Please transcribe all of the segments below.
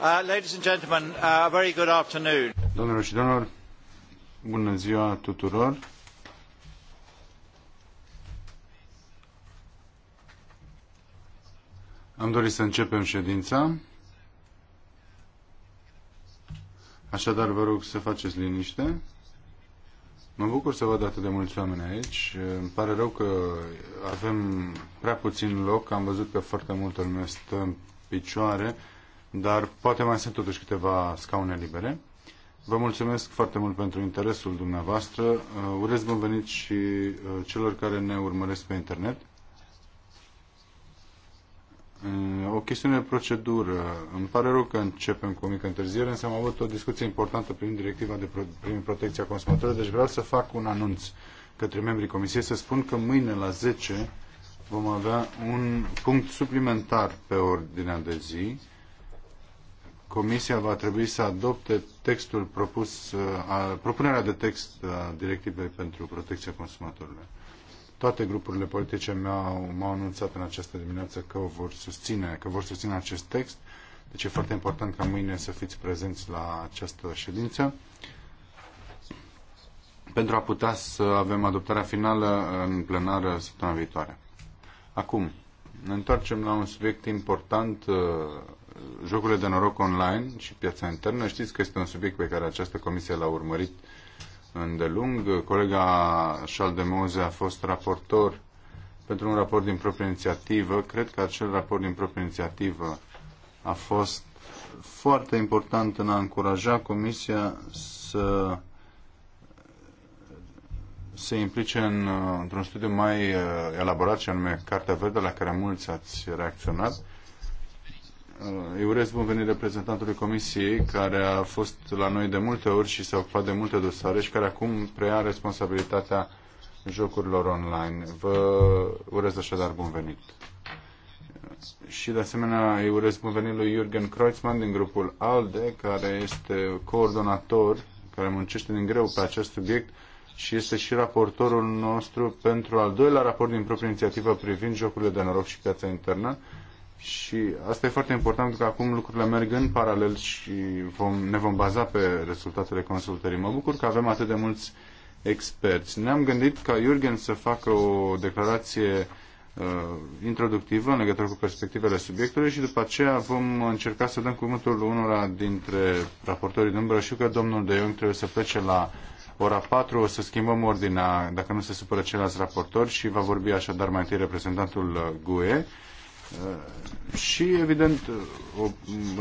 Uh, ladies and gentlemen, uh, very good afternoon. Domnilor și domnilor, bună ziua tuturor. Am dorit să începem ședința. Așadar, vă rog să faceți liniște. Mă bucur să văd atât de mulți oameni aici. Îmi pare rău că avem prea puțin loc. Am văzut că foarte multă lume stă în picioare dar poate mai sunt totuși câteva scaune libere. Vă mulțumesc foarte mult pentru interesul dumneavoastră. Uh, urez bun venit și uh, celor care ne urmăresc pe internet. Uh, o chestiune de procedură. Îmi pare rău că începem cu o mică întârziere, însă am avut o discuție importantă privind directiva de pro- prin protecția consumatorilor, deci vreau să fac un anunț către membrii comisiei să spun că mâine la 10 vom avea un punct suplimentar pe ordinea de zi Comisia va trebui să adopte textul propus, uh, propunerea de text a directivei pentru protecția consumatorilor. Toate grupurile politice m-au, anunțat în această dimineață că vor susține, că vor susține acest text. Deci e foarte important ca mâine să fiți prezenți la această ședință pentru a putea să avem adoptarea finală în plenară săptămâna viitoare. Acum, ne întoarcem la un subiect important uh, jocurile de noroc online și piața internă. Știți că este un subiect pe care această comisie l-a urmărit îndelung. Colega Șaldemoze a fost raportor pentru un raport din proprie inițiativă. Cred că acel raport din proprie inițiativă a fost foarte important în a încuraja Comisia să se implice în, într-un studiu mai uh, elaborat, și anume Cartea Verde, la care mulți ați reacționat. Îi urez bun venit reprezentantului Comisiei, care a fost la noi de multe ori și s-a ocupat de multe dosare și care acum preia responsabilitatea jocurilor online. Vă urez așadar bun venit. Și de asemenea îi urez bun venit lui Jürgen Kreutzmann din grupul ALDE, care este coordonator, care muncește din greu pe acest subiect și este și raportorul nostru pentru al doilea raport din proprie inițiativă privind jocurile de noroc și piața internă și asta e foarte important pentru că acum lucrurile merg în paralel și vom, ne vom baza pe rezultatele consultării. Mă bucur că avem atât de mulți experți. Ne-am gândit ca Jürgen să facă o declarație uh, introductivă în legătură cu perspectivele subiectului și după aceea vom încerca să dăm cuvântul unora dintre raportorii din umbră. Știu că domnul De Jong trebuie să plece la ora 4, o să schimbăm ordinea dacă nu se supără ceilalți raportori și va vorbi așadar mai întâi reprezentantul uh, GUE Eh, și, evident,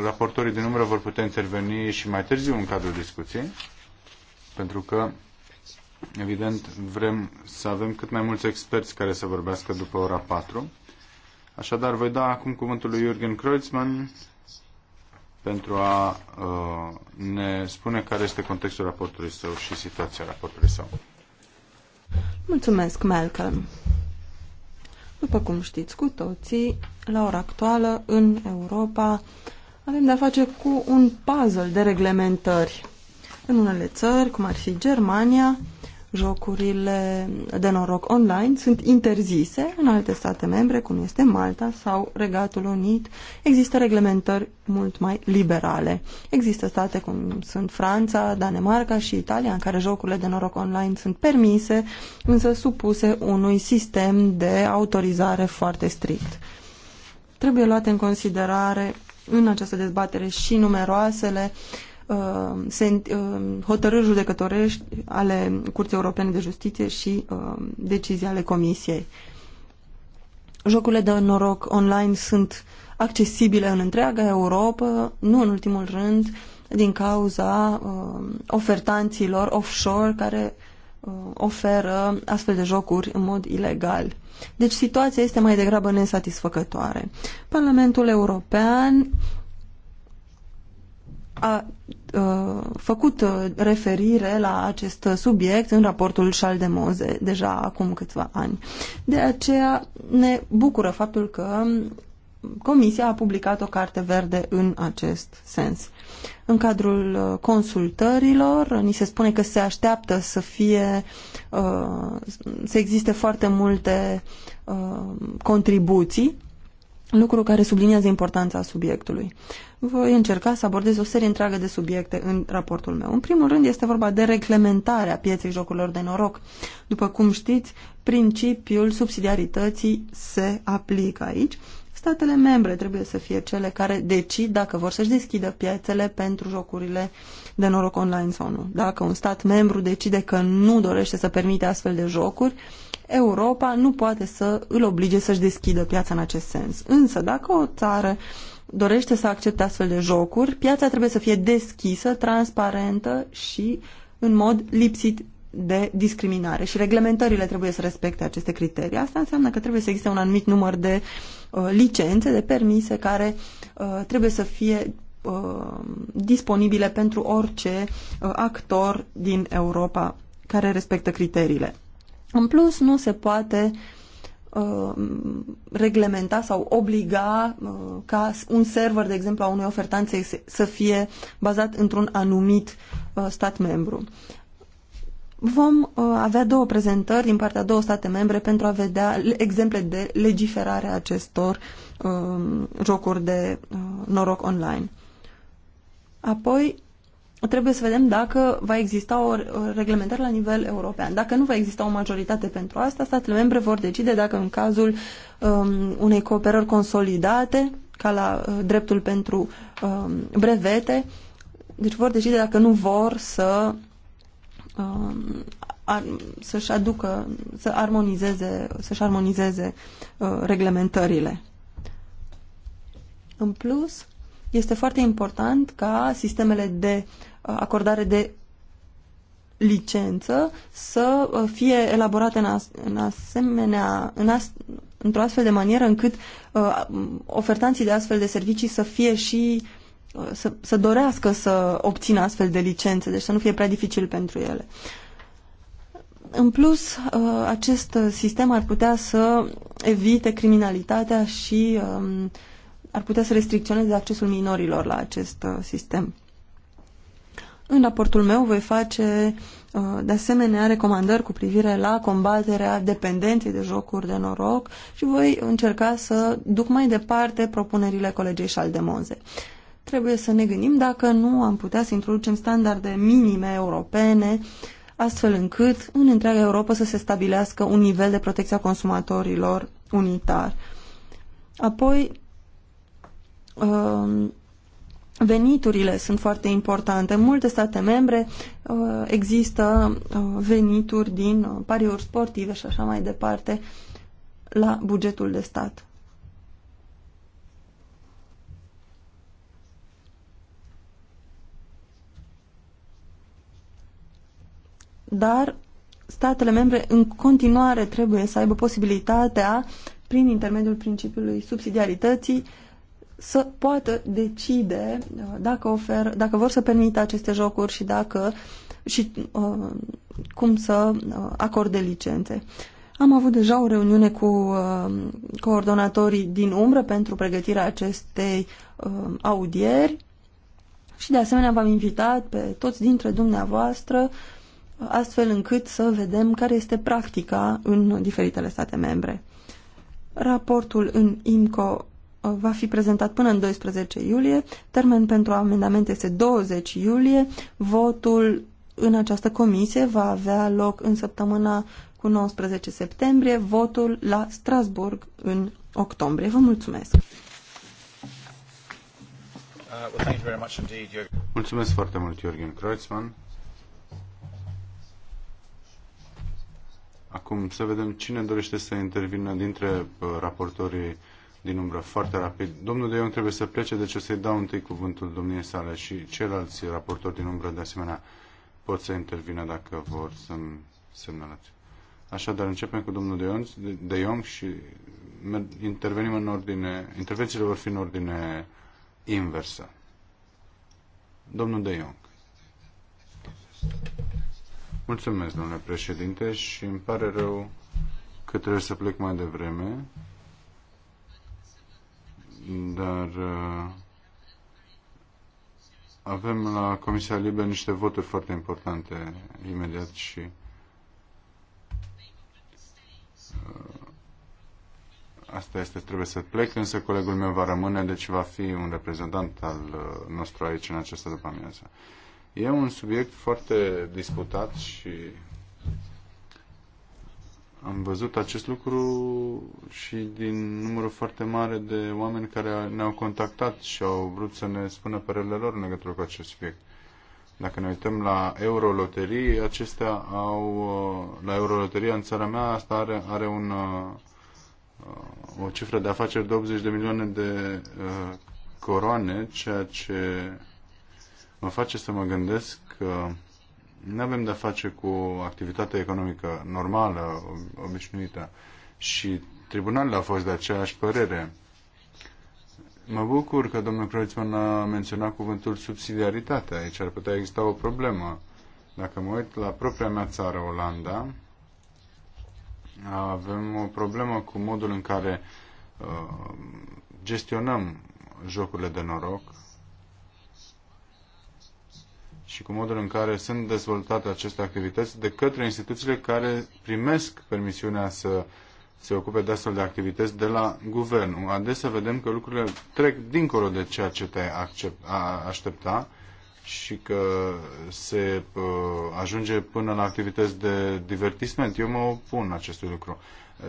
raportorii din umbră vor putea interveni și mai târziu în cadrul discuției, pentru că, evident, vrem să avem cât mai mulți experți care să vorbească după ora 4. Așadar, voi da acum cuvântul lui Jürgen Kreuzmann pentru a uh, ne spune care este contextul raportului său și situația raportului său. Mulțumesc, Malcolm. După cum știți cu toții, la ora actuală, în Europa, avem de-a face cu un puzzle de reglementări. În unele țări, cum ar fi Germania, jocurile de noroc online sunt interzise în alte state membre, cum este Malta sau Regatul Unit. Există reglementări mult mai liberale. Există state cum sunt Franța, Danemarca și Italia, în care jocurile de noroc online sunt permise, însă supuse unui sistem de autorizare foarte strict. Trebuie luate în considerare în această dezbatere și numeroasele Uh, uh, hotărâri judecătorești ale Curții Europene de Justiție și uh, decizii ale Comisiei. Jocurile de noroc online sunt accesibile în întreaga Europa, nu în ultimul rând din cauza ofertanților offshore care oferă astfel de jocuri în mod ilegal. Deci situația este mai degrabă nesatisfăcătoare. Parlamentul European a Uh, făcut uh, referire la acest subiect în raportul Schaldemose deja acum câțiva ani. De aceea ne bucură faptul că Comisia a publicat o carte verde în acest sens. În cadrul uh, consultărilor, ni se spune că se așteaptă să fie, să existe foarte multe contribuții lucru care subliniază importanța subiectului. Voi încerca să abordez o serie întreagă de subiecte în raportul meu. În primul rând este vorba de reglementarea pieței jocurilor de noroc. După cum știți, principiul subsidiarității se aplică aici. Statele membre trebuie să fie cele care decid dacă vor să-și deschidă piețele pentru jocurile de noroc online sau nu. Dacă un stat membru decide că nu dorește să permite astfel de jocuri, uh, Europa nu poate să îl oblige să-și deschidă piața în acest sens. Însă, dacă o țară dorește să accepte astfel de jocuri, piața trebuie să fie deschisă, transparentă și în mod lipsit de discriminare și reglementările trebuie să respecte aceste criterii. Asta înseamnă că trebuie să existe un anumit număr de uh, licențe, de permise care uh, trebuie să fie uh, disponibile pentru orice uh, actor din Europa care respectă criteriile. În plus, nu se poate uh, reglementa sau obliga uh, ca un server, de exemplu, a unei ofertanțe să fie bazat într-un anumit uh, stat membru. Vom avea două prezentări din partea două state membre pentru a vedea exemple de legiferare a acestor jocuri de noroc online. Apoi, trebuie să vedem dacă va exista o reglementare la nivel european. Dacă nu va exista o majoritate pentru asta, statele membre vor decide dacă în cazul um, unei cooperări consolidate, ca la uh, dreptul pentru um, brevete, deci vor decide dacă nu vor să um, ar, să-și aducă, să armonizeze, să-și armonizeze uh, reglementările. În plus, este foarte important ca sistemele de uh, acordare de licență să uh, fie elaborate în, as, în asemenea, în as, într-o astfel de manieră încât uh, ofertanții de astfel de servicii să fie și uh, să, să dorească să obțină astfel de licențe, deci să nu fie prea dificil pentru ele. În plus, uh, acest sistem ar putea să evite criminalitatea și uh, ar putea să restricționeze accesul minorilor la acest uh, sistem. În raportul meu voi face uh, de asemenea recomandări cu privire la combaterea dependenței de jocuri de noroc și voi încerca să duc mai departe propunerile colegei Șaldemoze. Trebuie să ne gândim dacă nu am putea să introducem standarde minime europene astfel încât în întreaga Europa să se stabilească un nivel de protecție a consumatorilor unitar. Apoi, Um, veniturile sunt foarte importante. În multe state membre uh, există uh, venituri din uh, pariuri sportive și așa mai departe la bugetul de stat. Dar statele membre în continuare trebuie să aibă posibilitatea, prin intermediul principiului subsidiarității, uh, să poată decide uh, dacă, ofer, dacă vor să permită aceste jocuri și dacă și uh, cum să uh, acorde licențe. Am avut deja o reuniune cu uh, coordonatorii din umbră pentru pregătirea acestei uh, audieri și de asemenea v-am invitat pe toți dintre dumneavoastră uh, astfel încât să vedem care este practica în diferitele state membre. Raportul în IMCO Uh, va fi prezentat până în 12 iulie. Termen pentru amendamente este 20 iulie. Votul în această comisie va avea loc în săptămâna cu 19 septembrie, votul la Strasburg în octombrie. Vă mulțumesc! Uh, mulțumesc foarte mult, Jürgen Kreutzmann. Acum să vedem cine dorește să intervină dintre uh, raportorii din umbră, foarte rapid. Domnul De Ion trebuie să plece, deci o să-i dau întâi cuvântul domniei sale și ceilalți raportori din umbră, de asemenea, pot să intervină dacă vor să-mi semnalați. Așadar, începem cu domnul De Ion, De Ion și intervenim în ordine, intervențiile vor fi în ordine inversă. Domnul De Ion. Mulțumesc, domnule președinte, și îmi pare rău că trebuie să plec mai devreme dar uh, avem la Comisia Libe niște voturi foarte importante imediat și uh, asta este, trebuie să plec, însă colegul meu va rămâne, deci va fi un reprezentant al uh, nostru aici în această după amiază. E un subiect foarte disputat și am văzut acest lucru și din numărul foarte mare de oameni care ne-au contactat și au vrut să ne spună părerile lor în legătură cu acest subiect. Dacă ne uităm la euroloterii, acestea au, uh, la euroloteria în țara mea, asta are, are un, uh, uh, o cifră de afaceri de 80 de milioane de coroane, ceea ce mă face să mă gândesc că nu avem de-a face cu activitatea economică normală, obișnuită. Și tribunalul a fost de aceeași părere. Mă bucur că domnul Croițman a menționat cuvântul subsidiaritate. Aici ar putea exista o problemă. Dacă mă uit la propria mea țară, Olanda, avem o problemă cu modul în care uh, gestionăm jocurile de noroc și cu modul în care sunt dezvoltate aceste activități de către instituțiile care primesc permisiunea să se ocupe de astfel de activități de la guvern. Adesea vedem că lucrurile trec dincolo de ceea ce te aștepta și că se ajunge până la activități de divertisment. Eu mă opun acestui lucru.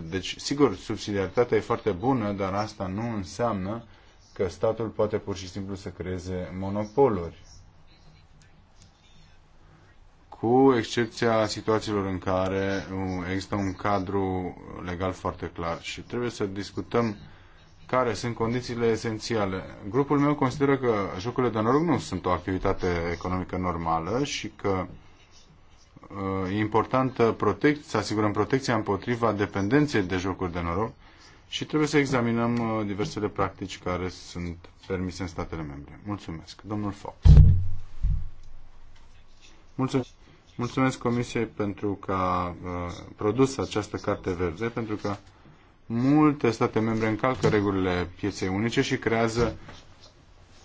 Deci, sigur, subsidiaritatea e foarte bună, dar asta nu înseamnă că statul poate pur și simplu să creeze monopoluri cu excepția situațiilor în care există un cadru legal foarte clar și trebuie să discutăm care sunt condițiile esențiale. Grupul meu consideră că jocurile de noroc nu sunt o activitate economică normală și că uh, e importantă protect, să asigurăm protecția împotriva dependenței de jocuri de noroc și trebuie să examinăm uh, diversele practici care sunt permise în statele membre. Mulțumesc. Domnul Fox. Mulțumesc. Mulțumesc Comisiei pentru că a produs această carte verde, pentru că multe state membre încalcă regulile pieței unice și creează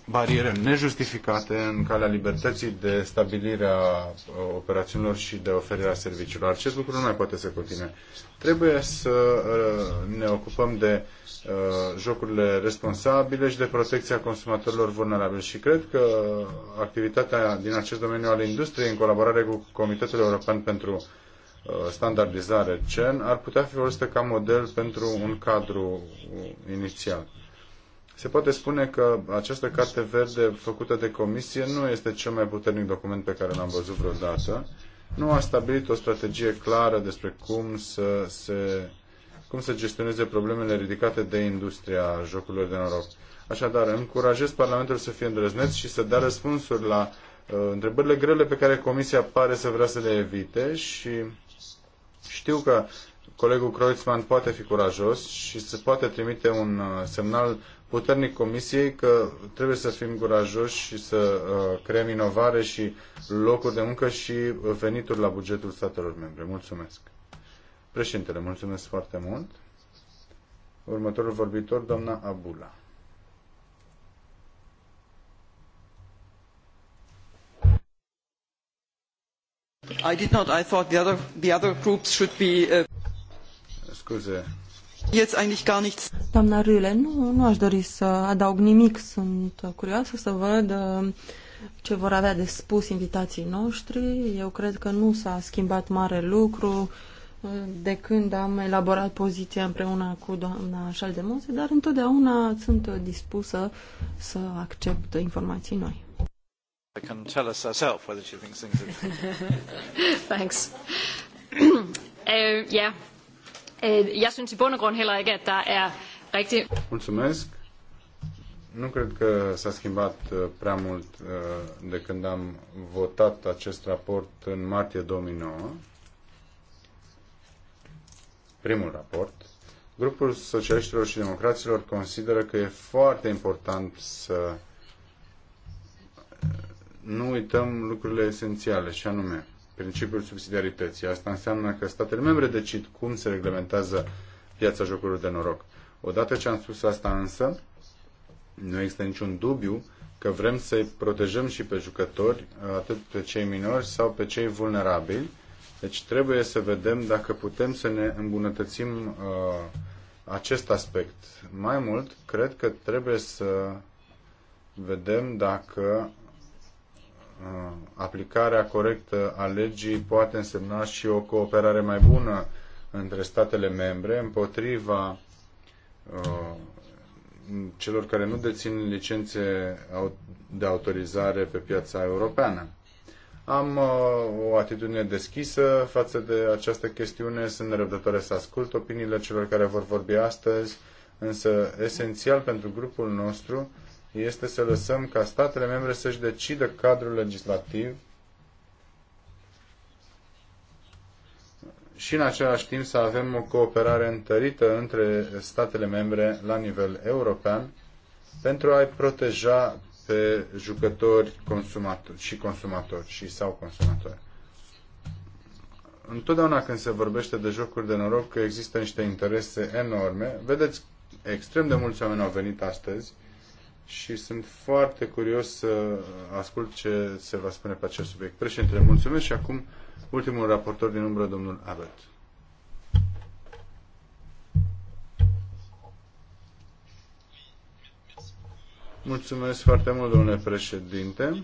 bariere nejustificate în calea libertății de stabilire a operațiunilor și de oferirea serviciilor. Acest lucru nu mai poate să continue. Trebuie să uh, ne ocupăm de uh, jocurile responsabile și de protecția consumatorilor vulnerabili și cred că activitatea din acest domeniu al industriei în colaborare cu Comitetul European pentru uh, standardizare CEN ar putea fi folosită ca model pentru un cadru inițial. Se poate spune că această carte verde făcută de comisie nu este cel mai puternic document pe care l-am văzut vreodată. Nu a stabilit o strategie clară despre cum să, se, cum să gestioneze problemele ridicate de industria jocurilor de noroc. Așadar, încurajez Parlamentul să fie îndrăzneț și să dea răspunsuri la uh, întrebările grele pe care Comisia pare să vrea să le evite și știu că colegul Kreutzmann poate fi curajos și se poate trimite un uh, semnal puternic Comisiei că trebuie să fim curajoși și să uh, creăm inovare și locuri de muncă și venituri la bugetul statelor membre. Mulțumesc. Președintele, mulțumesc foarte mult. Următorul vorbitor, doamna Abula. I did not. I thought the other, the other groups should be... Uh... Scuze, Doamna Rüle, nu, nu aș dori să adaug nimic. Sunt curioasă să văd uh, ce vor avea de spus invitații noștri. Eu cred că nu s-a schimbat mare lucru uh, de când am elaborat poziția împreună cu doamna Schaldemose, dar întotdeauna sunt dispusă să accept informații noi. can tell us herself whether she thinks things are... Thanks. uh, yeah. Øh, jeg synes i bund og grund heller ikke, at der er rigtig... Mulțumesc. Nu cred că s-a schimbat uh, prea mult uh, de când am votat acest raport în martie 2009. Primul raport. Grupul Socialiștilor și Democraților consideră că e foarte important să uh, nu uităm lucrurile esențiale, și anume principiul subsidiarității. Asta înseamnă că statele membre decid cum se reglementează piața jocurilor de noroc. Odată ce am spus asta însă, nu există niciun dubiu că vrem să-i protejăm și pe jucători, atât pe cei minori sau pe cei vulnerabili. Deci trebuie să vedem dacă putem să ne îmbunătățim uh, acest aspect. Mai mult, cred că trebuie să vedem dacă Uh, aplicarea corectă a legii poate însemna și o cooperare mai bună între statele membre împotriva uh, celor care nu dețin licențe de autorizare pe piața europeană. Am uh, o atitudine deschisă față de această chestiune, sunt nerăbdătoare să ascult opiniile celor care vor vorbi astăzi, însă esențial pentru grupul nostru este să lăsăm ca statele membre să-și decidă cadrul legislativ și în același timp să avem o cooperare întărită între statele membre la nivel european pentru a-i proteja pe jucători consumator și consumatori și sau consumatori. Întotdeauna când se vorbește de jocuri de noroc există niște interese enorme. Vedeți, extrem de mulți oameni au venit astăzi și sunt foarte curios să ascult ce se va spune pe acest subiect. Președintele, mulțumesc și acum ultimul raportor din umbră, domnul Abbott. Mulțumesc foarte mult, domnule președinte.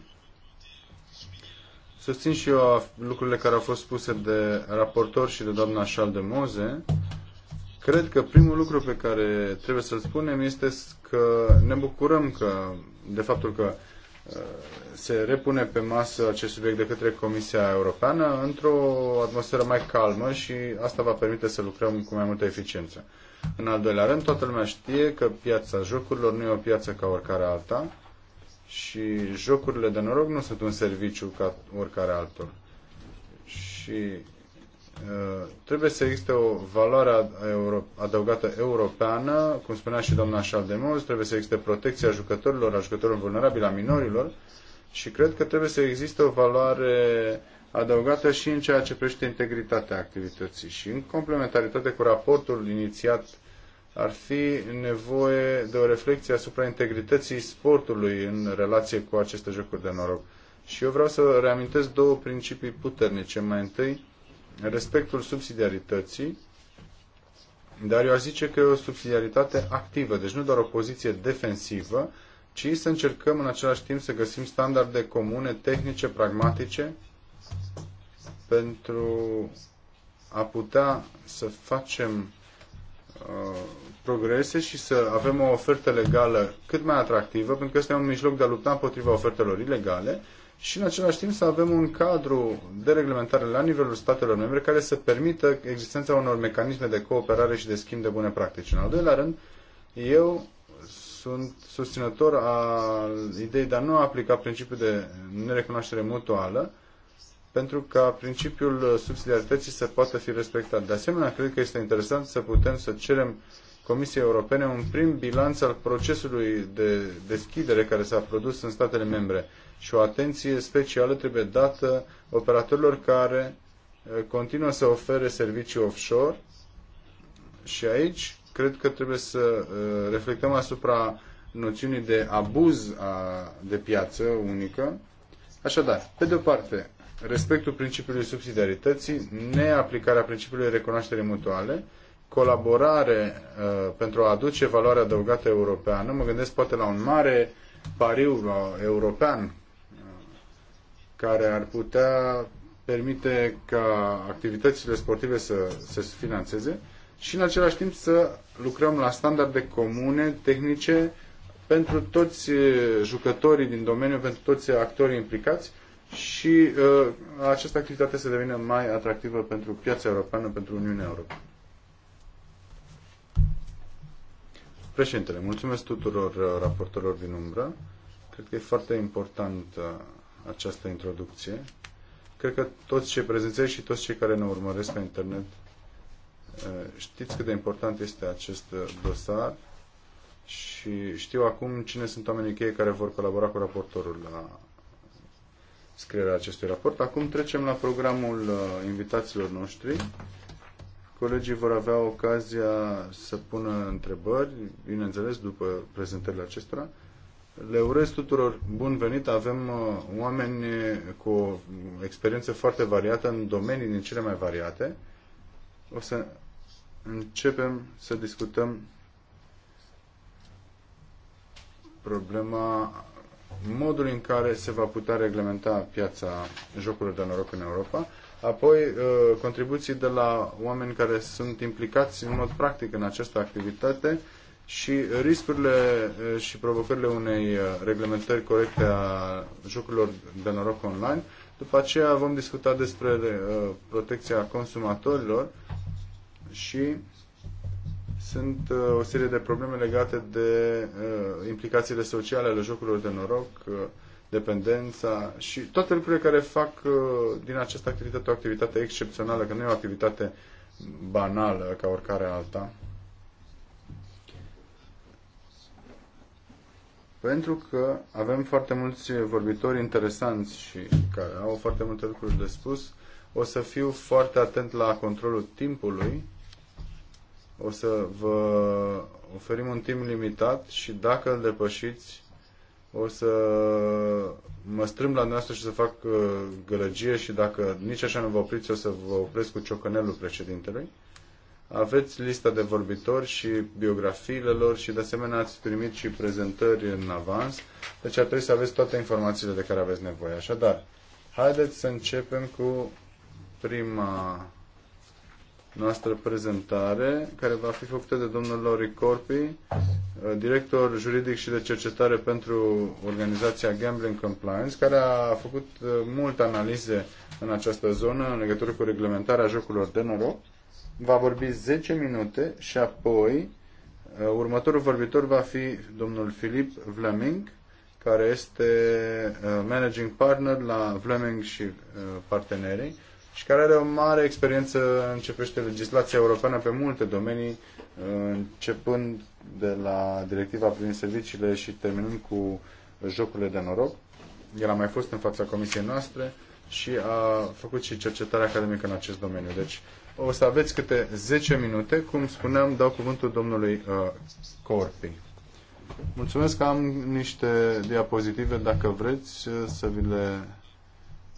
Susțin și eu lucrurile care au fost spuse de raportor și de doamna Charles de Moze. Cred că primul lucru pe care trebuie să-l spunem este că ne bucurăm că, de faptul că uh, se repune pe masă acest subiect de către Comisia Europeană într-o atmosferă mai calmă și asta va permite să lucrăm cu mai multă eficiență. În al doilea rând, toată lumea știe că piața jocurilor nu e o piață ca oricare alta și jocurile de noroc nu sunt un serviciu ca oricare altul. Și Uh, trebuie să existe o valoare adăugată europeană, cum spunea și doamna Șaldemoz, trebuie să existe protecția jucătorilor, a jucătorilor vulnerabili, a minorilor și cred că trebuie să existe o valoare adăugată și în ceea ce privește integritatea activității. Și în complementaritate cu raportul inițiat ar fi nevoie de o reflexie asupra integrității sportului în relație cu aceste jocuri de noroc. Și eu vreau să reamintesc două principii puternice. Mai întâi, respectul subsidiarității, dar eu aș zice că e o subsidiaritate activă, deci nu doar o poziție defensivă, ci să încercăm în același timp să găsim standarde comune, tehnice, pragmatice, pentru a putea să facem uh, progrese și să avem o ofertă legală cât mai atractivă, pentru că este un mijloc de a lupta împotriva ofertelor ilegale și în același timp să avem un cadru de reglementare la nivelul statelor membre care să permită existența unor mecanisme de cooperare și de schimb de bune practici. În al doilea rând, eu sunt susținător al ideii de a nu aplica principiul de nerecunoaștere mutuală pentru ca principiul subsidiarității să poată fi respectat. De asemenea, cred că este interesant să putem să cerem Comisiei Europene un prim bilanț al procesului de deschidere care s-a produs în statele membre și o atenție specială trebuie dată operatorilor care eh, continuă să ofere servicii offshore și aici cred că trebuie să eh, reflectăm asupra noțiunii de abuz de piață unică. Așadar, pe de o parte, respectul principiului subsidiarității, neaplicarea principiului recunoașterii mutuale, colaborare uh, pentru a aduce valoare adăugată europeană. Mă gândesc poate la un mare pariu european care ar putea permite ca activitățile sportive să, să se financeze și în același timp să lucrăm la standarde comune, tehnice, pentru toți jucătorii din domeniu, pentru toți actorii implicați și uh, această activitate să devină mai atractivă pentru piața europeană, pentru Uniunea Europeană. Președintele, mulțumesc tuturor raportorilor din umbră. Cred că e foarte important uh, această introducție. Cred că toți cei prezenți și toți cei care ne urmăresc pe internet eh, știți cât de important este acest eh, dosar și știu acum cine sunt oamenii cheie care vor colabora cu raportorul la scrierea acestui raport. Acum trecem la programul eh, invitațiilor noștri. Colegii vor avea ocazia să pună întrebări, bineînțeles, după prezentările acestora. Le urez tuturor bun venit. Avem uh, oameni cu o experiență foarte variată în domenii din cele mai variate. O să începem să discutăm problema modul în care se va putea reglementa piața jocurilor de noroc în Europa, apoi uh, contribuții de la oameni care sunt implicați în mod practic în această activitate, și riscurile și provocările unei reglementări corecte a jocurilor de noroc online. După aceea vom discuta despre protecția consumatorilor și sunt o serie de probleme legate de implicațiile sociale ale jocurilor de noroc, dependența și toate lucrurile care fac din această activitate o activitate excepțională, că nu e o activitate banală ca oricare alta. pentru că avem foarte mulți vorbitori interesanți și care au foarte multe lucruri de spus. O să fiu foarte atent la controlul timpului. O să vă oferim un timp limitat și dacă îl depășiți, o să mă strâmb la dumneavoastră și să fac uh, gălăgie și dacă nici așa nu vă opriți, o să vă opresc cu ciocănelul președintelui. Aveți lista de vorbitori și biografiile lor și de asemenea ați primit și prezentări în avans, deci ar trebui să aveți toate informațiile de care aveți nevoie. Așadar, haideți să începem cu prima noastră prezentare, care va fi făcută de domnul Lori Corpi, director juridic și de cercetare pentru organizația Gambling Compliance, care a făcut uh, multe analize în această zonă în legătură cu reglementarea jocurilor de noroc va vorbi 10 minute și apoi uh, următorul vorbitor va fi domnul Filip Vleming, care este uh, managing partner la Vleming și uh, partenerii și care are o mare experiență în ce privește legislația europeană pe multe domenii, începând de la directiva privind serviciile și terminând cu jocurile de noroc. El a mai fost în fața comisiei noastre și a făcut și cercetarea academică în acest domeniu. Deci o să aveți câte 10 minute. Cum spuneam, dau cuvântul domnului uh, Corpi. Mulțumesc că am niște diapozitive, dacă vreți, uh, să vi le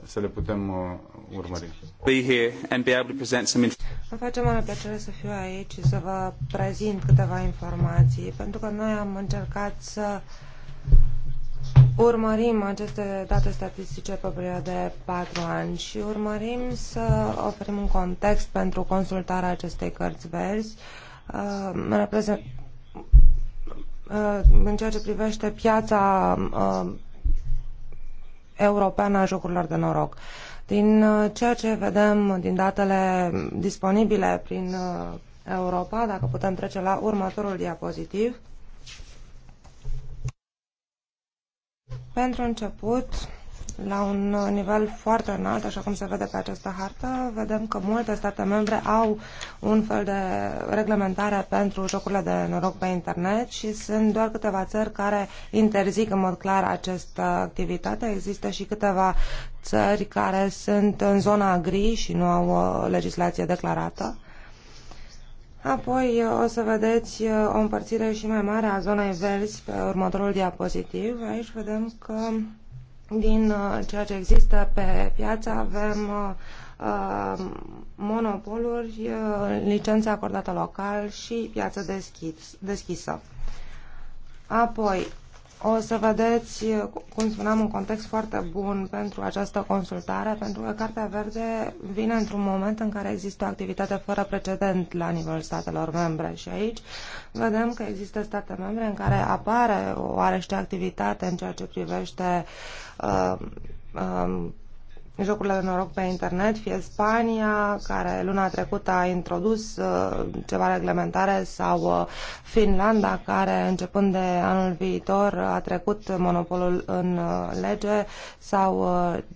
să le putem uh, urmări. Mă face mare plăcere să fiu aici și să vă prezint câteva informații, pentru că noi am încercat să uh, Urmărim aceste date statistice pe perioada de 4 ani și urmărim să oferim un context pentru consultarea acestei cărți verzi uh, uh, în ceea ce privește piața uh, europeană a jocurilor de noroc. Din ceea ce vedem din datele disponibile prin Europa, dacă putem trece la următorul diapozitiv, Pentru început, la un nivel foarte înalt, așa cum se vede pe această hartă, vedem că multe state membre au un fel de reglementare pentru jocurile de noroc pe internet și sunt doar câteva țări care interzic în mod clar această activitate. Există și câteva țări care sunt în zona gri și nu au uh, legislație declarată. Apoi uh, o să vedeți uh, o împărțire și mai mare a zonei verzi pe următorul diapozitiv. Aici vedem că din uh, ceea ce există pe piață avem monopoluri, licențe acordată local și piață deschis, deschisă. Apoi, o să vedeți, cum spuneam, un context foarte bun pentru această consultare, pentru că Cartea Verde vine într-un moment în care există o activitate fără precedent la nivelul statelor membre și aici vedem că există state membre în care apare o oarește activitate în ceea ce privește uh, um, jocurile de noroc pe internet, fie Spania, care luna trecută a introdus uh, ceva reglementare, sau uh, Finlanda, care începând de anul viitor a trecut monopolul în uh, lege, sau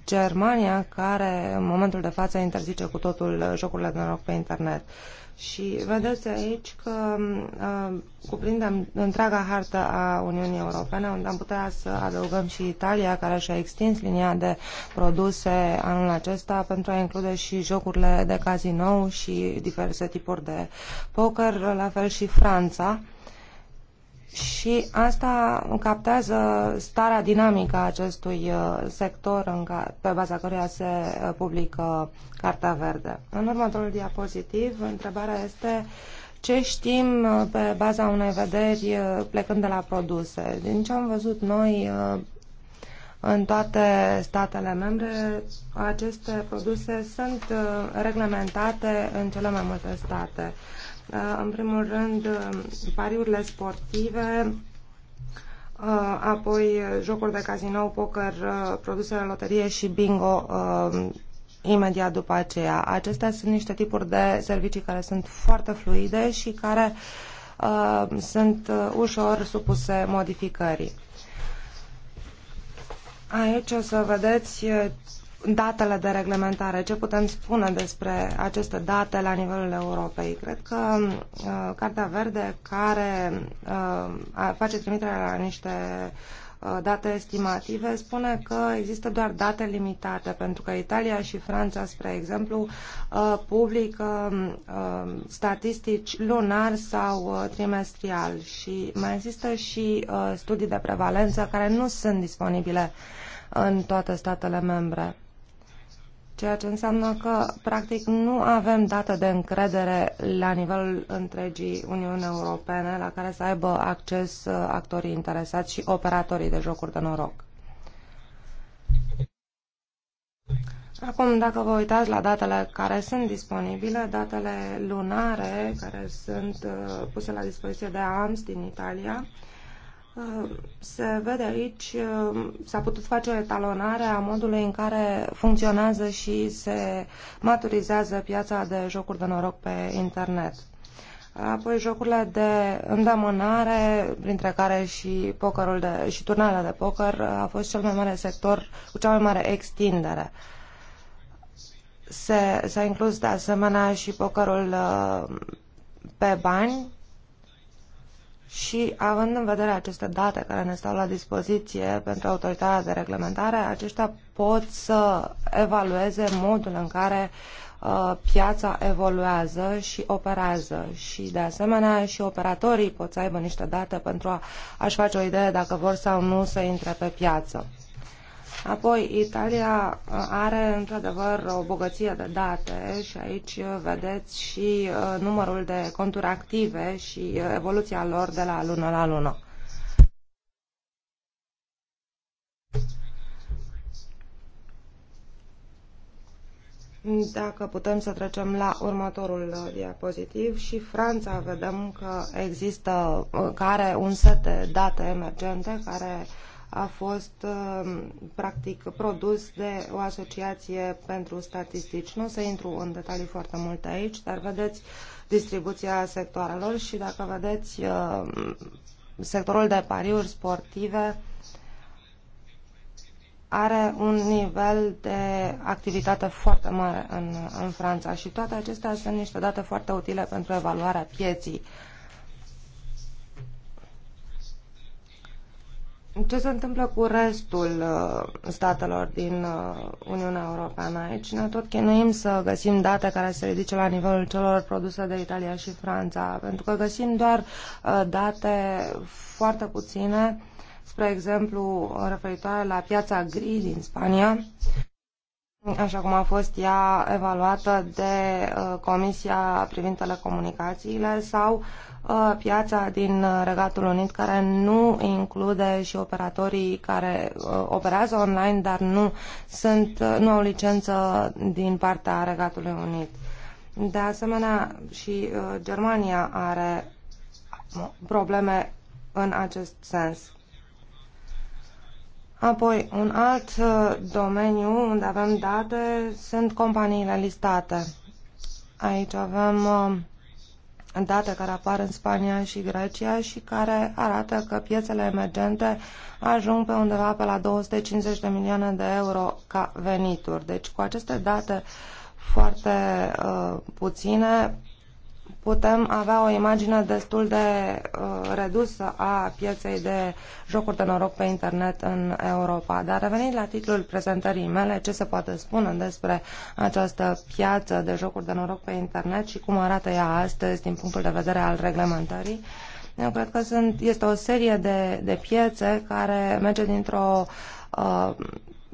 Germania, care în momentul de față interzice cu totul jocurile de noroc pe internet. Uh, și vedeți aici că uh, cuprindem întreaga hartă a Uniunii Europene, unde am putea să adăugăm și Italia, care și-a extins linia de produse anul acesta pentru a include și jocurile de cazinou și diverse tipuri de poker, la fel și Franța și asta captează starea dinamică a acestui uh, sector în care, pe baza căruia se uh, publică Cartea Verde. În următorul diapozitiv, întrebarea este ce știm uh, pe baza unei vederi plecând de la produse. Din ce am văzut noi în toate statele membre, aceste produse sunt reglementate în cele mai multe state. Uh, în primul rând, uh, pariurile sportive, uh, apoi jocuri de cazinou, poker, produsele loterie și bingo imediat după aceea. Acestea sunt niște tipuri de servicii care sunt foarte fluide și care sunt ușor supuse modificării. Aici o să vedeți datele de reglementare, ce putem spune despre aceste date la nivelul Europei. Cred că uh, Cartea Verde, care uh, face trimiterea la niște uh, date estimative, spune că există doar date limitate, pentru că Italia și Franța, spre exemplu, uh, publică uh, statistici lunar sau trimestrial și mai există și studii de prevalență care nu sunt disponibile în toate statele membre ceea ce înseamnă că, practic, nu avem dată de încredere la nivelul întregii Uniuni Europene la care să aibă acces uh, actorii interesați și operatorii de jocuri de noroc. Acum, dacă vă uitați la datele care sunt disponibile, datele lunare care sunt uh, puse la dispoziție de AMS din Italia, se vede aici, s-a putut face o etalonare a modului în care funcționează și se maturizează piața de jocuri de noroc pe internet. Apoi jocurile de îndamânare, printre care și pokerul de, și turnarea de poker, a fost cel mai mare sector cu cea mai mare extindere. Se, s-a inclus de asemenea și pokerul uh, pe bani, și având în vedere aceste date care ne stau la dispoziție pentru autoritatea de reglementare, aceștia pot să evalueze modul în care uh, piața evoluează și operează și de asemenea și operatorii pot să aibă niște date pentru a, a-și face o idee dacă vor sau nu să intre pe piață. Apoi, Italia uh, are într-adevăr o bogăție de date și aici uh, vedeți și uh, numărul de conturi active și evoluția lor de la lună la lună. Dacă putem să trecem la următorul diapozitiv și Franța, vedem că există, care un set de date emergente care uh, a fost um, practic produs de o asociație pentru statistici. Nu o să intru în detalii foarte multe aici, dar vedeți distribuția sectoarelor și dacă vedeți um, sectorul de pariuri sportive are un nivel de activitate foarte mare în, în Franța și toate acestea sunt niște date foarte utile pentru evaluarea pieții uh, ce se întâmplă cu restul uh, statelor din uh, Uniunea Europeană? Aici ne tot chinuim să găsim date care se ridice la nivelul celor produse de Italia și Franța, pentru că găsim doar uh, date foarte puține, spre exemplu referitoare la piața gri din Spania, așa cum a fost ea evaluată de uh, Comisia privind telecomunicațiile sau uh, piața din Regatul Unit care nu include și operatorii care uh, operează online, dar nu, sunt, nu au licență din partea Regatului Unit. De asemenea, și Germania are probleme în acest sens. Apoi, un alt uh, domeniu unde avem date sunt companiile listate. Aici avem uh, date care apar în Spania și Grecia și care arată că piețele emergente ajung pe undeva pe la 250 de milioane de euro ca venituri. Deci cu aceste date foarte uh, puține putem avea o imagine destul de uh, redusă a pieței de jocuri de noroc pe internet în Europa. Dar revenind la titlul prezentării mele, ce se poate spune despre această piață de jocuri de noroc pe internet și cum arată ea astăzi din punctul de vedere al reglementării? Eu cred că sunt, este o serie de, de piețe care merge dintr-o uh,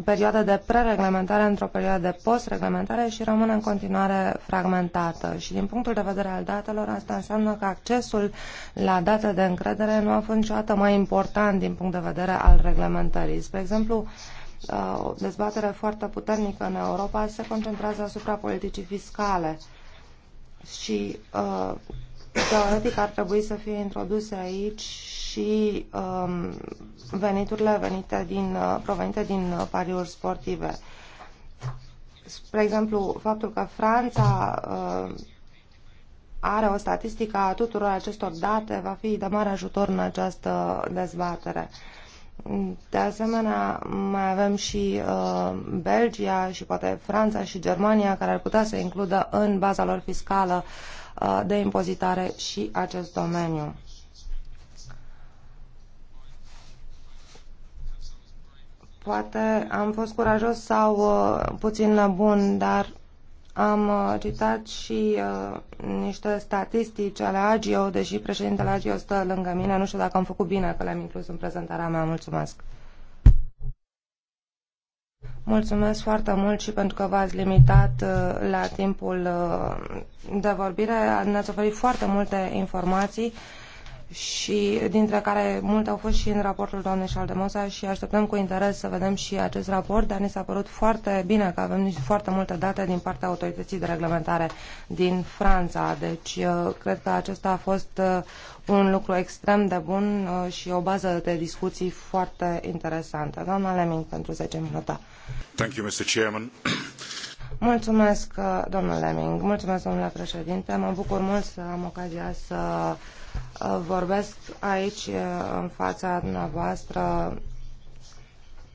perioadă de prereglementare într-o perioadă de postreglementare și rămâne în continuare fragmentată. Și din punctul de vedere al datelor, asta înseamnă că accesul la date de încredere nu a fost niciodată mai important din punct de vedere al reglementării. Spre exemplu, uh, o dezbatere foarte puternică în Europa se concentrează asupra politicii fiscale și uh, teoretic ar trebui să fie introduse aici și um, veniturile venite din, uh, provenite din uh, pariuri sportive. Spre exemplu, faptul că Franța uh, are o statistică a tuturor acestor date va fi de mare ajutor în această dezbatere. De asemenea, mai avem și uh, Belgia și poate Franța și Germania care ar putea să includă în baza lor fiscală uh, Uh, de impozitare și acest domeniu. Poate am fost curajos sau uh, puțin bun, dar am uh, citat și uh, niște statistici ale AGIO, deși președintele AGIO stă lângă mine. Nu știu dacă am făcut bine că le-am inclus în prezentarea mea. Mulțumesc! Mulțumesc foarte mult și pentru că v-ați limitat uh, la timpul uh, de vorbire. Ne-ați oferit foarte multe informații și dintre care multe au fost și în raportul doamnei Șaldemosa și așteptăm cu interes să vedem și acest raport, dar ni s-a părut foarte bine că avem foarte multe date din partea autorității de reglementare din Franța. Deci uh, cred că acesta a fost uh, un lucru extrem de bun uh, și o bază de discuții foarte interesantă. Doamna Leming pentru 10 minute. Thank you, Mr. Chairman. Mulțumesc, domnule Leming. Mulțumesc, domnule președinte. Mă bucur mult să am ocazia să Uh, vorbesc aici uh, în fața dumneavoastră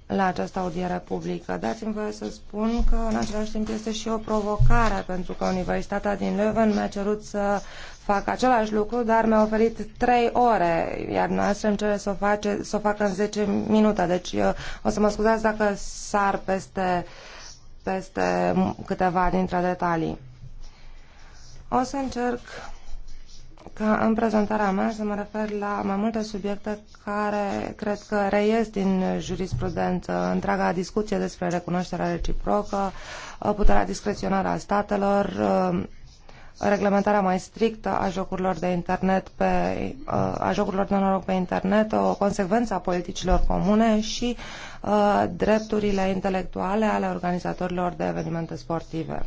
la această audiere publică. Dați-mi voie să spun că în același timp este și o provocare pentru că Universitatea din Leuven mi-a cerut să fac același lucru, dar mi-a oferit trei ore, iar noastră îmi cere să o, face, să o fac în 10 minute. Deci uh, o să mă scuzați dacă sar peste, peste câteva dintre detalii. O să încerc ca în prezentarea mea să mă refer la mai multe subiecte care cred că reies din jurisprudență, întreaga discuție despre recunoașterea reciprocă, uh, puterea discreționară a statelor, uh, reglementarea mai strictă a jocurilor de internet pe, uh, a jocurilor de noroc pe internet, o consecvență a politicilor comune și a, drepturile intelectuale ale organizatorilor de evenimente sportive.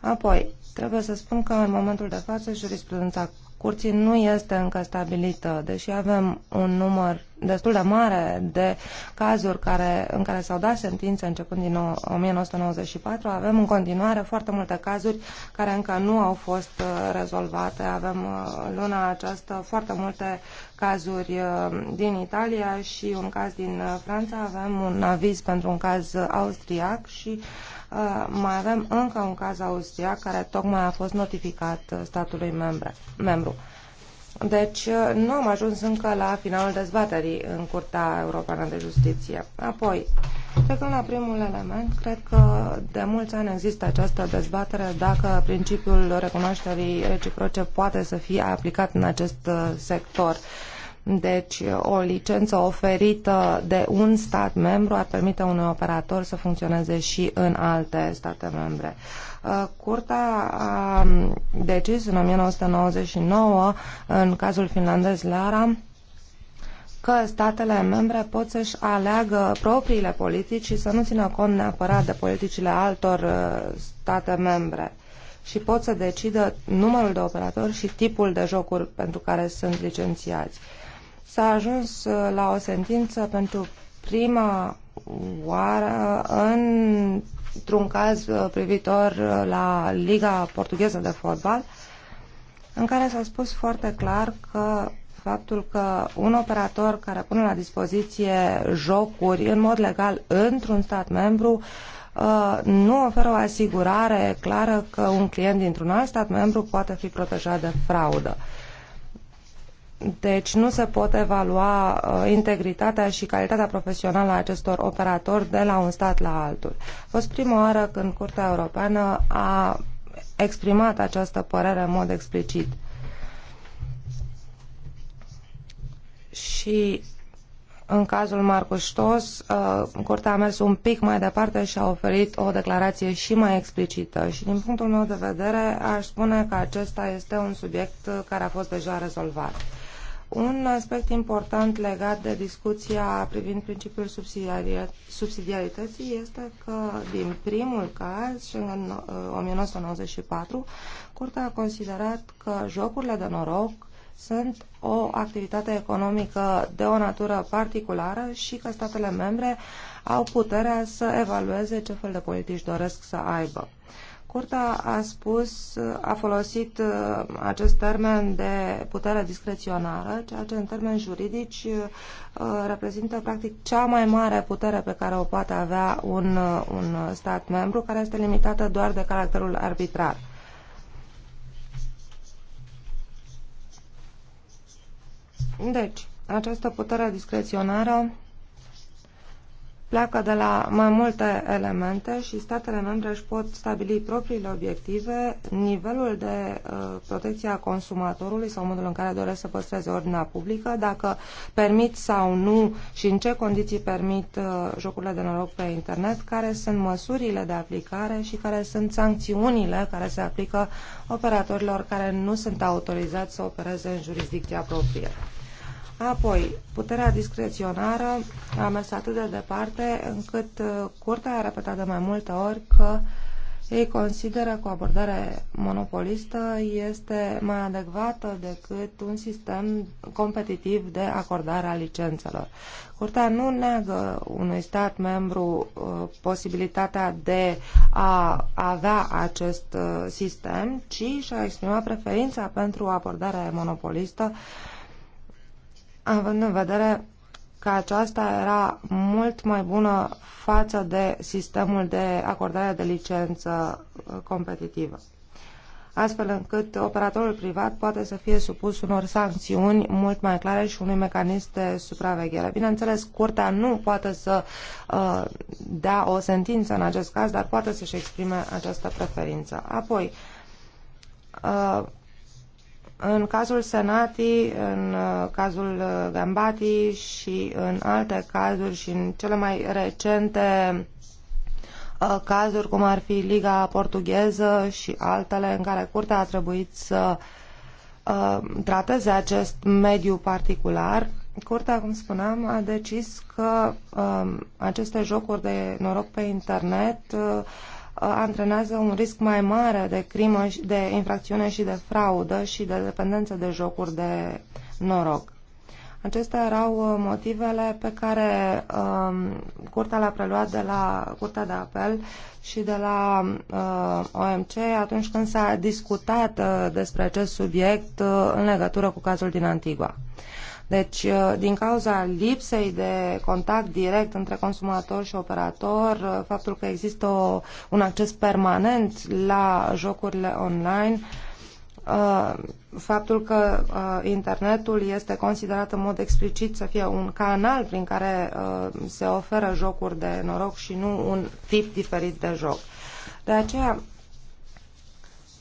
Apoi, trebuie să spun că în momentul de față jurisprudența curții nu este încă stabilită, deși avem un număr destul de mare de cazuri care, în care s-au dat sentințe începând din 1994, avem în continuare foarte multe cazuri care încă nu au fost uh, rezolvate. Avem uh, luna aceasta foarte multe cazuri uh, din Italia și un caz din Franța, avem un aviz pentru un caz austriac și Uh, mai avem încă un caz austriac care tocmai a fost notificat uh, statului membre, membru. Deci uh, nu am ajuns încă la finalul dezbaterii în Curtea Europeană de Justiție. Apoi, trecând la primul element, cred că de mulți ani există această dezbatere dacă principiul recunoașterii reciproce poate să fie aplicat în acest sector. Uh, deci, o licență oferită de un stat membru ar permite unui operator să funcționeze și în alte state membre. Uh, curtea a decis în 1999, în cazul finlandez Lara, că statele membre pot să-și aleagă propriile politici și să nu țină cont neapărat de politicile altor uh, state membre și pot să decidă numărul de operatori și tipul de jocuri pentru care sunt licențiați s-a ajuns uh, la o sentință pentru prima oară într-un caz uh, privitor uh, la Liga Portugheză de Fotbal, în care s-a spus foarte clar că faptul că un operator care pune la dispoziție jocuri în mod legal într-un stat membru nu oferă o asigurare clară că un client dintr-un alt stat membru poate fi protejat de fraudă. Deci nu se pot evalua uh, integritatea și calitatea profesională a acestor operatori de la un stat la altul. A fost prima oară când Curtea Europeană a exprimat această părere în mod explicit. Și în cazul Marcus Stos, uh, Curtea a mers un pic mai departe și a oferit o declarație și mai explicită. Și din punctul meu de vedere, aș spune că acesta este un subiect uh, care a fost deja rezolvat. Un aspect important legat de discuția privind principiul subsidiarității este că, din primul caz, în 1994, uh, Curtea a considerat că jocurile de noroc sunt o activitate economică de o natură particulară și că statele membre au puterea să evalueze ce fel de politici doresc să aibă. Uh, Curtea a spus, a folosit uh, acest termen de putere discreționară, ceea ce în termeni juridici uh, reprezintă practic cea mai mare putere pe care o poate avea un, uh, un stat membru, care este limitată doar de caracterul arbitrar. Deci, această putere discreționară pleacă de la mai multe elemente și statele membre își pot stabili propriile obiective, nivelul de uh, protecție a consumatorului sau modul în care doresc să păstreze ordinea publică, dacă permit sau nu și în ce condiții permit uh, jocurile de noroc pe internet, care sunt măsurile de aplicare și care sunt sancțiunile care se aplică operatorilor care nu sunt autorizați să opereze în jurisdicția proprie. Apoi, puterea discreționară a mers atât de departe încât uh, Curtea a repetat de mai multe ori că ei consideră că o abordare monopolistă este mai adecvată decât un sistem competitiv de acordare a licențelor. Curtea nu neagă unui stat membru uh, posibilitatea de a avea acest uh, sistem, ci și-a exprimat preferința pentru o abordare monopolistă având în vedere că aceasta era mult mai bună față de sistemul de acordare de licență uh, competitivă astfel încât operatorul privat poate să fie supus unor sancțiuni mult mai clare și unui mecanism de supraveghere. Bineînțeles, curtea nu poate să uh, dea o sentință în acest caz, dar poate să-și exprime această preferință. Apoi, uh, în cazul Senati, în uh, cazul uh, Gambati și în alte cazuri și în cele mai recente uh, cazuri, cum ar fi Liga Portugheză și altele, în care curtea a trebuit să trateze acest mediu particular, Curtea, cum spuneam, a decis că aceste jocuri de noroc pe internet antrenează un risc mai mare de crimă, de infracțiune și de fraudă și de dependență de jocuri de noroc. Acestea erau uh, motivele pe care um, curtea l a preluat de la Curtea de Apel și de la uh, OMC atunci când s-a discutat uh, despre acest subiect uh, în legătură cu cazul din Antigua. Uh, deci, uh, din cauza lipsei de contact direct între consumator și operator, uh, faptul că există o, un acces permanent la jocurile online, uh, faptul că internetul este considerat în mod explicit să fie un canal prin care se oferă jocuri de noroc și nu un tip diferit de joc. De aceea,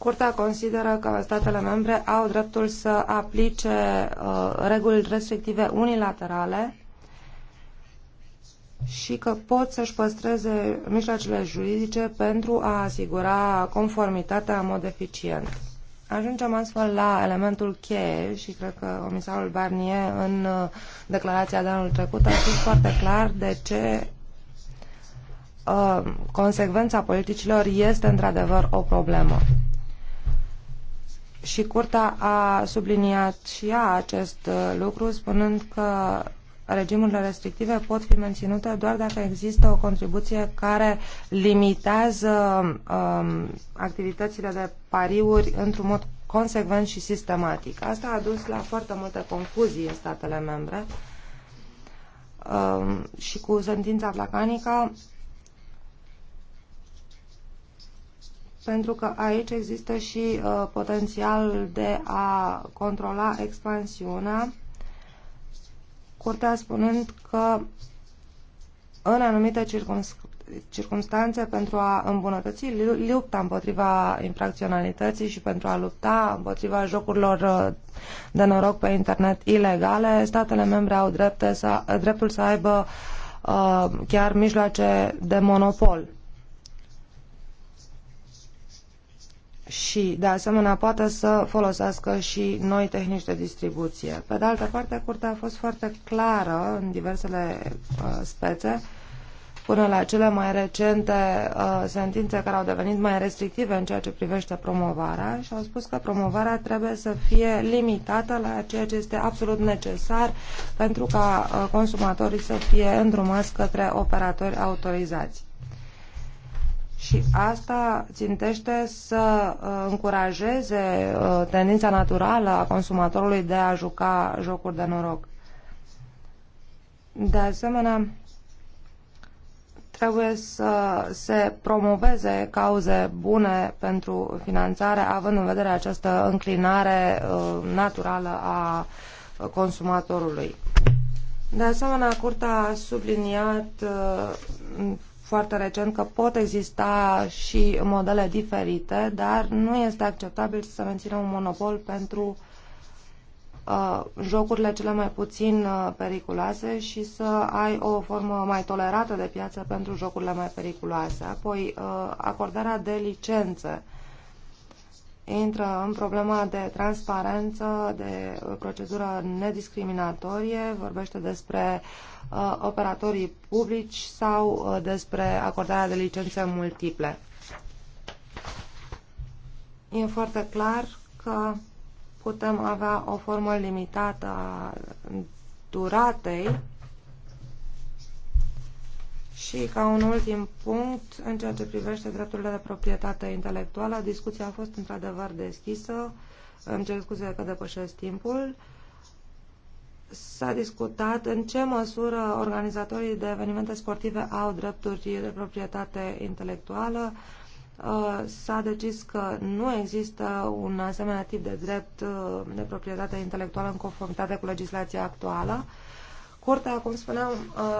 Curtea consideră că statele membre au dreptul să aplice uh, reguli restrictive unilaterale și că pot să-și păstreze mijloacele juridice pentru a asigura conformitatea în mod eficient. Ajungem astfel la elementul cheie și cred că comisarul Barnier în uh, declarația de anul trecut a spus foarte clar de ce uh, consecvența politicilor este într-adevăr o problemă. Și Curtea a subliniat și ea acest uh, lucru, spunând că regimurile restrictive pot fi menținute doar dacă există o contribuție care limitează um, activitățile de pariuri într-un mod consecvent și sistematic. Asta a dus la foarte multe confuzii în statele membre um, și cu sentința placanică pentru că aici există și uh, potențial de a controla expansiunea, curtea spunând că în anumite circunscripții circunstanțe pentru a îmbunătăți lupta împotriva infracționalității și pentru a lupta împotriva jocurilor uh, de noroc pe internet ilegale, statele membre au drepte să, dreptul să aibă uh, chiar mijloace de monopol. și, de asemenea, poate să folosească și noi tehnici de distribuție. Pe de altă parte, Curtea a fost foarte clară în diversele uh, spețe, până la cele mai recente uh, sentințe care au devenit mai restrictive în ceea ce privește promovarea și au spus că promovarea trebuie să fie limitată la ceea ce este absolut necesar pentru ca uh, consumatorii să fie îndrumați către operatori autorizați. Și asta țintește să uh, încurajeze uh, tendința naturală a consumatorului de a juca jocuri de noroc. De asemenea, trebuie să se promoveze cauze bune pentru finanțare, având în vedere această înclinare uh, naturală a consumatorului. De asemenea, Curtea a subliniat foarte recent că pot exista și modele diferite, dar nu este acceptabil să menținem un monopol pentru uh, jocurile cele mai puțin uh, periculoase și să ai o formă mai tolerată de piață pentru jocurile mai periculoase. Apoi, uh, acordarea de licențe. Uh, intră în problema de transparență, de uh, procedură nediscriminatorie, vorbește despre uh, operatorii publici sau uh, despre acordarea de licențe multiple. E foarte clar că putem avea o formă limitată a duratei și ca un ultim punct, în ceea ce privește drepturile de proprietate intelectuală, discuția a fost într-adevăr deschisă. Îmi cer scuze că depășesc timpul. S-a discutat în ce măsură organizatorii de evenimente sportive au drepturi de proprietate intelectuală. Uh, s-a decis că nu există un asemenea tip de drept uh, de proprietate intelectuală în conformitate cu legislația actuală. Corta cum spuneam,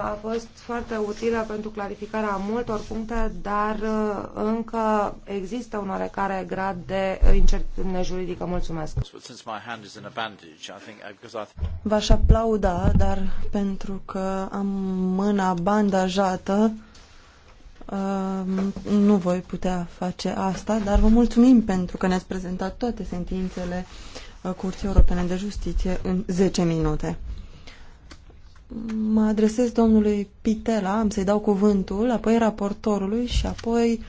a fost foarte utilă pentru clarificarea multor puncte, dar uh, încă există un oarecare grad de incertitudine juridică. Mulțumesc! Uh, V-aș aplauda, dar pentru că am mâna bandajată, uh, nu voi putea face asta, dar vă mulțumim pentru că ne-ați prezentat toate sentințele Curții Europene de Justiție în 10 minute mă adresez domnului Pitela, am să-i dau cuvântul, apoi raportorului și apoi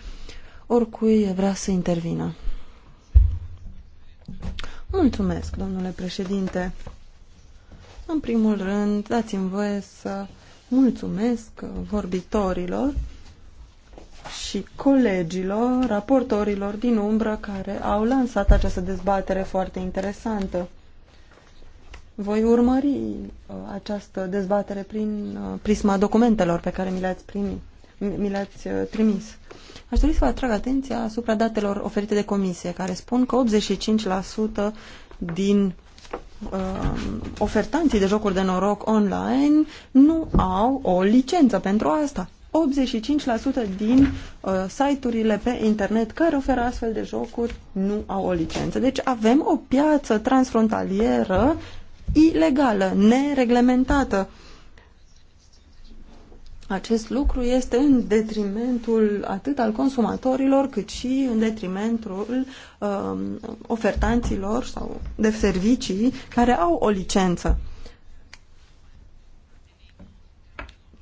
oricui vrea să intervină. Mulțumesc, domnule președinte. În primul rând, dați-mi voie să mulțumesc vorbitorilor și colegilor, raportorilor din umbră care au lansat această dezbatere foarte interesantă. Voi urmări uh, această dezbatere prin uh, prisma documentelor pe care mi le-ați mi le uh, trimis. Aș dori să vă atrag atenția asupra datelor oferite de comisie, care spun că 85% din uh, ofertanții de jocuri de noroc online nu au o licență pentru asta. 85% din uh, site-urile pe internet care oferă astfel de jocuri nu au o licență. Deci avem o piață transfrontalieră ilegală, nereglementată. Acest lucru este în detrimentul atât al consumatorilor, cât și în detrimentul um, ofertanților sau de servicii care au o licență.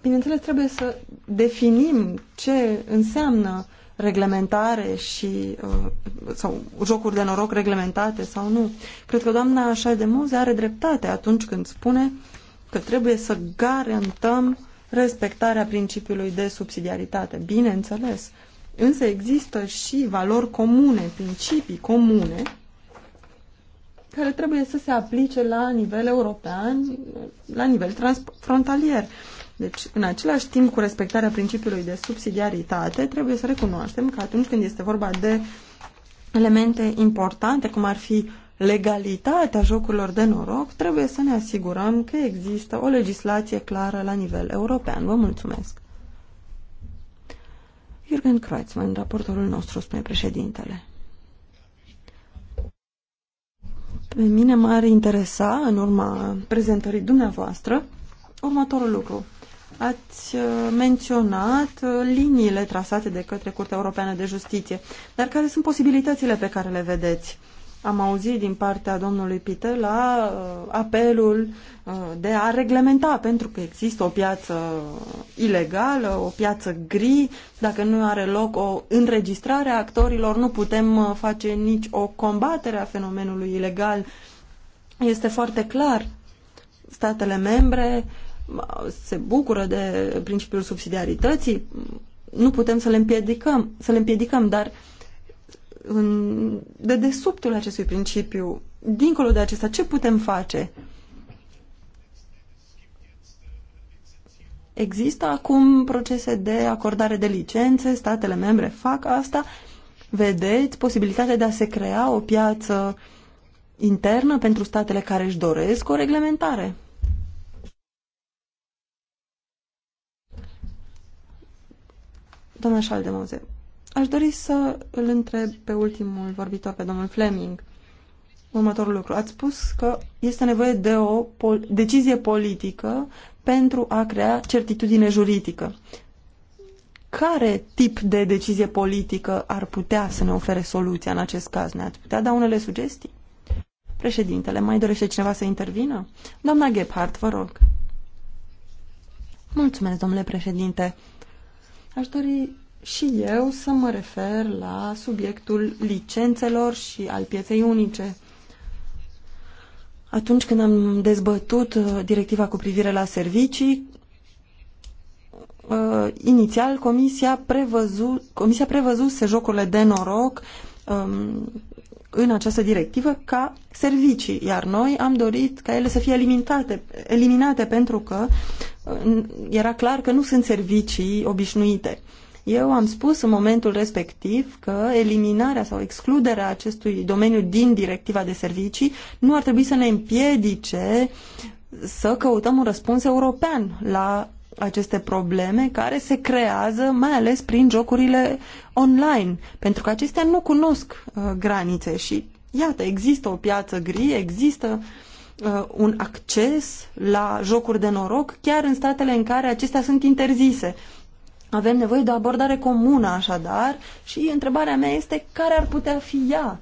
Bineînțeles, trebuie să definim ce înseamnă uh, reglementare și uh, sau jocuri de noroc reglementate sau nu. Cred că doamna așa de muze are dreptate atunci când spune că trebuie să garantăm respectarea principiului de subsidiaritate. Bineînțeles. Însă există și valori comune, principii comune, care trebuie să se aplice la nivel european, la nivel transfrontalier. Deci, în același timp, cu respectarea principiului de subsidiaritate, trebuie să recunoaștem că atunci când este vorba de elemente importante, cum ar fi legalitatea jocurilor de noroc, trebuie să ne asigurăm că există o legislație clară la nivel european. Vă mulțumesc! Jürgen Kreutzmann, raportorul nostru, spune președintele. Pe mine m-ar interesa, în urma prezentării dumneavoastră, următorul lucru ați uh, menționat uh, liniile trasate de către Curtea Europeană de Justiție, dar care sunt posibilitățile pe care le vedeți? Am auzit din partea domnului Pite la uh, apelul de a reglementa, pentru că există o piață ilegală, o piață gri, dacă nu are loc o înregistrare a actorilor, nu putem face nici o combatere a fenomenului ilegal. Este foarte clar, statele membre se bucură de principiul subsidiarității, nu putem să le împiedicăm, să le împiedicăm dar în, de desubtul acestui principiu, dincolo de acesta, ce putem face? Există acum procese de acordare de licențe, statele membre fac asta. Vedeți posibilitatea de a se crea o piață internă pentru statele care își doresc o reglementare. Doamna Mose, aș dori să îl întreb pe ultimul vorbitor, pe domnul Fleming, următorul lucru. Ați spus că este nevoie de o pol decizie politică pentru a crea certitudine juridică. Care tip de decizie politică ar putea să ne ofere soluția în acest caz? Ne-ați putea da unele sugestii? Președintele, mai dorește cineva să intervină? Doamna Gebhardt, vă rog. Mulțumesc, domnule președinte. Aș dori și eu să mă refer la subiectul licențelor și al pieței unice. Atunci când am dezbătut uh, directiva cu privire la servicii, uh, inițial comisia, prevăzu, comisia prevăzuse jocurile de noroc um, în această directivă ca servicii, iar noi am dorit ca ele să fie eliminate, eliminate pentru că era clar că nu sunt servicii obișnuite. Eu am spus în momentul respectiv că eliminarea sau excluderea acestui domeniu din directiva de servicii nu ar trebui să ne împiedice să căutăm un răspuns european la aceste probleme care se creează mai ales prin jocurile online, pentru că acestea nu cunosc uh, granițe și iată, există o piață gri, există uh, Uh, un acces la jocuri de noroc, chiar în statele în care acestea sunt interzise. Avem nevoie de o abordare comună, așadar, și întrebarea mea este care ar putea fi ea,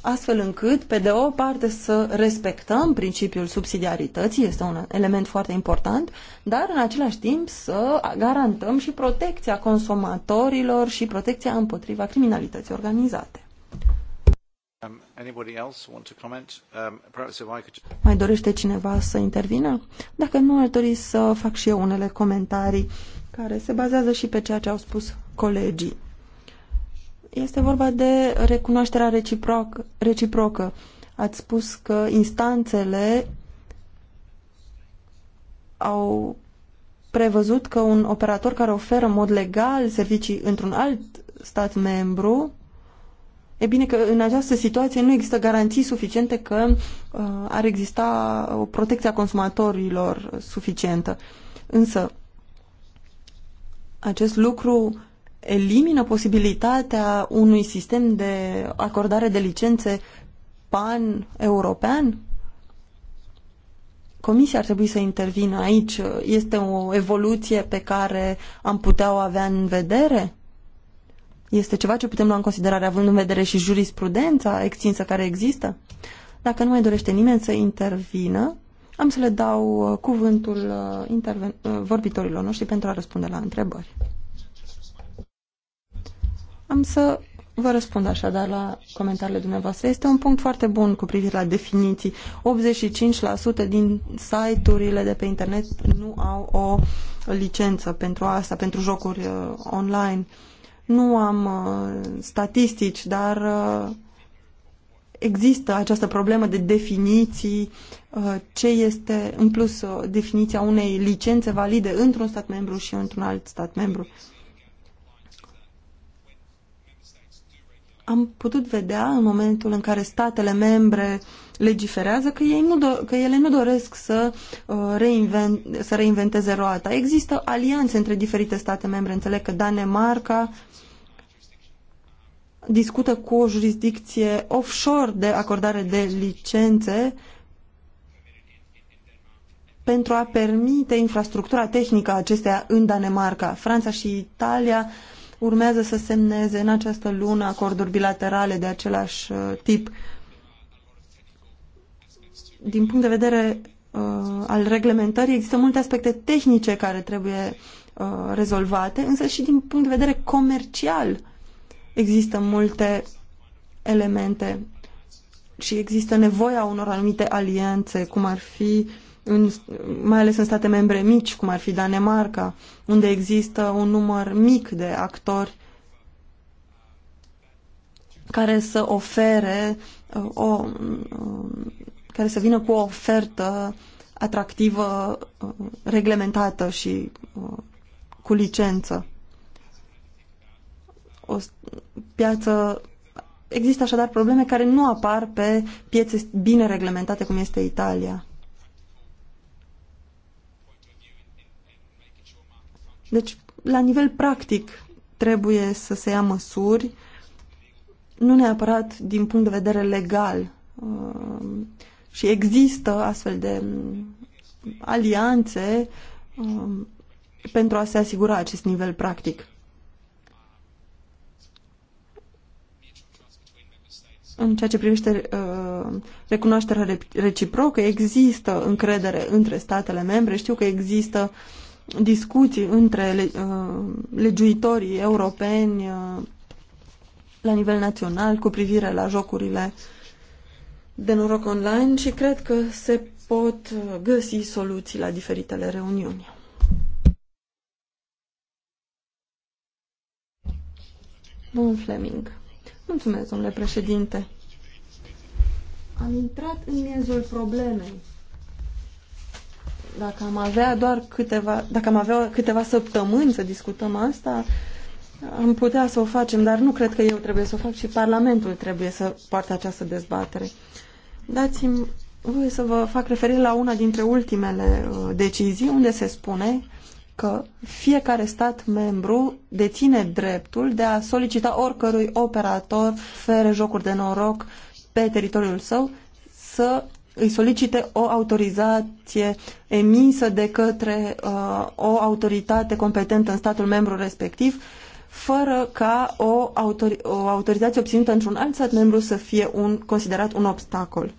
astfel încât, pe de o parte, să respectăm principiul subsidiarității, este un element foarte important, dar, în același timp, să garantăm și protecția consumatorilor și protecția împotriva criminalității organizate. Um, anybody else want to comment? Um, perhaps if I could... Mai dorește cineva să intervină? Dacă nu, ar dori să fac și eu unele comentarii care se bazează și pe ceea ce au spus colegii. Este vorba de recunoașterea reciproc, reciprocă. Ați spus că instanțele au prevăzut că un operator care oferă în mod legal servicii într-un alt stat membru E bine că în această situație nu există garanții suficiente că uh, ar exista o protecție a consumatorilor suficientă. Însă, acest lucru elimină posibilitatea unui sistem de acordare de licențe pan-european? Comisia ar trebui să intervină aici. Este o evoluție pe care am putea o avea în vedere? Este ceva ce putem lua în considerare având în vedere și jurisprudența extinsă care există? Dacă nu mai dorește nimeni să intervină, am să le dau uh, cuvântul uh, uh, vorbitorilor noștri pentru a răspunde la întrebări. Am să vă răspund așadar la comentariile dumneavoastră. Este un punct foarte bun cu privire la definiții. 85% din site-urile de pe internet nu au o licență pentru asta, pentru jocuri online. Nu am uh, statistici, dar uh, există această problemă de definiții, uh, ce este, în plus, uh, definiția unei licențe valide într-un stat membru și într-un alt stat membru. Am putut vedea în momentul în care statele membre legiferează că, ei nu do- că ele nu doresc să, uh, reinvent- să reinventeze roata. Există alianțe între diferite state membre. Înțeleg că Danemarca uh, discută cu o jurisdicție offshore de acordare de licențe pentru a permite infrastructura tehnică acestea în Danemarca. Franța și Italia urmează să semneze în această lună acorduri bilaterale de același uh, tip. Din punct de vedere uh, al reglementării, există multe aspecte tehnice care trebuie uh, rezolvate, însă și din punct de vedere comercial Există multe elemente și există nevoia unor anumite alianțe, cum ar fi, în, mai ales în state membre mici, cum ar fi Danemarca, unde există un număr mic de actori care să ofere uh, o, um, care să vină cu o ofertă atractivă, uh, reglementată și uh, cu licență o piață Există așadar probleme care nu apar pe piețe bine reglementate cum este Italia. Deci, la nivel practic, trebuie să se ia măsuri, nu neapărat din punct de vedere legal. Uh, și există astfel de um, alianțe um, pentru a se asigura acest nivel practic. în ceea ce privește uh, recunoașterea reciprocă, există încredere între statele membre. Știu că există discuții între uh, legiuitorii europeni uh, la nivel național cu privire la jocurile de noroc online și cred că se pot găsi soluții la diferitele reuniuni. Bun, Fleming. Mulțumesc, domnule președinte. Am intrat în miezul problemei. Dacă am avea doar câteva, dacă am avea câteva săptămâni să discutăm asta, am putea să o facem, dar nu cred că eu trebuie să o fac și Parlamentul trebuie să poartă această dezbatere. Dați-mi voi să vă fac referire la una dintre ultimele uh, decizii unde se spune că fiecare stat membru deține dreptul de a solicita oricărui operator fere jocuri de noroc pe teritoriul său să îi solicite o autorizație emisă de către uh, o autoritate competentă în statul membru respectiv, fără ca o, autori o autorizație obținută într-un alt stat membru să fie un, considerat un obstacol.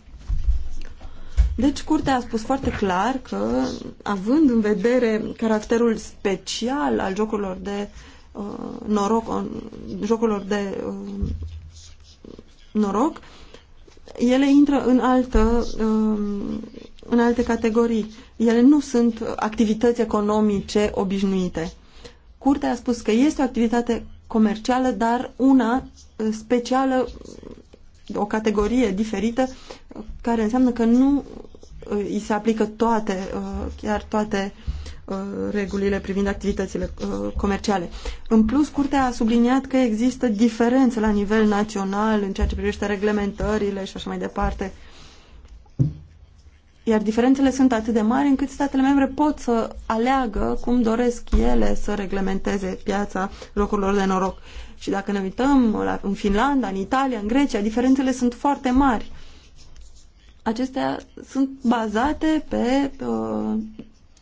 Deci curtea a spus foarte clar că, având în vedere caracterul special al jocurilor de uh, noroc, on, uh, jocurilor de uh, noroc, ele intră în altă uh, în alte categorii. Ele nu sunt activități economice obișnuite. Curtea a spus că este o activitate comercială, dar una uh, specială, o categorie diferită, care înseamnă că nu îi se aplică toate, uh, chiar toate uh, regulile privind activitățile uh, comerciale. În plus, Curtea a subliniat că există diferențe la nivel național în ceea ce privește reglementările și așa mai departe. Iar diferențele sunt atât de mari încât statele membre pot să aleagă cum doresc ele să reglementeze piața locurilor de noroc. Și dacă ne uităm la, în Finlanda, în Italia, în Grecia, diferențele sunt foarte mari acestea sunt bazate pe uh,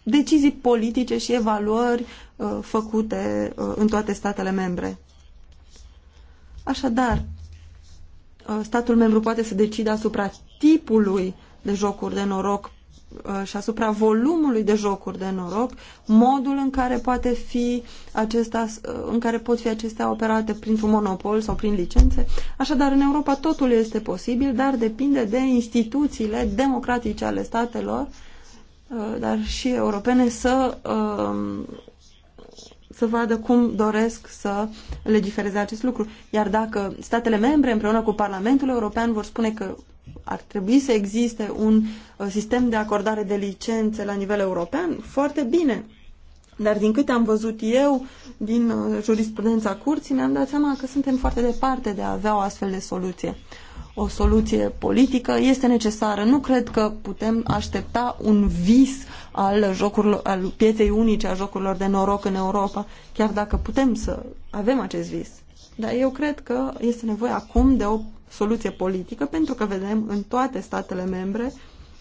decizii politice și evaluări uh, făcute uh, în toate statele membre. Așadar, uh, statul membru poate să decide asupra tipului de jocuri de noroc Uh, și asupra volumului de jocuri de noroc, modul în care poate fi acesta, uh, în care pot fi acestea operate printr-un monopol sau prin licențe. Așadar, în Europa totul este posibil, dar depinde de instituțiile democratice ale statelor, uh, dar și europene, să, să vadă cum doresc să legifereze acest lucru. Iar dacă statele membre împreună cu Parlamentul European vor spune că ar trebui să existe un uh, sistem de acordare de licențe la nivel european, foarte bine. Dar din câte am văzut eu, din uh, jurisprudența curții, mi-am dat seama că suntem foarte departe de a avea o astfel de soluție. O soluție politică este necesară. Nu cred că putem aștepta un vis al, jocurilor, al pieței unice a jocurilor de noroc în Europa, chiar dacă putem să avem acest vis. Dar eu cred că este nevoie acum de o soluție politică, pentru că vedem în toate statele membre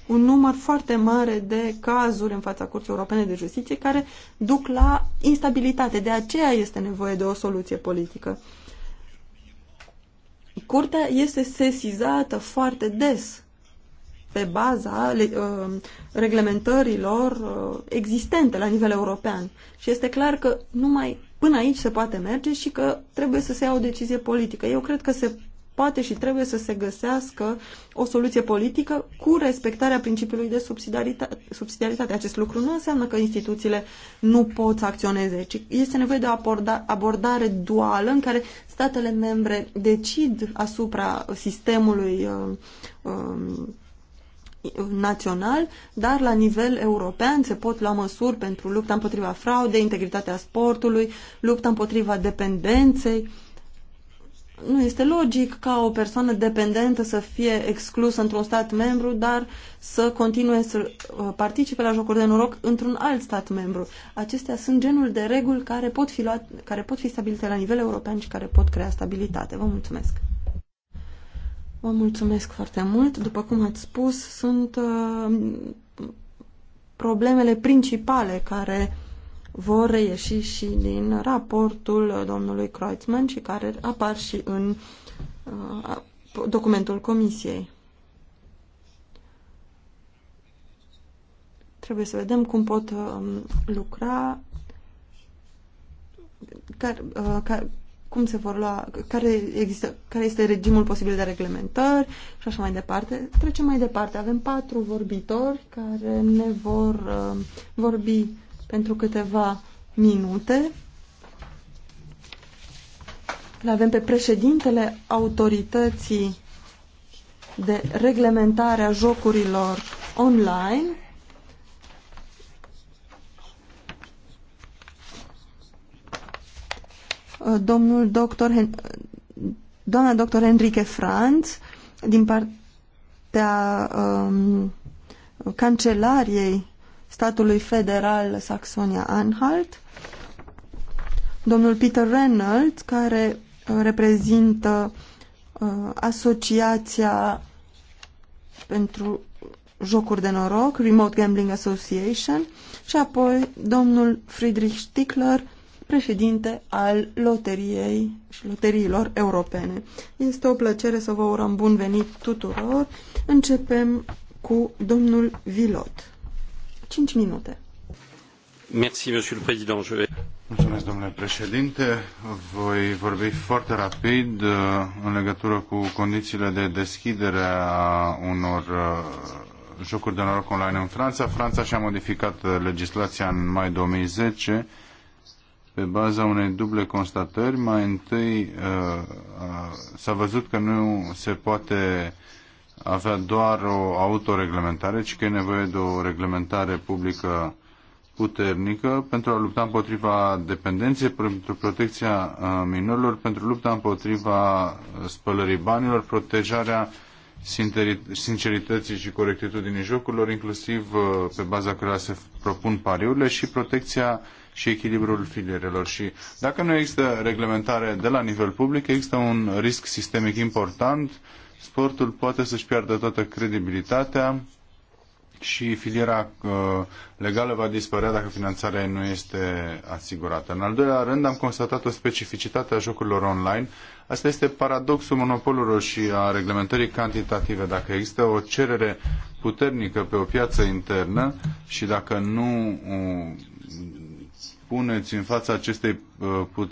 un număr foarte mare de cazuri în fața Curții Europene de Justiție care duc la instabilitate. De aceea este nevoie de o soluție politică. Curtea este sesizată foarte des pe baza uh, reglementărilor uh, existente la nivel european. Și este clar că numai până aici se poate merge și că trebuie să se ia o decizie politică. Eu cred că se poate și trebuie să se găsească o soluție politică cu respectarea principiului de subsidiaritate. subsidiaritate. Acest lucru nu înseamnă că instituțiile nu pot să acționeze, ci este nevoie de o aborda, abordare duală în care statele membre decid asupra sistemului uh, uh, național, dar la nivel european se pot lua măsuri pentru lupta împotriva fraudei, integritatea sportului, lupta împotriva dependenței, nu este logic ca o persoană dependentă să fie exclusă într-un stat membru, dar să continue să uh, participe la jocuri de noroc într-un alt stat membru. Acestea sunt genul de reguli care pot fi, luat, care pot fi stabilite la nivel european și care pot crea stabilitate. Vă mulțumesc! Vă mulțumesc foarte mult. După cum ați spus, sunt uh, problemele principale care vor reieși și din raportul domnului Kreutzmann și care apar și în uh, documentul comisiei. Trebuie să vedem cum pot uh, lucra, care, uh, care, cum se vor lua, care, există, care este regimul posibil de reglementări și așa mai departe. Trecem mai departe. Avem patru vorbitori care ne vor uh, vorbi pentru câteva minute. Le avem pe președintele autorității de reglementare a jocurilor online. Domnul doctor, doamna doctor Enrique Franz, din partea um, cancelariei statului federal Saxonia-Anhalt, domnul Peter Reynolds, care uh, reprezintă uh, Asociația pentru Jocuri de Noroc, Remote Gambling Association, și apoi domnul Friedrich Stickler, președinte al loteriei și loteriilor europene. Este o plăcere să vă urăm bun venit tuturor. Începem cu domnul Vilot. 5 minute. Merci, monsieur le président. Je vais... Mulțumesc, domnule președinte. Voi vorbi foarte rapid uh, în legătură cu condițiile de deschidere a unor uh, jocuri de noroc online în Franța. Franța și-a modificat uh, legislația în mai 2010 pe baza unei duble constatări. Mai întâi s-a văzut că nu se poate avea doar o autoreglementare, ci că e nevoie de o reglementare publică puternică pentru a lupta împotriva dependenței, pentru protecția uh, minorilor, pentru lupta împotriva spălării banilor, protejarea sincerității și corectitudinii jocurilor, inclusiv uh, pe baza cărora se propun pariurile și protecția și echilibrul filierelor. Și dacă nu există reglementare de la nivel public, există un risc sistemic important uh, sportul poate să-și piardă toată credibilitatea și filiera uh, legală va dispărea dacă finanțarea nu este asigurată. În al doilea rând, am constatat o specificitate a jocurilor online. Asta este paradoxul monopolului și a reglementării cantitative. Dacă există o cerere puternică pe o piață internă și dacă nu uh, puneți în fața acestei uh,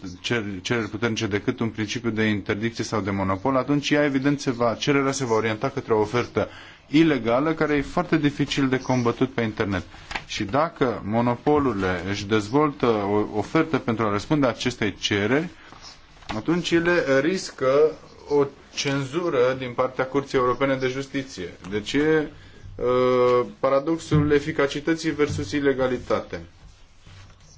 cereri puternice decât un principiu de interdicție sau de monopol, atunci ea evident se va, cererea se va orienta către o ofertă ilegală care e foarte dificil de combătut pe internet. Și dacă monopolurile își dezvoltă o ofertă pentru a răspunde acestei cereri, atunci ele riscă o cenzură din partea Curții Europene de Justiție. Deci e uh, paradoxul eficacității versus ilegalitate.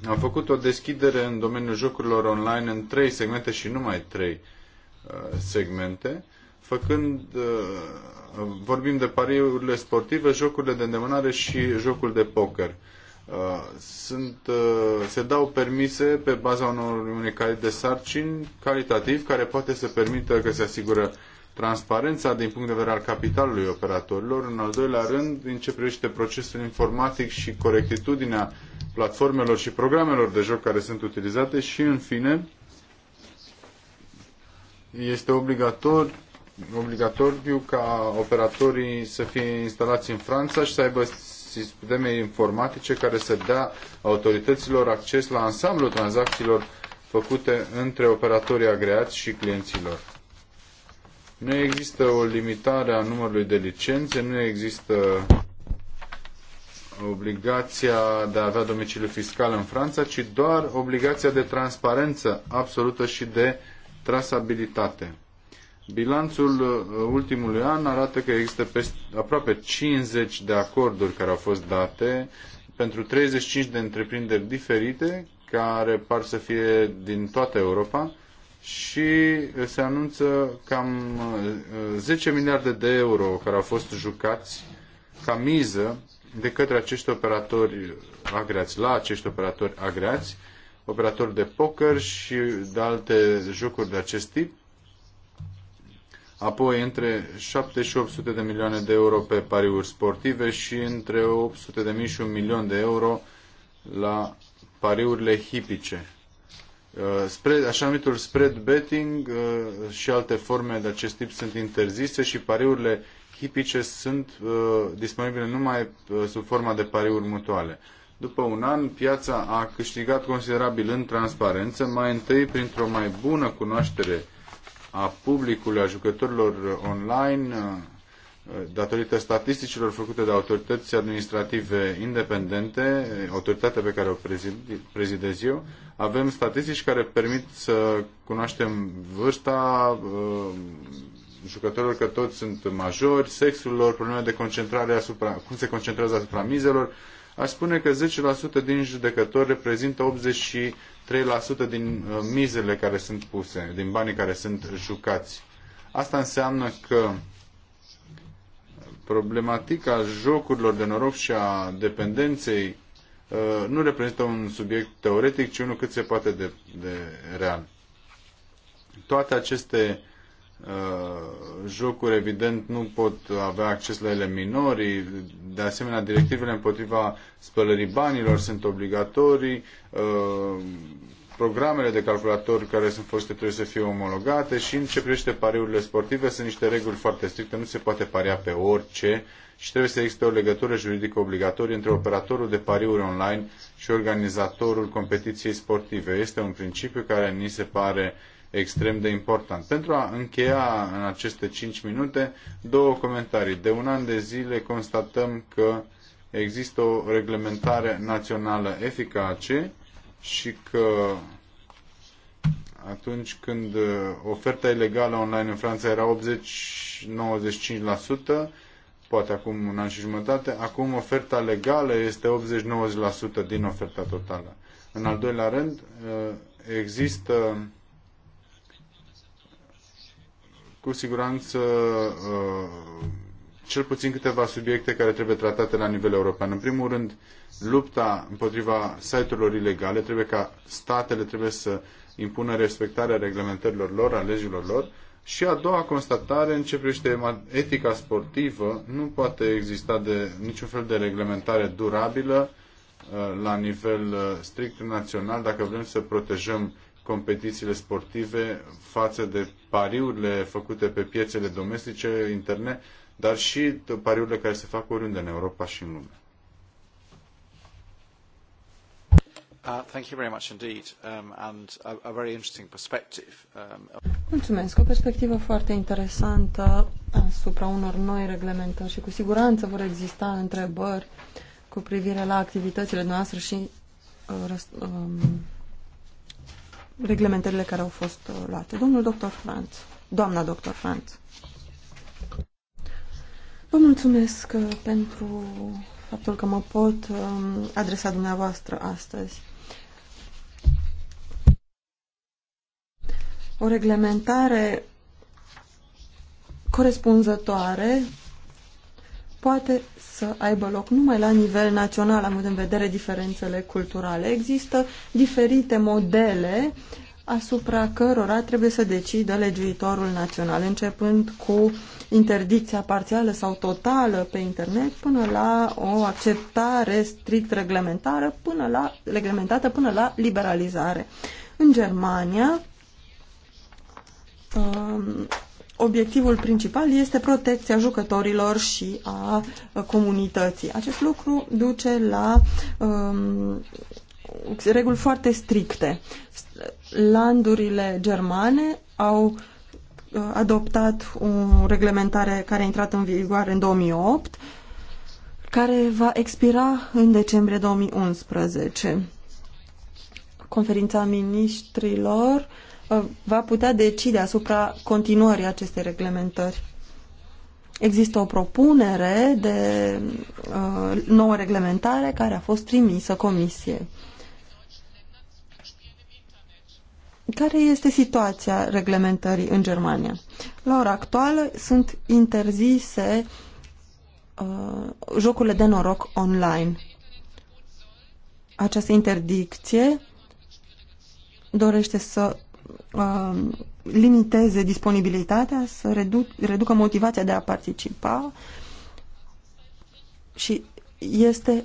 Am făcut o deschidere în domeniul jocurilor online în trei segmente și numai trei uh, segmente, făcând, uh, vorbim de pariurile sportive, jocurile de îndemânare și jocul de poker. Uh, sunt, se dau permise pe baza unor unei cali de sarcini calitativ care poate să permită că se asigură transparența din punct de vedere al capitalului operatorilor, în al doilea rând, în ce privește procesul informatic și corectitudinea platformelor și programelor de joc care sunt utilizate și, în fine, este obligator, obligatoriu ca operatorii să fie instalați în Franța și să aibă sisteme informatice care să dea autorităților acces la ansamblul tranzacțiilor făcute între operatorii agreați și clienților. Nu există o limitare a numărului de licențe, nu există obligația de a avea domiciliu fiscal în Franța, ci doar obligația de transparență absolută și de trasabilitate. Bilanțul uh, ultimului an arată că există peste, aproape 50 de acorduri care au fost date pentru 35 de întreprinderi diferite care par să fie din toată Europa și uh, se anunță cam 10 uh, miliarde de euro care au fost jucați ca miză de către acești operatori agreați, la acești operatori agreați, operatori de poker și de alte jocuri de acest tip. Apoi între 7 și 800 de milioane de euro pe pariuri sportive și între 800 de mii și un milion de euro la pariurile hipice. Uh, spread, așa numitul spread betting uh, și alte forme de acest tip sunt interzise și pariurile hipice sunt uh, disponibile numai sub forma de pariuri mutuale. După un an, piața a câștigat considerabil în transparență, mai întâi printr-o mai bună cunoaștere a publicului, a jucătorilor online, datorită statisticilor făcute de autorități administrative independente, autoritatea pe care o prezidez eu, avem statistici care permit să cunoaștem vârsta uh, jucătorilor, că toți sunt majori, sexul lor, problema de concentrare asupra, cum se concentrează asupra mizelor. Aș spune că 10% din judecători reprezintă 83% din uh, mizele care sunt puse, din banii care sunt jucați. Asta înseamnă că problematica jocurilor de noroc și a dependenței uh, nu reprezintă un subiect teoretic, ci unul cât se poate de, de real. Toate aceste uh, jocuri, evident, nu pot avea acces la ele minorii. De asemenea, directivele împotriva spălării banilor sunt obligatorii. Uh, programele de calculator care sunt folosite trebuie să fie omologate și în ce privește pariurile sportive sunt niște reguli foarte stricte, nu se poate paria pe orice și trebuie să existe o legătură juridică obligatorie între operatorul de pariuri online și organizatorul competiției sportive. Este un principiu care ni se pare extrem de important. Pentru a încheia în aceste cinci minute, două comentarii. De un an de zile constatăm că există o reglementare națională eficace și că atunci când uh, oferta ilegală online în Franța era 80-95%, poate acum un an și jumătate, acum oferta legală este 80-90% din oferta totală. În al doilea rând, uh, există cu siguranță uh, cel puțin câteva subiecte care trebuie tratate la nivel european. În primul rând, lupta împotriva site-urilor ilegale. Trebuie ca statele trebuie să impună respectarea reglementărilor lor, a legilor lor. Și a doua constatare, în ce privește etica sportivă, nu poate exista de niciun fel de reglementare durabilă uh, la nivel uh, strict național dacă vrem să protejăm competițiile sportive față de pariurile făcute pe piețele domestice internet dar și pariurile care se fac oriunde în Europa și în lume. Mulțumesc. O perspectivă foarte interesantă asupra unor noi reglementări și cu siguranță vor exista întrebări cu privire la activitățile noastre și uh, um, reglementările care au fost uh, luate. Domnul doctor Franț, doamna doctor Franț. Vă mulțumesc uh, pentru faptul că mă pot uh, adresa dumneavoastră astăzi. O reglementare corespunzătoare poate să aibă loc numai la nivel național, având în vedere diferențele culturale. Există diferite modele asupra cărora trebuie să decidă legiuitorul național, începând cu interdicția parțială sau totală pe internet până la o acceptare strict reglementară până la, reglementată până la liberalizare. În Germania, um, obiectivul principal este protecția jucătorilor și a comunității. Acest lucru duce la um, reguli foarte stricte. Landurile germane au uh, adoptat o reglementare care a intrat în vigoare în 2008, care va expira în decembrie 2011. Conferința ministrilor uh, va putea decide asupra continuării acestei reglementări. Există o propunere de uh, nouă reglementare care a fost trimisă Comisiei. care este situația reglementării în Germania? La ora actuală sunt interzise uh, jocurile de noroc online. Această interdicție dorește să uh, limiteze disponibilitatea, să redu reducă motivația de a participa și este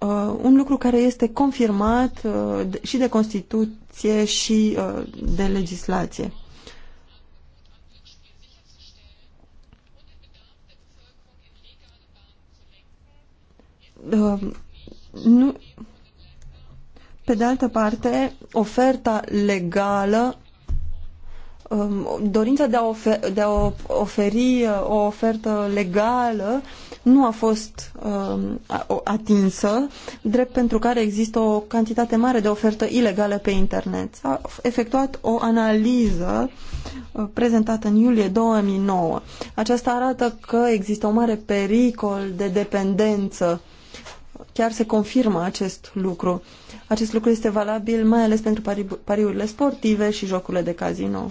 Uh, un lucru care este confirmat uh, și de Constituție și uh, de legislație. nu, pe de altă parte, oferta legală, um, dorința de a, oferi, de a oferi o ofertă legală nu a fost uh, atinsă, drept pentru care există o cantitate mare de ofertă ilegală pe internet. S-a efectuat o analiză uh, prezentată în iulie 2009. Aceasta arată că există un mare pericol de dependență chiar se confirmă acest lucru. Acest lucru este valabil mai ales pentru pari, pariurile sportive și jocurile de casino.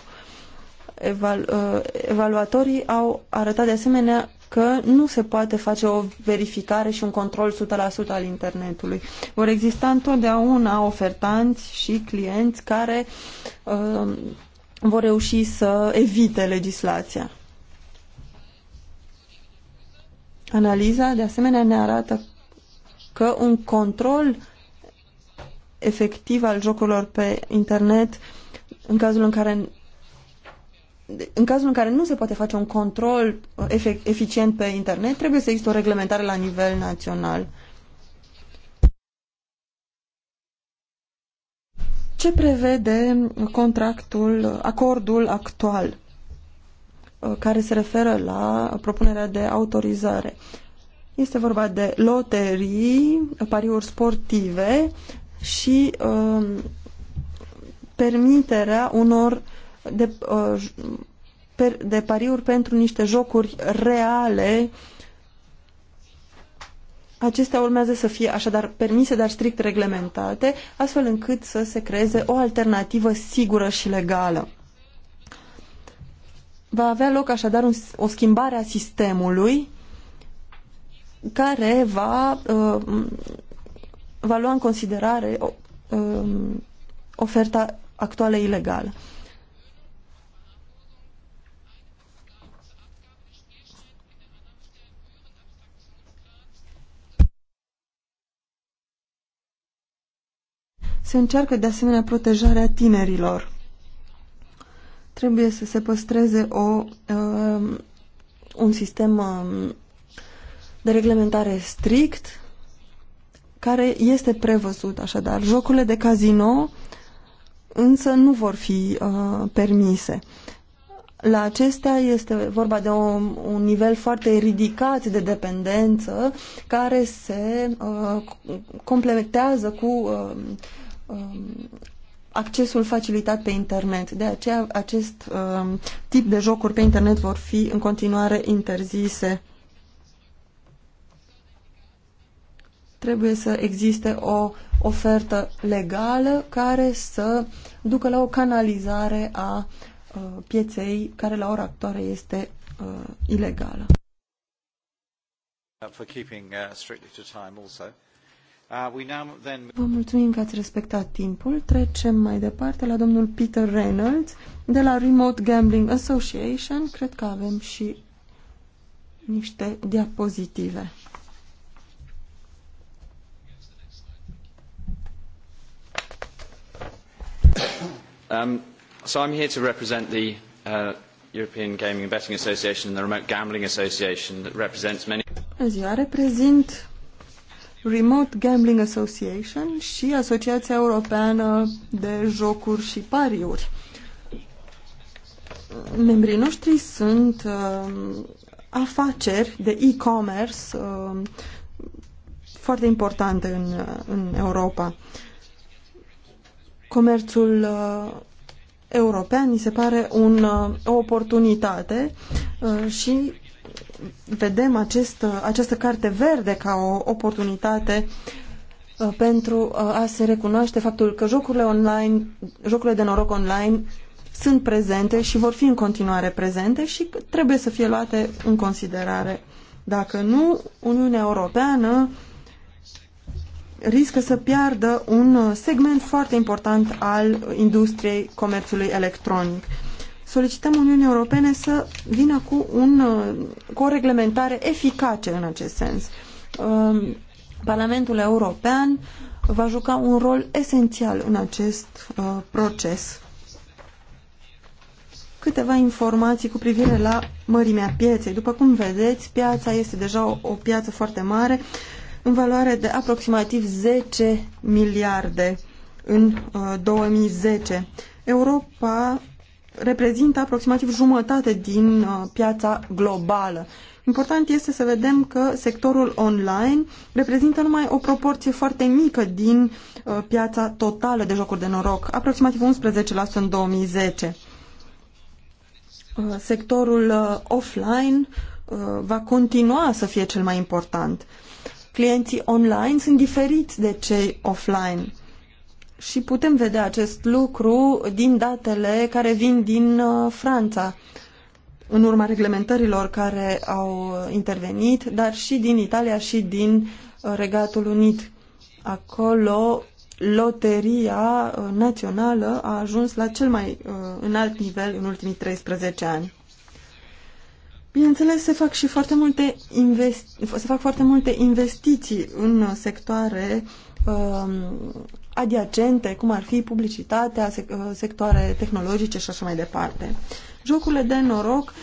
Evalu- uh, evaluatorii au arătat de asemenea că nu se poate face o verificare și un control 100% al internetului. Vor exista întotdeauna ofertanți și clienți care uh, vor reuși să evite legislația. Analiza, de asemenea, ne arată că un control efectiv al jocurilor pe internet, în cazul în care în cazul în care nu se poate face un control uh, eficient pe internet, trebuie să existe o reglementare la nivel național. Ce prevede contractul, acordul actual uh, care se referă la propunerea de autorizare? Este vorba de loterii, pariuri sportive și uh, permiterea unor de, uh, de pariuri pentru niște jocuri reale. Acestea urmează să fie așadar permise, dar strict reglementate, astfel încât să se creeze o alternativă sigură și legală. Va avea loc așadar o schimbare a sistemului care va, uh, va lua în considerare um, oferta actuală ilegală. Se încearcă de asemenea protejarea tinerilor. Trebuie să se păstreze o, uh, un sistem um, de reglementare strict care este prevăzut așadar. Jocurile de casino însă nu vor fi uh, permise. La acestea este vorba de o, un nivel foarte ridicat de dependență care se uh, completează cu uh, Um, accesul facilitat pe internet. De aceea, acest um, tip de jocuri pe internet vor fi în continuare interzise. Trebuie să existe o ofertă legală care să ducă la o canalizare a uh, pieței care la ora actuală este uh, ilegală. For keeping, uh, Uh, Vă mulțumim că ați respectat timpul. Trecem mai departe la domnul Peter Reynolds de la Remote Gambling Association. Cred că avem și niște diapozitive. Um, so I'm here to represent the uh, European Gaming and Betting Association and the Remote Gambling Association that represents many... Ziua reprezint Remote Gambling Association și Asociația Europeană de Jocuri și Pariuri. Membrii noștri sunt uh, afaceri de e-commerce uh, foarte importante în, uh, în Europa. Comerțul uh, european mi se pare un, uh, o oportunitate uh, și vedem acest, această carte verde ca o oportunitate uh, pentru uh, a se recunoaște faptul că jocurile online, jocurile de noroc online sunt prezente și vor fi în continuare prezente și trebuie să fie luate în considerare. Dacă nu, Uniunea Europeană riscă să piardă un uh, segment foarte important al industriei comerțului electronic solicităm Uniunii Europene să vină cu, un, uh, cu o reglementare eficace în acest sens. Um, Parlamentul European va juca un rol esențial în acest uh, proces. Câteva informații cu privire la mărimea pieței. După cum vedeți, piața este deja o, o piață foarte mare, în valoare de aproximativ 10 miliarde în uh, 2010. Europa reprezintă aproximativ jumătate din uh, piața globală. Important este să vedem că sectorul online reprezintă numai o proporție foarte mică din uh, piața totală de jocuri de noroc, aproximativ 11% în 2010. Uh, sectorul offline va continua să fie cel mai important. Clienții online sunt diferiți de cei offline și putem vedea acest lucru din datele care vin din uh, Franța, în urma reglementărilor care au uh, intervenit, dar și din Italia și din uh, Regatul Unit. Acolo loteria națională a ajuns la cel mai înalt nivel în ultimii 13 ani. Bineînțeles, se fac și foarte multe, investi- se fac foarte multe investiții în sectoare adiacente, cum ar fi publicitatea, uh, sectoare tehnologice și așa mai departe. Jocurile de noroc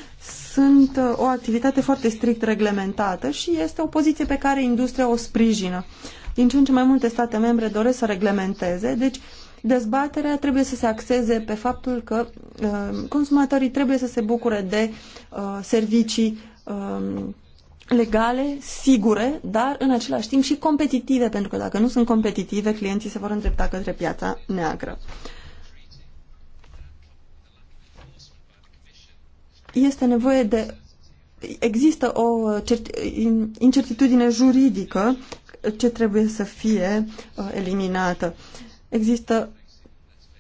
sunt uh, o activitate foarte strict reglementată și este o poziție pe care industria o sprijină. Din ce în ce mai multe state membre doresc să reglementeze, deci dezbaterea trebuie să se axeze pe faptul că uh, consumatorii trebuie să se bucure de uh, servicii uh, legale, sigure, dar în același timp și competitive, pentru că dacă nu sunt competitive, clienții se vor îndrepta către piața neagră. Este nevoie de... Există o incertitudine juridică ce trebuie să fie uh, eliminată. Există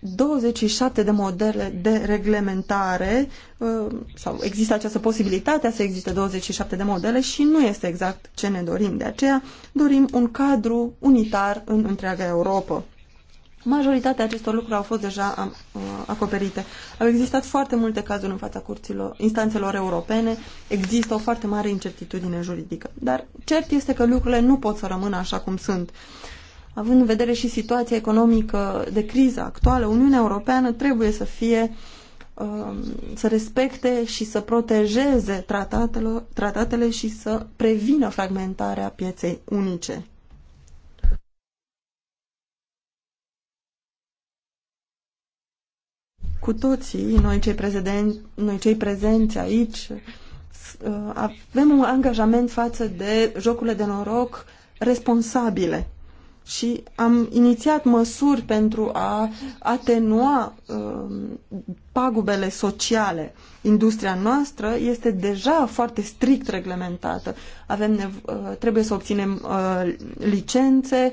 27 de modele de reglementare uh, sau există această posibilitate să existe 27 de modele și nu este exact ce ne dorim. De aceea dorim un cadru unitar în întreaga Europa. Majoritatea acestor lucruri au fost deja uh, acoperite. Au existat foarte multe cazuri în fața curților, instanțelor europene, există o foarte mare incertitudine juridică. Dar cert este că lucrurile nu pot să rămână așa cum sunt. Uh, Având în vedere și situația economică de criză actuală, Uniunea Europeană trebuie să fie um, să respecte și să protejeze tratatele, și să prevină fragmentarea pieței unice. Cu toții, noi cei, prezenți, noi cei prezenți aici, uh, avem un angajament față de jocurile de noroc responsabile și am inițiat măsuri pentru a atenua um, pagubele sociale. Industria noastră este deja foarte strict reglementată. Avem uh, trebuie să obținem uh, licențe,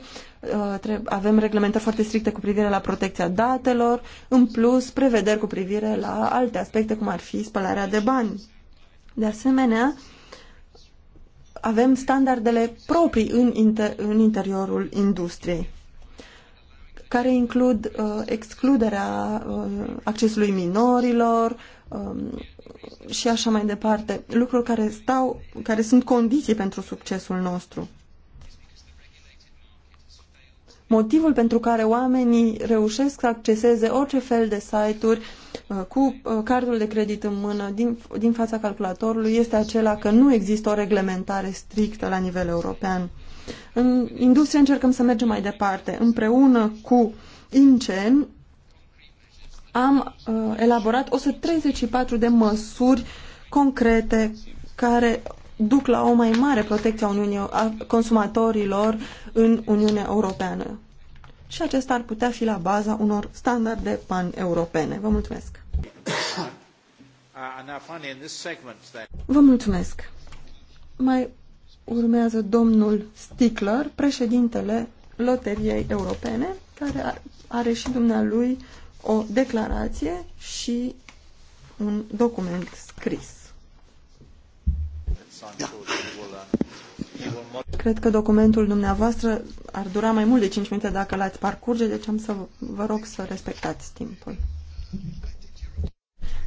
uh, avem reglementări foarte stricte cu privire la protecția datelor, în plus prevederi cu privire la alte aspecte, cum ar fi spălarea de bani. De asemenea, avem standardele proprii în, inter în interiorul industriei, care includ uh, excluderea uh, accesului minorilor um, și așa mai departe, lucruri care, stau, care sunt condiții pentru succesul nostru motivul pentru care oamenii reușesc să acceseze orice fel de site-uri uh, cu uh, cardul de credit în mână din, din fața calculatorului este acela că nu există o reglementare strictă la nivel european. În industrie încercăm să mergem mai departe. Împreună cu INCEN am uh, elaborat 134 de măsuri concrete care duc la o mai mare protecție a, Uniunii, a consumatorilor în Uniunea Europeană. Și acesta ar putea fi la baza unor standarde pan-europene. Vă mulțumesc! Uh, Vă mulțumesc! Mai urmează domnul Stickler, președintele Loteriei Europene, care are și dumnealui o declarație și un document scris. Da. Cred că documentul dumneavoastră ar dura mai mult de 5 minute dacă l-ați parcurge, deci am să vă rog să respectați timpul.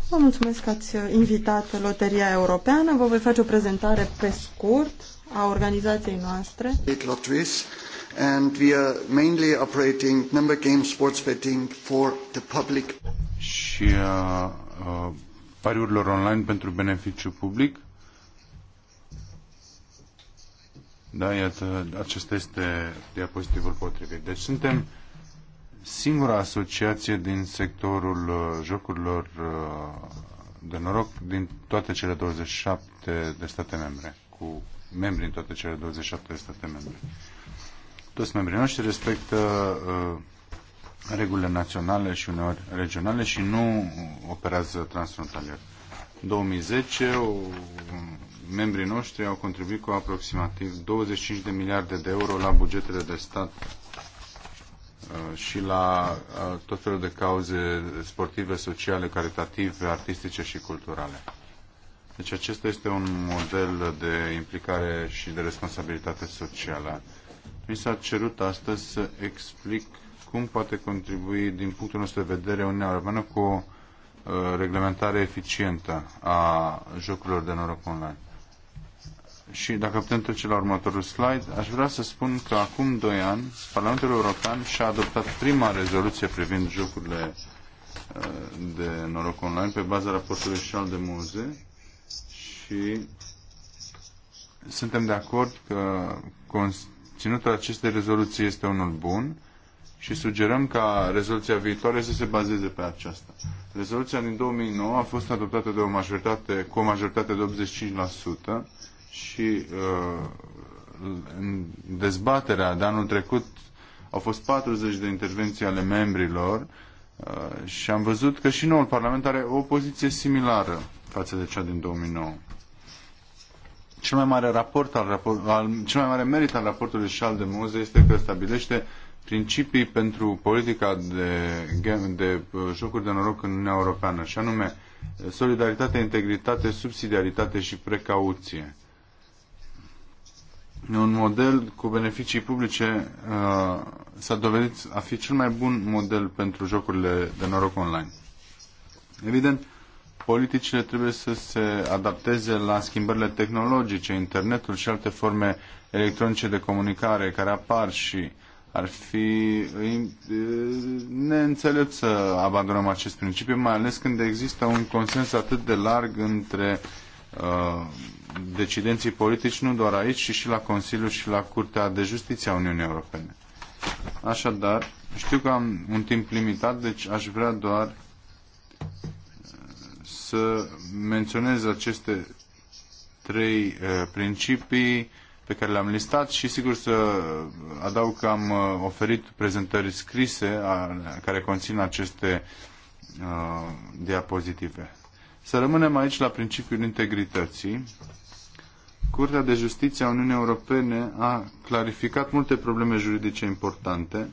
Vă mulțumesc că ați invitat Loteria Europeană. Vă voi face o prezentare pe scurt a organizației noastre. Lotteries and we are mainly operating number game sports betting for the public. Și uh, uh, pariurilor online pentru beneficiu public. Da, iată, acesta este diapozitivul potrivit. Deci suntem singura asociație din sectorul uh, jocurilor uh, de noroc din toate cele 27 de state membre, cu membri în toate cele 27 de state membre. Toți membrii noștri respectă uh, regulile naționale și uneori regionale și nu operează transfrontalier. 2010, o membrii noștri au contribuit cu aproximativ 25 de miliarde de euro la bugetele de stat uh, și la uh, tot felul de cauze sportive, sociale, caritative, artistice și culturale. Deci acesta este un model de implicare și de responsabilitate socială. Mi s-a cerut astăzi să explic cum poate contribui, din punctul nostru de vedere, Uniunea Europeană cu o uh, reglementare eficientă a jocurilor de noroc online. Și dacă putem trece la următorul slide, aș vrea să spun că acum doi ani Parlamentul European și-a adoptat prima rezoluție privind jocurile uh, de noroc online pe baza raportului Charles de Muze și suntem de acord că conținutul acestei rezoluții este unul bun și sugerăm ca rezoluția viitoare să se bazeze pe aceasta. Rezoluția din 2009 a fost adoptată de o majoritate, cu o majoritate de 85% și uh, în dezbaterea de anul trecut au fost 40 de intervenții ale membrilor uh, și am văzut că și noul Parlament are o poziție similară față de cea din 2009. Cel mai mare, raport al, al, cel mai mare merit al raportului Charles de Moze este că stabilește principii pentru politica de, de uh, jocuri de noroc în Uniunea Europeană, și anume solidaritate, integritate, subsidiaritate și precauție un model cu beneficii publice uh, s-a dovedit a fi cel mai bun model pentru jocurile de noroc online. Evident, politicile trebuie să se adapteze la schimbările tehnologice, internetul și alte forme electronice de comunicare care apar și ar fi uh, uh, neînțelept să abandonăm acest principiu, mai ales când există un consens atât de larg între uh, Uh, decidenții politici nu doar aici, ci și la Consiliu și la Curtea de Justiție a Uniunii Europene. Așadar, știu că am un timp limitat, deci aș vrea doar uh, să menționez aceste trei uh, principii pe care le-am listat și sigur să adaug că am oferit prezentări scrise care conțin aceste diapozitive. Să rămânem aici la principiul integrității. Curtea de Justiție a Uniunii Europene a clarificat multe probleme juridice importante,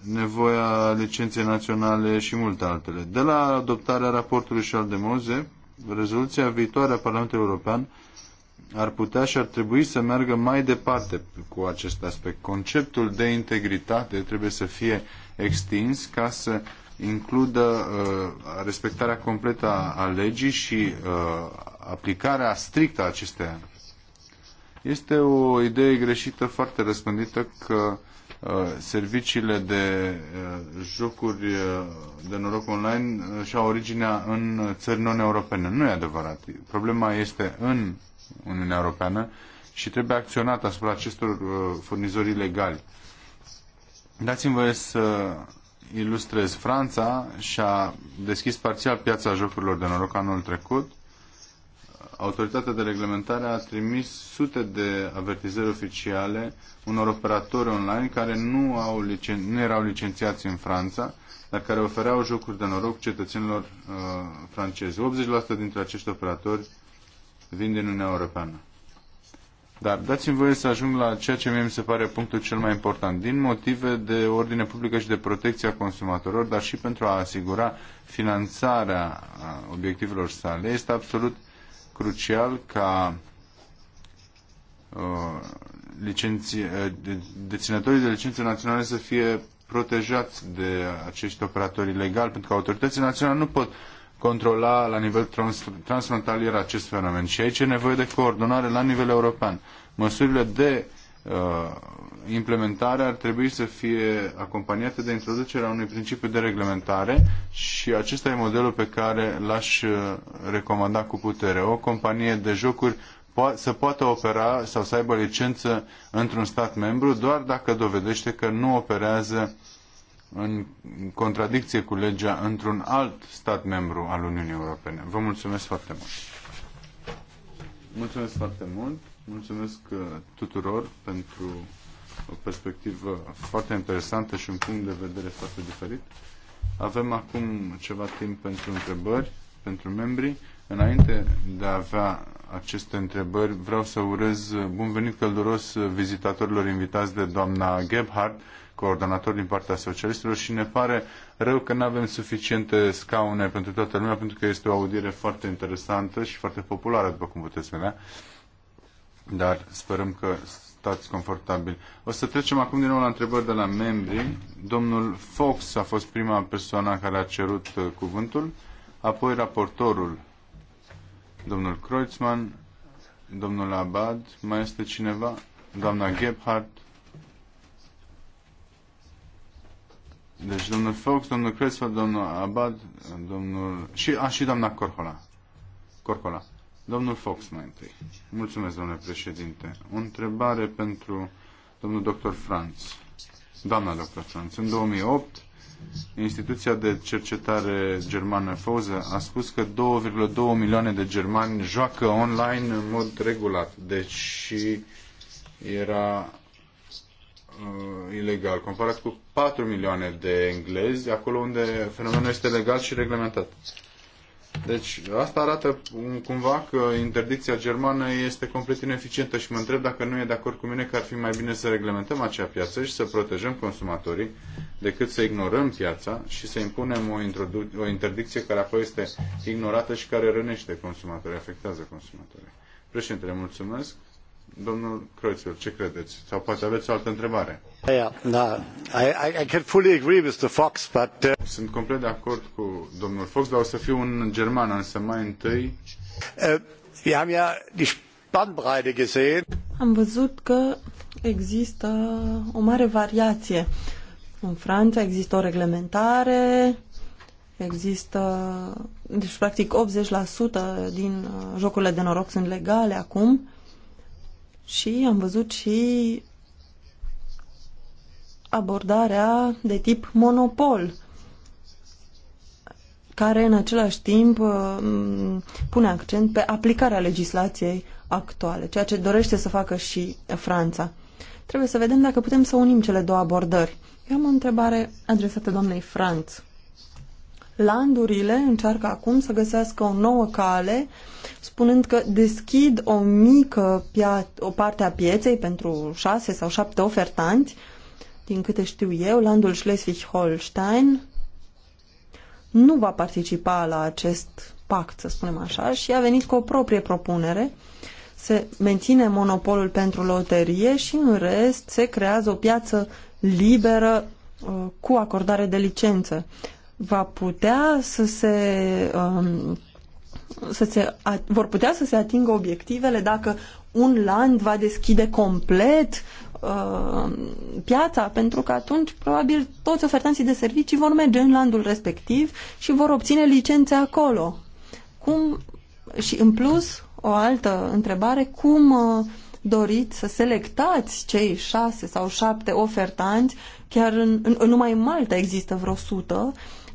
nevoia licenței naționale și multe altele. De la adoptarea raportului și al de Moze, rezoluția viitoare a Parlamentului European ar putea și ar trebui să meargă mai departe cu acest aspect. Conceptul de integritate trebuie să fie extins ca să uh, includă uh, respectarea completă a legii și uh, aplicarea strictă a acesteia. Este o idee greșită foarte răspândită că uh, serviciile de jocuri de noroc online și-au originea în țări non-europene. Nu e adevărat. Problema este în Uniunea Europeană și trebuie acționat asupra acestor furnizori ilegali. Dați-mi voie să ilustrez, Franța și-a deschis parțial piața jocurilor de noroc anul trecut. Autoritatea de reglementare a trimis sute de avertizări oficiale unor operatori online care nu, au licen- nu erau licențiați în Franța, dar care ofereau jocuri de noroc cetățenilor uh, francezi. 80% dintre acești operatori vin din Uniunea Europeană. Dar dați-mi voie să ajung la ceea ce mie mi se pare punctul cel mai important. Din motive de ordine publică și de protecția consumatorilor, dar și pentru a asigura finanțarea obiectivelor sale, este absolut crucial ca uh, uh, de, deținătorii de licențe naționale să fie protejați de acești operatori legali, pentru că autoritățile naționale nu pot controla la nivel trans, transfrontalier acest fenomen. Și aici e nevoie de coordonare la nivel european. Măsurile de uh, implementare ar trebui să fie acompaniate de introducerea unui principiu de reglementare și acesta e modelul pe care l-aș uh, recomanda cu putere. O companie de jocuri să poată opera sau să aibă licență într-un stat membru doar dacă dovedește că nu operează în contradicție cu legea într-un alt stat membru al Uniunii Europene. Vă mulțumesc foarte mult! Mulțumesc foarte mult! Mulțumesc uh, tuturor pentru o perspectivă foarte interesantă și un punct de vedere foarte diferit. Avem acum ceva timp pentru întrebări, pentru membri. Înainte de a avea aceste întrebări, vreau să urez bun venit călduros vizitatorilor invitați de doamna Gebhardt, coordonator din partea socialistilor și ne pare rău că nu avem suficiente scaune pentru toată lumea, pentru că este o audiere foarte interesantă și foarte populară, după cum puteți vedea. Dar sperăm că stați confortabil. O să trecem acum din nou la întrebări de la membri. Domnul Fox a fost prima persoană care a cerut uh, cuvântul, apoi raportorul, domnul Kreutzmann, domnul Abad, mai este cineva? Doamna Gebhardt, Deci domnul Fox, domnul Crespo, domnul Abad, domnul... Și, a, și doamna Corhola. Corhola. Domnul Fox mai întâi. Mulțumesc, domnule președinte. O întrebare pentru domnul doctor Franz. Doamna doctor Franz. În 2008, instituția de cercetare germană FOZE a spus că 2,2 milioane de germani joacă online în mod regulat. Deci era uh, ilegal, comparat cu 4 milioane de englezi, acolo unde fenomenul este legal și reglementat. Deci asta arată cumva că interdicția germană este complet ineficientă și mă întreb dacă nu e de acord cu mine că ar fi mai bine să reglementăm acea piață și să protejăm consumatorii decât să ignorăm piața și să impunem o, o interdicție care apoi este ignorată și care rănește consumatorii, afectează consumatorii. Președintele, mulțumesc. Domnul Kreutzer, ce credeți? Sau poate aveți o altă întrebare? Uh, sunt complet de acord cu domnul Fox, dar o să fiu un german, însă mai întâi... Uh, Am văzut că există o mare variație. În Franța există o reglementare, există, deci practic 80% din uh, jocurile de noroc sunt legale acum și am văzut și abordarea de tip monopol, care în același timp uh, pune accent pe aplicarea legislației actuale, ceea ce dorește să facă și Franța. Trebuie să vedem dacă putem să unim cele două abordări. Eu am o întrebare adresată doamnei Franț. Landurile încearcă acum să găsească o nouă cale, spunând că deschid o mică o parte a pieței pentru șase sau șapte ofertanți. Din câte știu eu, landul Schleswig-Holstein nu va participa la acest pact, să spunem așa, și a venit cu o proprie propunere. Se menține monopolul pentru loterie și în rest se creează o piață liberă uh, cu acordare de licență va putea să se, um, să se vor putea să se atingă obiectivele dacă un land va deschide complet um, piața, pentru că atunci probabil toți ofertanții de servicii vor merge în landul respectiv și vor obține licențe acolo. Cum și în plus o altă întrebare, cum uh, doriți să selectați cei șase sau șapte ofertanți, chiar în, în, numai în Malta există vreo sută,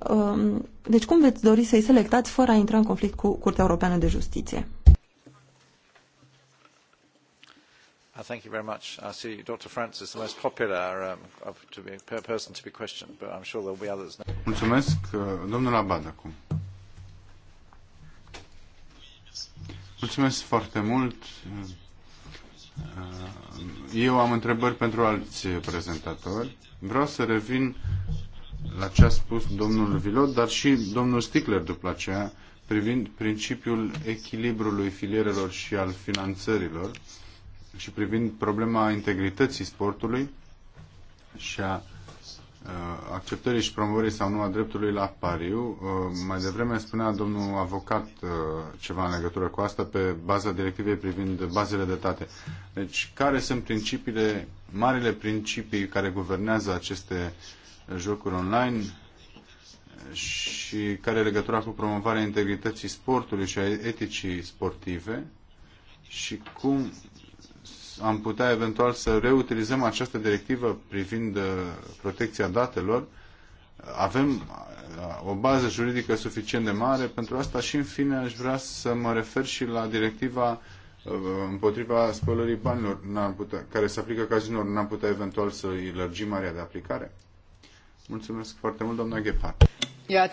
Um, deci cum veți dori să-i selectați fără a intra în conflict cu Curtea Europeană de Justiție? Uh, thank you very much. I see Dr. France is the most popular um, of, to be, person to be questioned, but I'm sure there will be others. Now. Mulțumesc. Uh, domnul Abad acum. Mulțumesc foarte mult. Uh, eu am întrebări pentru alți prezentatori. Vreau să revin la ce a spus domnul Vilot, dar și domnul Stickler după aceea, privind principiul echilibrului filierelor și al finanțărilor și privind problema integrității sportului și a uh, acceptării și promovării sau nu a dreptului la pariu. Uh, mai devreme spunea domnul avocat uh, ceva în legătură cu asta pe baza directivei privind bazele de date. Deci, care sunt principiile, marile principii care guvernează aceste uh, jocuri online și care e legătura cu promovarea integrității sportului și a eticii sportive și cum am putea eventual să reutilizăm această directivă privind uh, protecția datelor. Avem uh, o bază juridică suficient de mare pentru asta și în fine aș vrea să mă refer și la directiva uh, împotriva spălării banilor putea, care se aplică cazinor, n-am putea eventual să îi lărgim area de aplicare? Mulțumesc foarte mult, doamna Gephardt. Ja,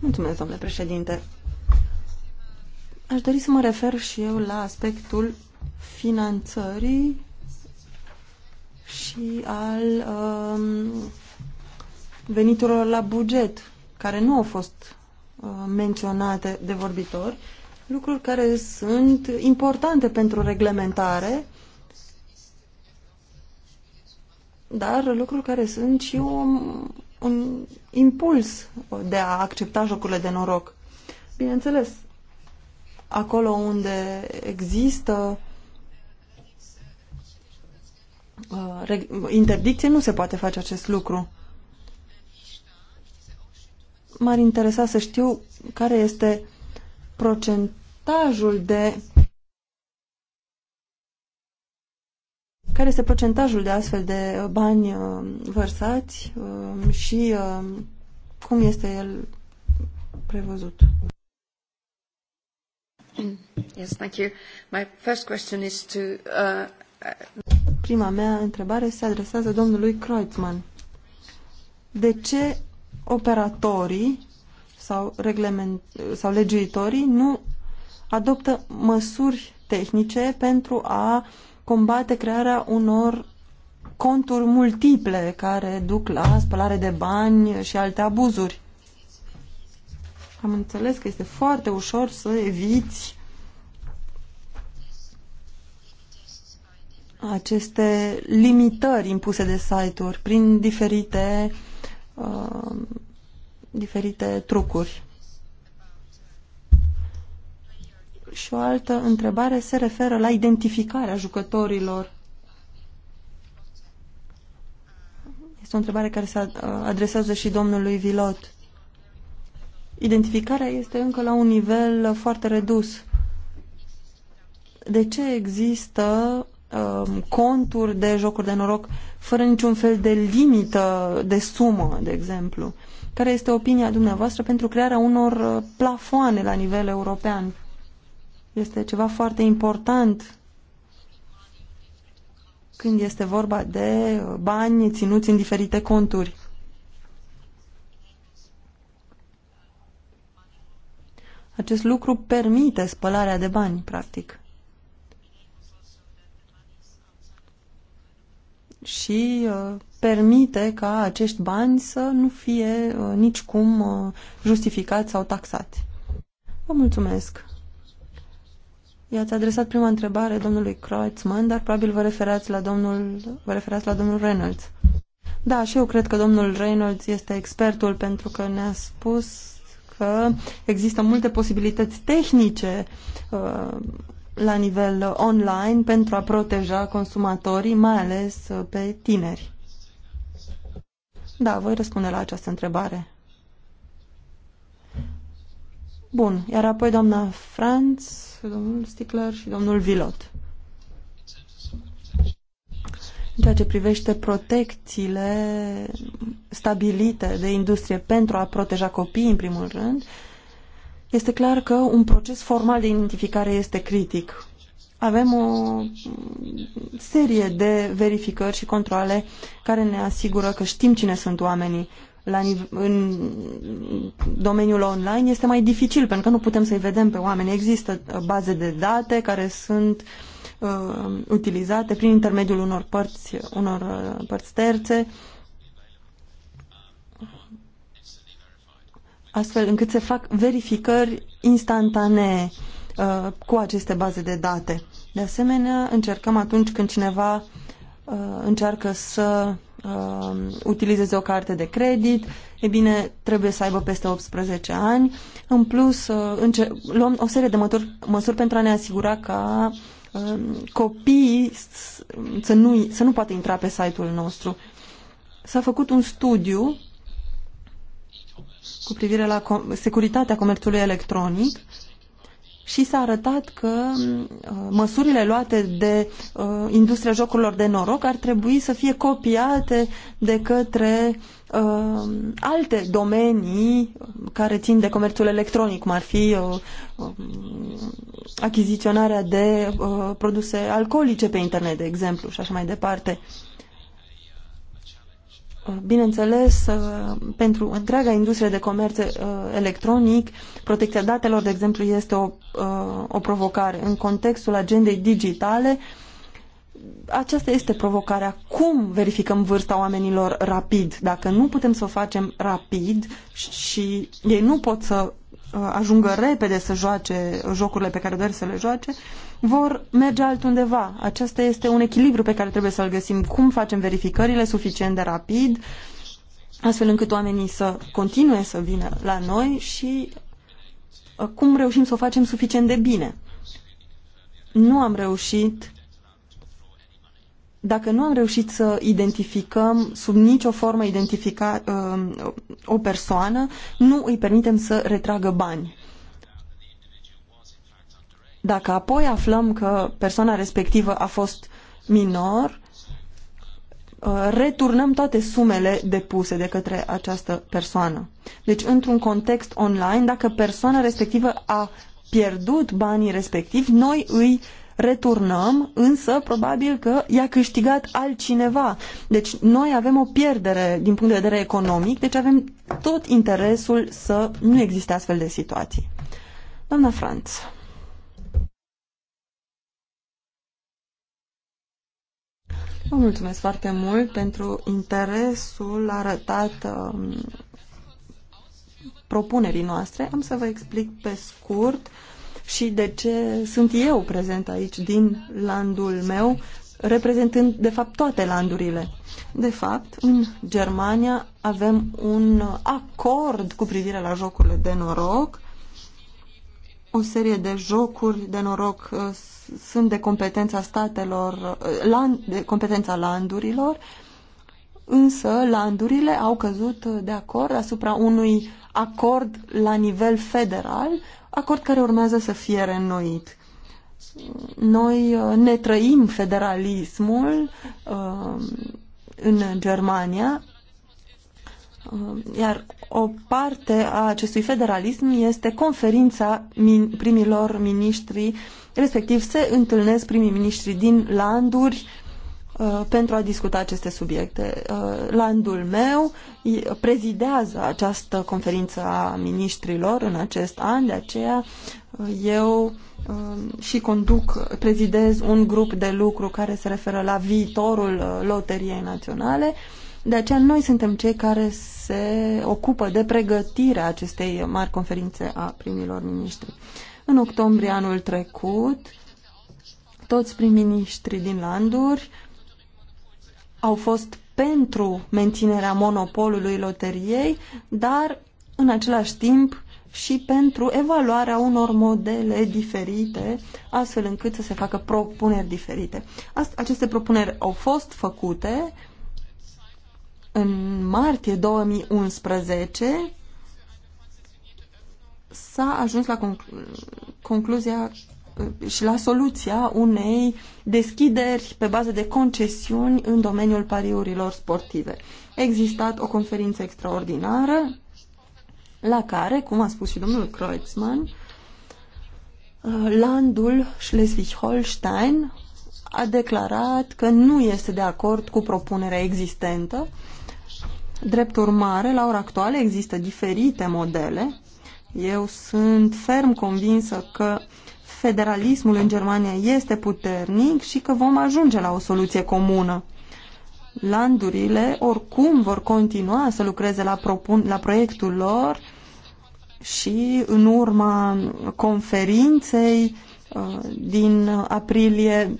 Mulțumesc, domnule președinte. Aș dori să mă refer și eu la aspectul finanțării și al um, veniturilor la buget, care nu au fost uh, menționate de vorbitori, lucruri care sunt importante pentru reglementare dar lucruri care sunt și un, un impuls de a accepta jocurile de noroc. Bineînțeles, acolo unde există uh, interdicție nu se poate face acest lucru. M-ar interesa să știu care este procentajul de Care este procentajul de astfel de uh, bani uh, vărsați um, și um, cum este el prevăzut? Yes, thank you. My first question is to, uh... Prima mea întrebare se adresează domnului Kreutzmann. De ce operatorii sau, reglement, sau legiuitorii nu adoptă măsuri tehnice pentru a combate crearea unor conturi multiple care duc la spălare de bani și alte abuzuri. Am înțeles că este foarte ușor să eviți aceste limitări impuse de site-uri prin diferite, uh, diferite trucuri. Și o altă întrebare se referă la identificarea jucătorilor. Este o întrebare care se adresează și domnului Vilot. Identificarea este încă la un nivel foarte redus. De ce există um, conturi de jocuri de noroc fără niciun fel de limită de sumă, de exemplu? Care este opinia dumneavoastră pentru crearea unor uh, plafoane la nivel european? Este ceva foarte important când este vorba de bani ținuți în diferite conturi. Acest lucru permite spălarea de bani, practic. Și uh, permite ca acești bani să nu fie uh, nicicum uh, justificați sau taxați. Vă mulțumesc! I-ați adresat prima întrebare domnului Kreutzmann, dar probabil vă referați la domnul, vă referați la domnul Reynolds. Da, și eu cred că domnul Reynolds este expertul pentru că ne-a spus că există multe posibilități tehnice uh, la nivel online pentru a proteja consumatorii, mai ales uh, pe tineri. Da, voi răspunde la această întrebare. Bun, iar apoi doamna Franz domnul Sticler și domnul Vilot. În ceea ce privește protecțiile stabilite de industrie pentru a proteja copiii, în primul rând, este clar că un proces formal de identificare este critic. Avem o serie de verificări și controle care ne asigură că știm cine sunt oamenii la în domeniul online este mai dificil, pentru că nu putem să-i vedem pe oameni. Există uh, baze de date care sunt uh, utilizate prin intermediul unor părți, unor uh, părți terțe, astfel încât se fac verificări instantanee uh, cu aceste baze de date. De asemenea, încercăm atunci când cineva uh, încearcă să uh, utilizeze o carte de credit, e bine, trebuie să aibă peste 18 ani. În plus, uh, luăm o serie de măsuri, măsuri pentru a ne asigura ca uh, copiii să nu, să nu poată intra pe site-ul nostru. S-a făcut un studiu cu privire la securitatea comerțului electronic și s-a arătat că uh, măsurile luate de uh, industria jocurilor de noroc ar trebui să fie copiate de către uh, alte domenii care țin de comerțul electronic, cum ar fi achiziționarea de produse alcoolice pe internet, de exemplu, și așa mai departe bineînțeles, uh, pentru întreaga industrie de comerț uh, electronic, protecția datelor, de exemplu, este o, uh, o provocare. În contextul agendei digitale, aceasta este provocarea. Cum verificăm vârsta oamenilor rapid? Dacă nu putem să o facem rapid și ei nu pot să ajungă repede să joace jocurile pe care doresc să le joace, vor merge altundeva. Acesta este un echilibru pe care trebuie să-l găsim. Cum facem verificările suficient de rapid, astfel încât oamenii să continue să vină la noi și uh, cum reușim să o facem suficient de bine. Nu am reușit dacă nu am reușit să identificăm sub nicio formă identifica, uh, o persoană, nu îi permitem să retragă bani. Dacă apoi aflăm că persoana respectivă a fost minor, uh, returnăm toate sumele depuse de către această persoană. Deci, într-un context online, dacă persoana respectivă a pierdut banii respectivi, noi îi returnăm, însă probabil că i-a câștigat altcineva. Deci noi avem o pierdere din punct de vedere economic, deci avem tot interesul să nu existe astfel de situații. Doamna Franță. Vă mulțumesc foarte mult pentru interesul arătat um, propunerii noastre. Am să vă explic pe scurt și de ce sunt eu prezent aici din landul meu, reprezentând de fapt toate landurile. De fapt, în Germania avem un acord cu privire la jocurile de noroc o serie de jocuri de noroc uh, sunt de competența statelor, uh, de competența landurilor, însă landurile au căzut uh, de acord asupra unui acord la nivel federal, acord care urmează să fie reînnoit. Noi ne trăim federalismul în Germania, Um, iar o parte a acestui federalism este conferința primilor miniștri, respectiv se întâlnesc primii miniștri din landuri uh, pentru a discuta aceste subiecte. Uh, landul meu prezidează această conferință a miniștrilor în acest an, de aceea uh, eu um, și conduc, prezidez un grup de lucru care se referă la viitorul loteriei naționale. De aceea noi suntem cei care se ocupă de pregătirea acestei mari conferințe a primilor miniștri. În octombrie anul trecut, toți prim-ministrii din landuri au fost pentru menținerea monopolului loteriei, dar în același timp și pentru evaluarea unor modele diferite, astfel încât să se facă propuneri diferite. Aceste propuneri au fost făcute în martie 2011 s-a ajuns la conclu concluzia uh, și la soluția unei deschideri pe bază de concesiuni în domeniul pariurilor sportive. A existat o conferință extraordinară la care, cum a spus și domnul Kreutzmann, uh, landul Schleswig-Holstein a declarat că nu este de acord cu propunerea existentă Drept urmare, la ora actuală există diferite modele. Eu sunt ferm convinsă că federalismul în Germania este puternic și că vom ajunge la o soluție comună. Landurile oricum vor continua să lucreze la, propun la proiectul lor și în urma conferinței uh, din aprilie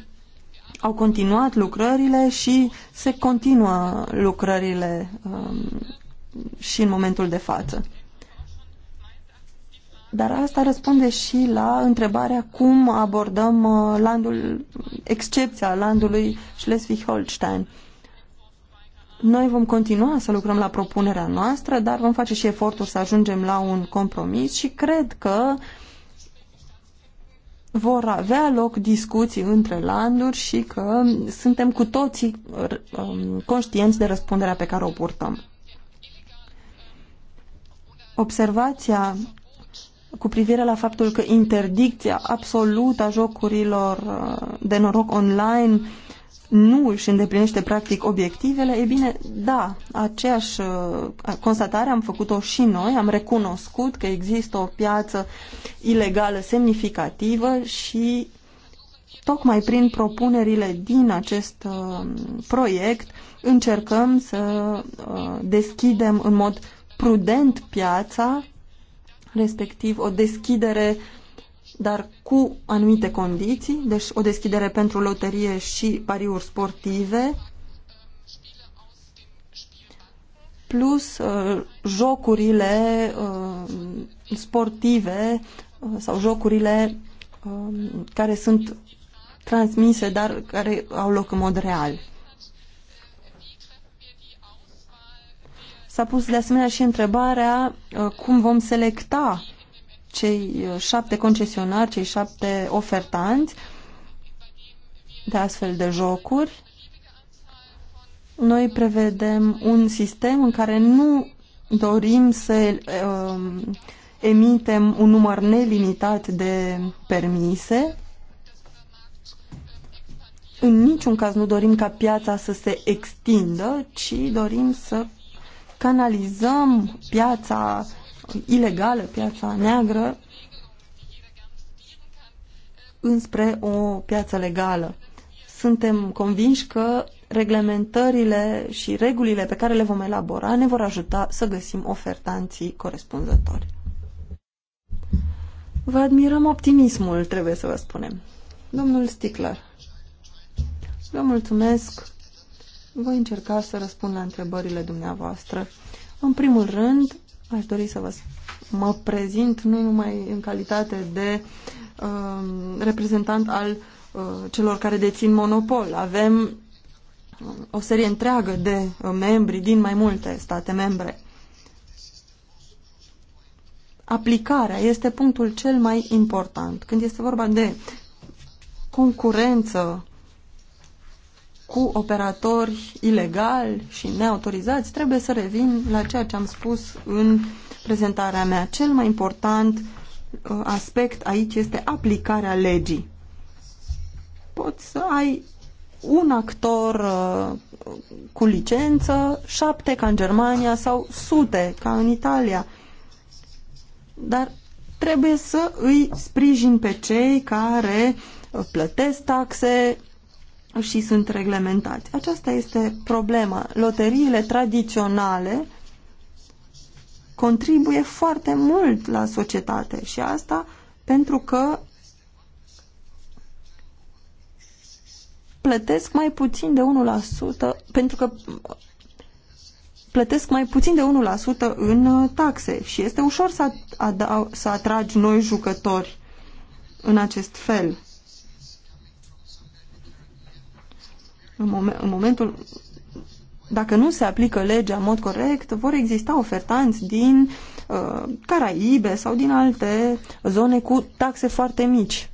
au continuat lucrările și se continuă lucrările um, și în momentul de față. Dar asta răspunde și la întrebarea cum abordăm uh, landul, excepția landului Schleswig-Holstein. Noi vom continua să lucrăm la propunerea noastră, dar vom face și eforturi să ajungem la un compromis și cred că uh, vor avea loc discuții între landuri și că suntem cu toții uh, um, conștienți de răspunderea pe care o purtăm. Observația cu privire la faptul că interdicția absolută a jocurilor uh, de noroc online nu își îndeplinește practic obiectivele, e bine, da, aceeași uh, constatare am făcut-o și noi, am recunoscut că există o piață ilegală semnificativă și tocmai prin propunerile din acest uh, proiect încercăm să uh, deschidem în mod prudent piața, respectiv o deschidere uh, dar cu anumite condiții, deci o deschidere pentru loterie și pariuri sportive, plus uh, jocurile uh, sportive uh, sau jocurile uh, care sunt transmise, dar care au loc în mod real. S-a pus de asemenea și întrebarea uh, cum vom selecta cei uh, șapte concesionari, cei șapte ofertanți de astfel de jocuri. Noi prevedem un sistem în care nu dorim să uh, emitem un număr nelimitat de permise. În niciun caz nu dorim ca piața să se extindă, ci dorim să canalizăm piața ilegală, piața neagră, înspre o piață legală. Suntem convinși că reglementările și regulile pe care le vom elabora ne vor ajuta să găsim ofertanții corespunzători. Vă admirăm optimismul, trebuie să vă spunem. Domnul Stickler, vă mulțumesc. Voi încerca să răspund la întrebările dumneavoastră. În primul rând, Aș dori să vă mă prezint nu numai în calitate de um, reprezentant al uh, celor care dețin monopol. Avem um, o serie întreagă de uh, membri din mai multe state membre. Aplicarea este punctul cel mai important. Când este vorba de concurență cu operatori ilegali și neautorizați, trebuie să revin la ceea ce am spus în prezentarea mea. Cel mai important uh, aspect aici este aplicarea legii. Poți să ai un actor uh, cu licență, șapte ca în Germania sau sute ca în Italia. Dar trebuie să îi sprijin pe cei care uh, plătesc taxe, și sunt reglementați. Aceasta este problema. Loteriile tradiționale contribuie foarte mult la societate și asta pentru că plătesc mai puțin de 1% pentru că plătesc mai puțin de 1% în uh, taxe și este ușor să, să atragi noi jucători în acest fel. În, mom în momentul dacă nu se aplică legea în mod corect, vor exista ofertanți din uh, Caraibe sau din alte zone cu taxe foarte mici.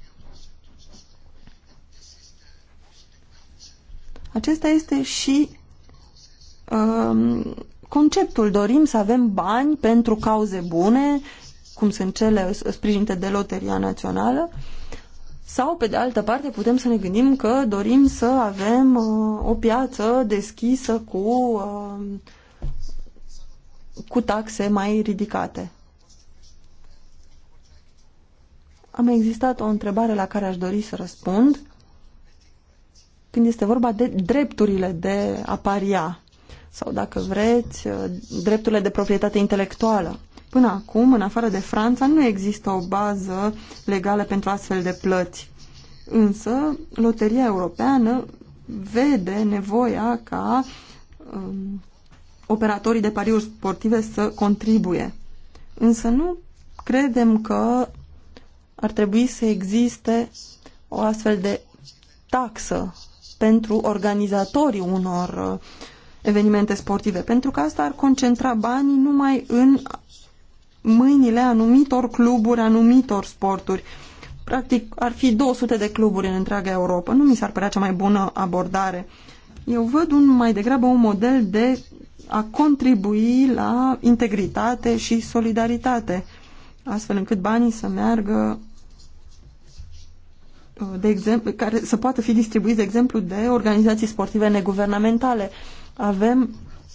Acesta este și uh, conceptul. Dorim să avem bani pentru cauze bune, cum sunt cele uh, sprijinite de Loteria Națională, uh, sau, pe de altă parte, putem să ne gândim că dorim să avem uh, o piață deschisă cu, uh, cu taxe mai ridicate. Am existat o întrebare la care aș dori să răspund când este vorba de drepturile de aparia sau, dacă vreți, uh, drepturile de proprietate intelectuală. Până acum, în afară de Franța, nu există o bază legală pentru astfel de plăți. Însă, Loteria Europeană vede nevoia ca um, operatorii de pariuri sportive să contribuie. Însă nu credem că ar trebui să existe o astfel de taxă pentru organizatorii unor uh, evenimente sportive, pentru că asta ar concentra banii numai în mâinile anumitor cluburi, anumitor sporturi. Practic, ar fi 200 de cluburi în întreaga Europa. Nu mi s-ar părea cea mai bună abordare. Eu văd un, mai degrabă un model de a contribui la integritate și solidaritate, astfel încât banii să meargă uh, de exemplu, care să poată fi distribuiți, de exemplu, de organizații sportive neguvernamentale. Avem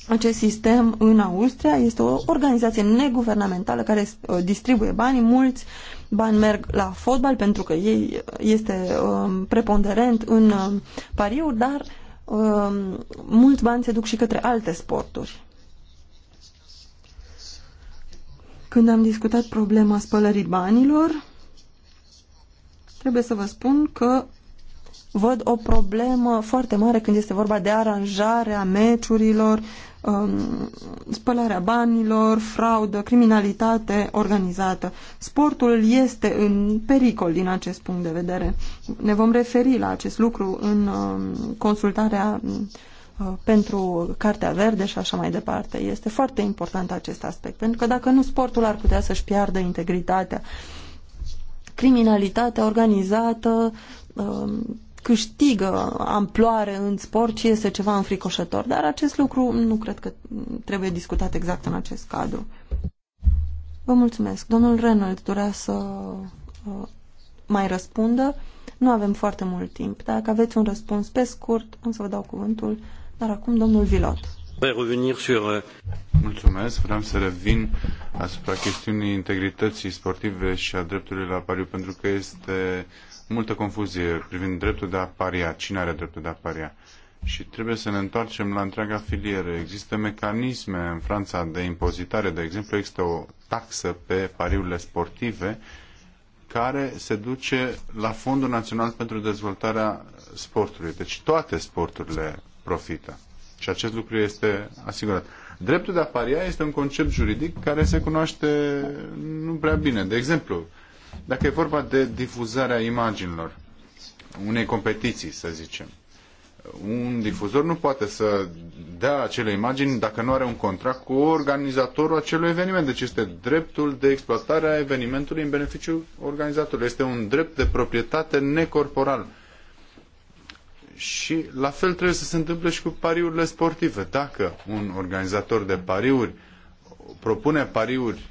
acest sistem în Austria. Este o organizație neguvernamentală care uh, distribuie banii. Mulți bani merg la fotbal pentru că ei uh, este um, preponderent în uh, pariuri, dar um, mulți bani se duc și către alte sporturi. Când am discutat problema spălării banilor, trebuie să vă spun că văd o problemă foarte mare când este vorba de aranjarea meciurilor, Um, spălarea banilor, fraudă, criminalitate organizată. Sportul este în pericol din acest punct de vedere. Ne vom referi la acest lucru în um, consultarea uh, pentru Cartea Verde și așa mai departe. Este foarte important acest aspect, pentru că dacă nu, sportul ar putea să-și piardă integritatea. Criminalitatea organizată, um, câștigă amploare în sport și este ceva înfricoșător. Dar acest lucru nu cred că trebuie discutat exact în acest cadru. Vă mulțumesc. Domnul Reynolds dorea să uh, mai răspundă. Nu avem foarte mult timp. Dacă aveți un răspuns pe scurt, am să vă dau cuvântul. Dar acum domnul Vilot. Uh, mulțumesc. Vreau să revin asupra chestiunii integrității sportive și a dreptului la pariu, pentru că este multă confuzie privind dreptul de a paria, cine are dreptul de a paria. Și trebuie să ne întoarcem la întreaga filieră. Există mecanisme în Franța de impozitare, de exemplu, există o taxă pe pariurile sportive care se duce la Fondul Național pentru Dezvoltarea Sportului. Deci toate sporturile profită. Și acest lucru este asigurat. Dreptul de a paria este un concept juridic care se cunoaște nu prea bine. De exemplu, dacă e vorba de difuzarea imaginilor, unei competiții, să zicem, un difuzor nu poate să dea acele imagini dacă nu are un contract cu organizatorul acelui eveniment. Deci este dreptul de exploatare a evenimentului în beneficiul organizatorului. Este un drept de proprietate necorporal. Și la fel trebuie să se întâmple și cu pariurile sportive. Dacă un organizator de pariuri propune pariuri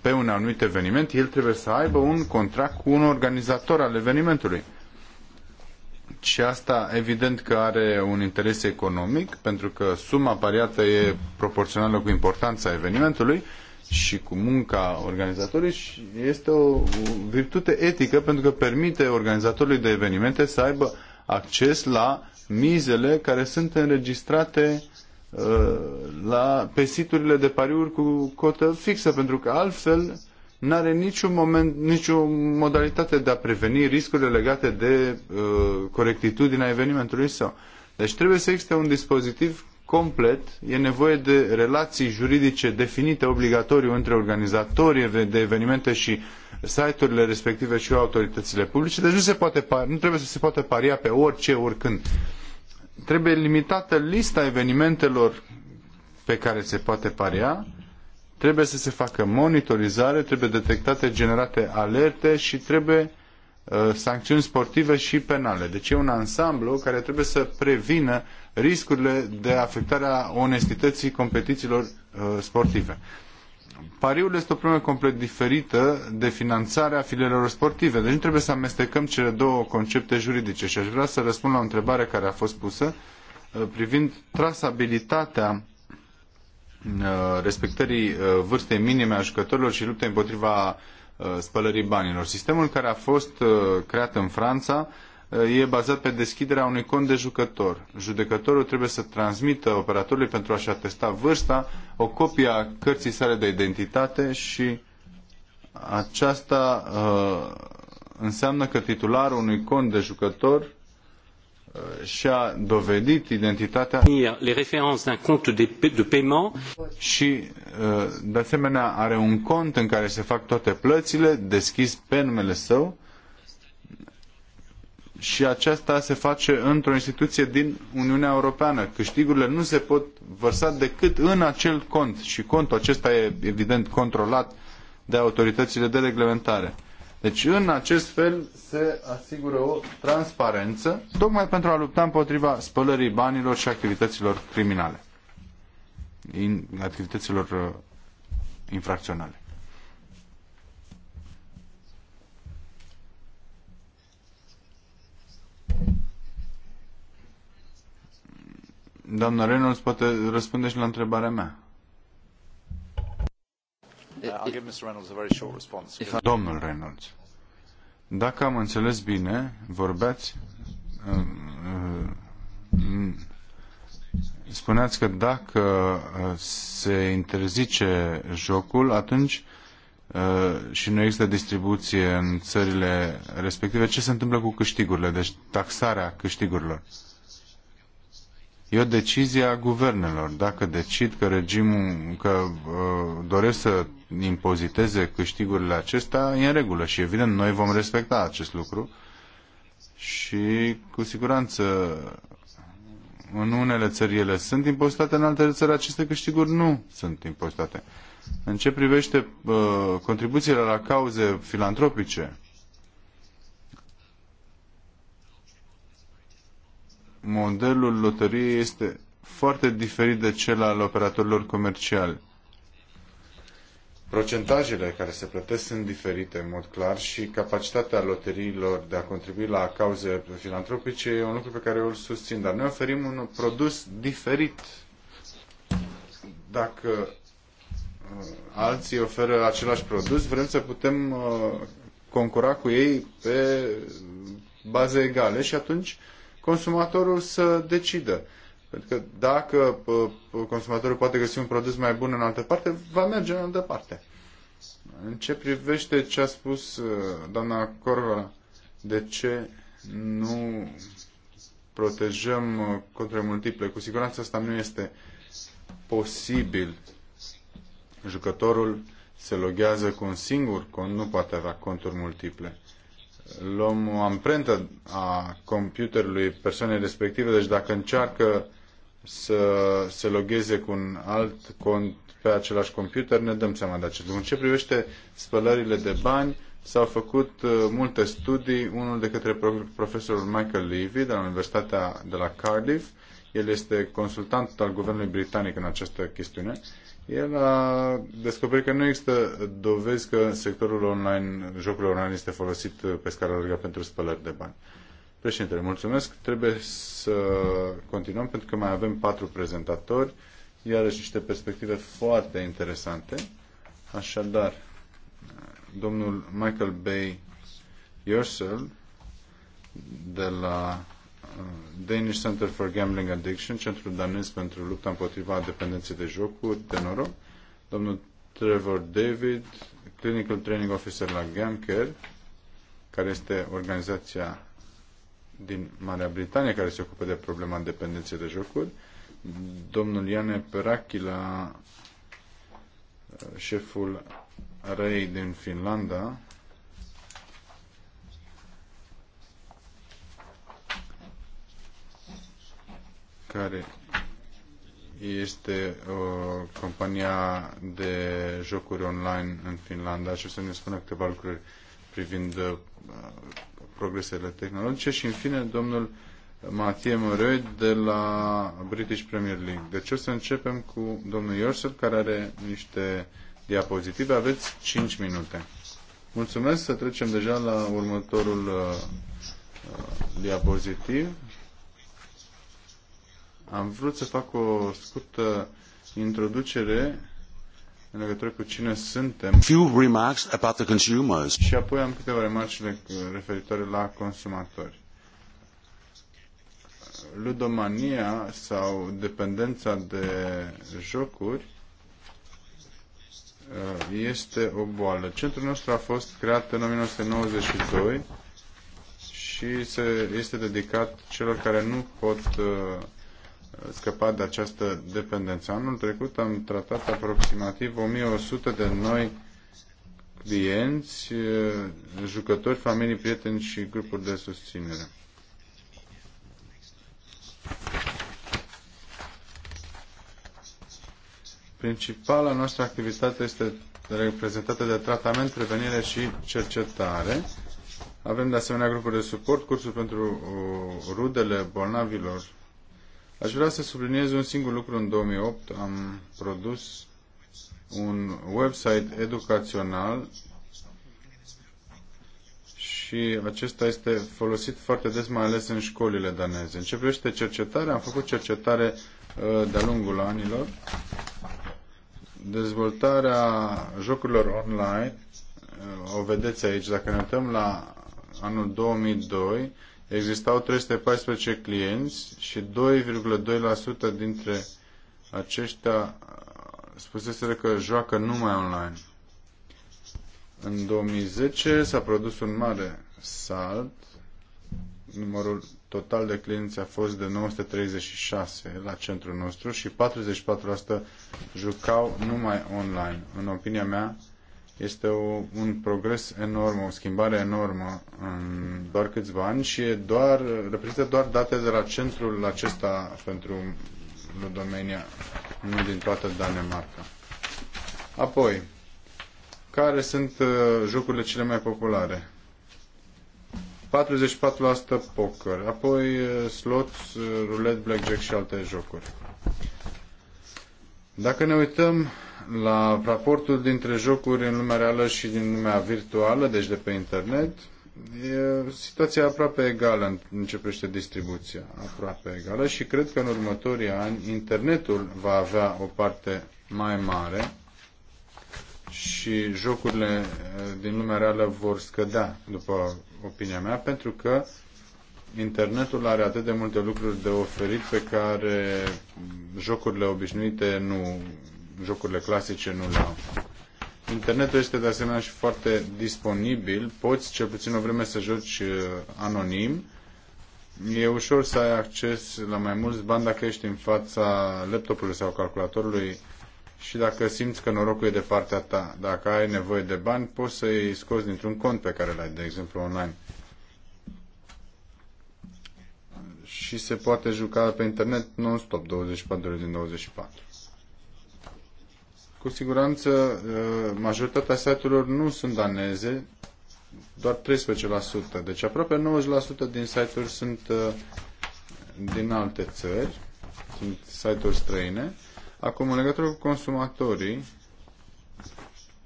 pe un anumit eveniment, el trebuie să aibă un contract cu un organizator al evenimentului. Și asta evident că are un interes economic, pentru că suma pariată e proporțională cu importanța evenimentului și cu munca organizatorului și este o virtute etică pentru că permite organizatorului de evenimente să aibă acces la mizele care sunt înregistrate Uh, la, pe siturile de pariuri cu cotă fixă, pentru că altfel nu are niciun moment, nicio modalitate de a preveni riscurile legate de uh, corectitudinea evenimentului său. Deci trebuie să existe un dispozitiv complet, e nevoie de relații juridice definite obligatoriu între organizatorii de evenimente și site-urile respective și autoritățile publice, deci nu, se poate, nu trebuie să se poată paria pe orice, oricând trebuie limitată lista evenimentelor pe care se poate paria, trebuie să se facă monitorizare, trebuie detectate, generate alerte și trebuie uh, sancțiuni sportive și penale. Deci e un ansamblu care trebuie să prevină riscurile de afectarea onestității competițiilor uh, sportive. Pariul este o problemă complet diferită de finanțarea filelor sportive. Deci nu trebuie să amestecăm cele două concepte juridice. Și aș vrea să răspund la o întrebare care a fost pusă uh, privind trasabilitatea uh, respectării uh, vârstei minime a jucătorilor și luptei împotriva spălării banilor. Sistemul care a fost creat în Franța e bazat pe deschiderea unui cont de jucător. Judecătorul trebuie să transmită operatorului pentru a-și atesta vârsta o copie a cărții sale de identitate și aceasta uh, înseamnă că titularul unui cont de jucător uh, și-a dovedit identitatea les références d'un compte de, de paiement și uh, de asemenea are un cont în care se fac toate plățile deschis pe numele său și aceasta se face într-o instituție din Uniunea Europeană. Câștigurile nu se pot vărsa decât în acel cont și contul acesta e evident controlat de autoritățile de reglementare. Deci în acest fel se asigură o transparență tocmai pentru a lupta împotriva spălării banilor și activităților criminale, activităților uh, infracționale. Doamna Reynolds poate răspunde și la întrebarea mea. Domnul Reynolds, dacă am înțeles bine, vorbeați, uh, uh, spuneați că dacă uh, se interzice jocul, atunci și nu există distribuție în țările respective, ce se întâmplă cu câștigurile, deci taxarea câștigurilor? E o decizie a guvernelor. Dacă decid că regimul că uh, doresc să impoziteze câștigurile acestea, e în regulă și evident noi vom respecta acest lucru și cu siguranță în unele țări ele sunt impozitate, în alte țări aceste câștiguri nu sunt impozitate. În ce privește uh, contribuțiile la cauze filantropice, modelul loteriei este foarte diferit de cel al operatorilor comerciali. Procentajele care se plătesc sunt diferite în mod clar și capacitatea loteriilor de a contribui la cauze filantropice e un lucru pe care eu îl susțin, dar noi oferim un produs diferit. Dacă uh, alții oferă același produs, vrem să putem uh, concura cu ei pe baze egale și atunci uh, consumatorul să decidă. Pentru că dacă uh, consumatorul poate găsi un produs mai bun în altă parte, va merge în altă parte. În ce privește ce a spus uh, doamna Corva, de ce nu protejăm uh, contra multiple, cu siguranță asta nu este posibil. Jucătorul se loghează cu un singur cont, nu poate avea conturi multiple luăm o amprentă a computerului persoanei respective, deci dacă încearcă să se logheze cu un alt cont pe același computer, ne dăm seama de acest lucru. În ce privește spălările de bani, s-au făcut uh, multe studii, unul de către profesorul Michael Levy de la Universitatea de la Cardiff, el este consultant al guvernului britanic în această chestiune el a descoperit că nu există dovezi că sectorul online, jocul online este folosit pe scară largă pentru spălări de bani. Președintele, mulțumesc. Trebuie să continuăm pentru că mai avem patru prezentatori, iarăși niște perspective foarte interesante. Așadar, domnul Michael Bay Yersel de la Danish Center for Gambling Addiction, Centrul Danez pentru lupta împotriva dependenței de jocuri, de noroc, domnul Trevor David, Clinical Training Officer la GamCare, care este organizația din Marea Britanie care se ocupă de problema dependenței de jocuri, domnul Iane Perachila, uh, șeful rei din Finlanda, care este uh, compania de jocuri online în Finlanda și o să ne spună câteva lucruri privind uh, progresele tehnologice și în fine domnul Matie Mărăi de la British Premier League. Deci o să începem cu domnul Iorsel care are niște diapozitive. Aveți 5 minute. Mulțumesc să trecem deja la următorul uh, uh diapozitiv. Am vrut să fac o scurtă introducere în legătură cu cine suntem. Few remarks about the consumers. Și apoi am câteva remarci uh, referitoare la consumatori. Ludomania sau dependența de jocuri uh, este o boală. Centrul nostru a fost creat în 1992 și este dedicat celor care nu pot uh, scăpat de această dependență. Anul trecut am tratat aproximativ 1100 de noi clienți, eh, jucători, familii, prieteni și grupuri de susținere. Principala noastră activitate este reprezentată de tratament, prevenire și cercetare. Avem de asemenea grupuri de suport, cursuri pentru uh, rudele bolnavilor Aș vrea să subliniez un singur lucru. În 2008 am produs un website educațional și acesta este folosit foarte des, mai ales în școlile daneze. În ce privește am făcut cercetare uh, de-a lungul anilor. Dezvoltarea jocurilor online, uh, o vedeți aici, dacă ne uităm la anul 2002, existau 314 clienți și 2,2% dintre aceștia spuseseră că joacă numai online. În 2010 s-a produs un mare salt. Numărul total de clienți a fost de 936 la centrul nostru și 44% jucau numai online. În opinia mea, este o, un progres enorm, o schimbare enormă în doar câțiva ani și e doar, reprezintă doar date de la centrul acesta pentru Ludomenia, nu din toată Danemarca. Apoi, care sunt uh, jocurile cele mai populare? 44% poker, apoi uh, slots, uh, roulette, blackjack și alte jocuri. Dacă ne uităm la raportul dintre jocuri în lumea reală și din lumea virtuală, deci de pe internet, e situația aproape egală în ce privește distribuția, aproape egală și cred că în următorii ani internetul va avea o parte mai mare și jocurile din lumea reală vor scădea, după opinia mea, pentru că internetul are atât de multe lucruri de oferit pe care jocurile obișnuite nu jocurile clasice nu le au. Internetul este de asemenea și foarte disponibil, poți cel puțin o vreme să joci uh, anonim, e ușor să ai acces la mai mulți bani dacă ești în fața laptopului sau calculatorului și dacă simți că norocul e de partea ta. Dacă ai nevoie de bani, poți să-i scoți dintr-un cont pe care l-ai, de exemplu, online. Și se poate juca pe internet non-stop, 24 din 24. Cu siguranță, uh, majoritatea site-urilor nu sunt daneze, doar 13%. Deci aproape 90% din site-uri sunt uh, din alte țări, sunt site-uri străine. Acum, în legătură cu consumatorii,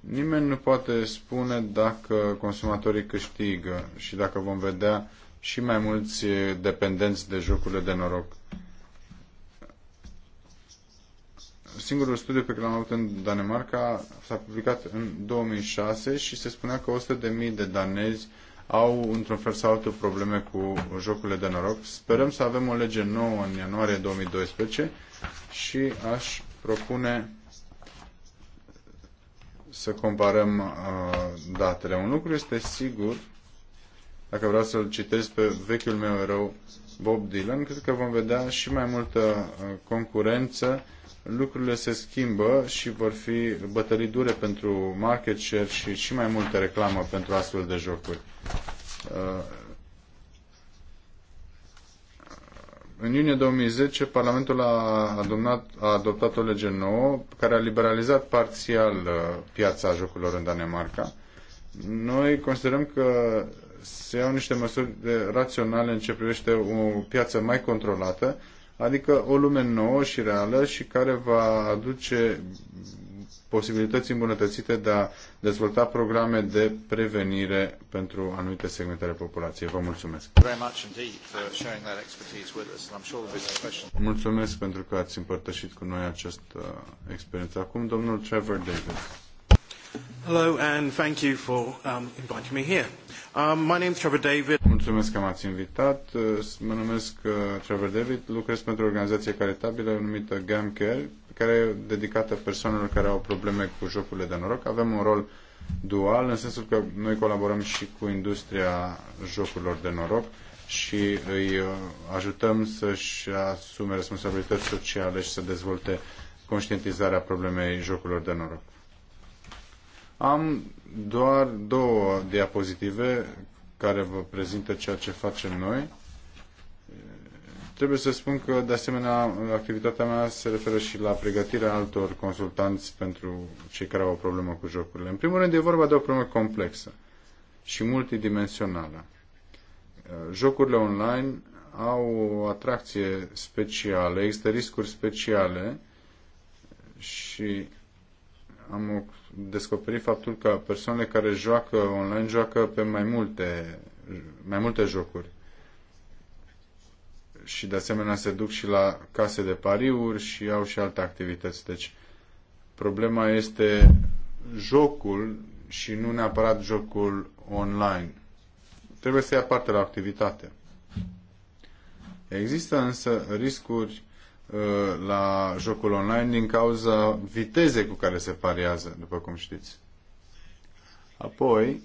nimeni nu poate spune dacă consumatorii câștigă și dacă vom vedea și mai mulți dependenți de jocurile de noroc. singurul studiu pe care l-am avut în Danemarca s-a publicat în 2006 și se spunea că 100.000 de danezi au într-un fel sau altul probleme cu jocurile de noroc. Sperăm să avem o lege nouă în ianuarie 2012 și aș propune să comparăm uh, datele. Un lucru este sigur, dacă vreau să-l citesc pe vechiul meu erou Bob Dylan, cred că vom vedea și mai multă uh, concurență lucrurile se schimbă și vor fi bătălii dure pentru market share și și mai multă reclamă pentru astfel de jocuri. Uh, în iunie 2010, Parlamentul a, adunat, a adoptat o lege nouă care a liberalizat parțial uh, piața jocurilor în Danemarca. Noi considerăm că se iau niște măsuri raționale în ce privește o piață mai controlată adică o lume nouă și reală și care va aduce posibilități îmbunătățite de a dezvolta programe de prevenire pentru anumite segmente ale populației. Vă mulțumesc! Mulțumesc pentru că ați împărtășit cu noi această uh, experiență. Acum, domnul Trevor David. Hello and thank you for um, inviting me here. Um, my name is Trevor David. Mulțumesc că m-ați invitat. Mă numesc uh, Trevor David, lucrez pentru o organizație caritabilă numită GamCare, care e dedicată persoanelor care au probleme cu jocurile de noroc. Avem un rol dual, în sensul că noi colaborăm și cu industria jocurilor de noroc și îi uh, ajutăm să-și asume responsabilități sociale și să dezvolte conștientizarea problemei jocurilor de noroc. Am doar două diapozitive care vă prezintă ceea ce facem noi. Trebuie să spun că, de asemenea, activitatea mea se referă și la pregătirea altor consultanți pentru cei care au o problemă cu jocurile. În primul rând, e vorba de o problemă complexă și multidimensională. Jocurile online au o atracție specială, există riscuri speciale și am o descoperi faptul că persoanele care joacă online joacă pe mai multe, mai multe jocuri. Și de asemenea se duc și la case de pariuri și au și alte activități. Deci problema este jocul și nu neapărat jocul online. Trebuie să ia parte la activitate. Există însă riscuri Uh, la jocul online din cauza vitezei cu care se pariază, după cum știți. Apoi,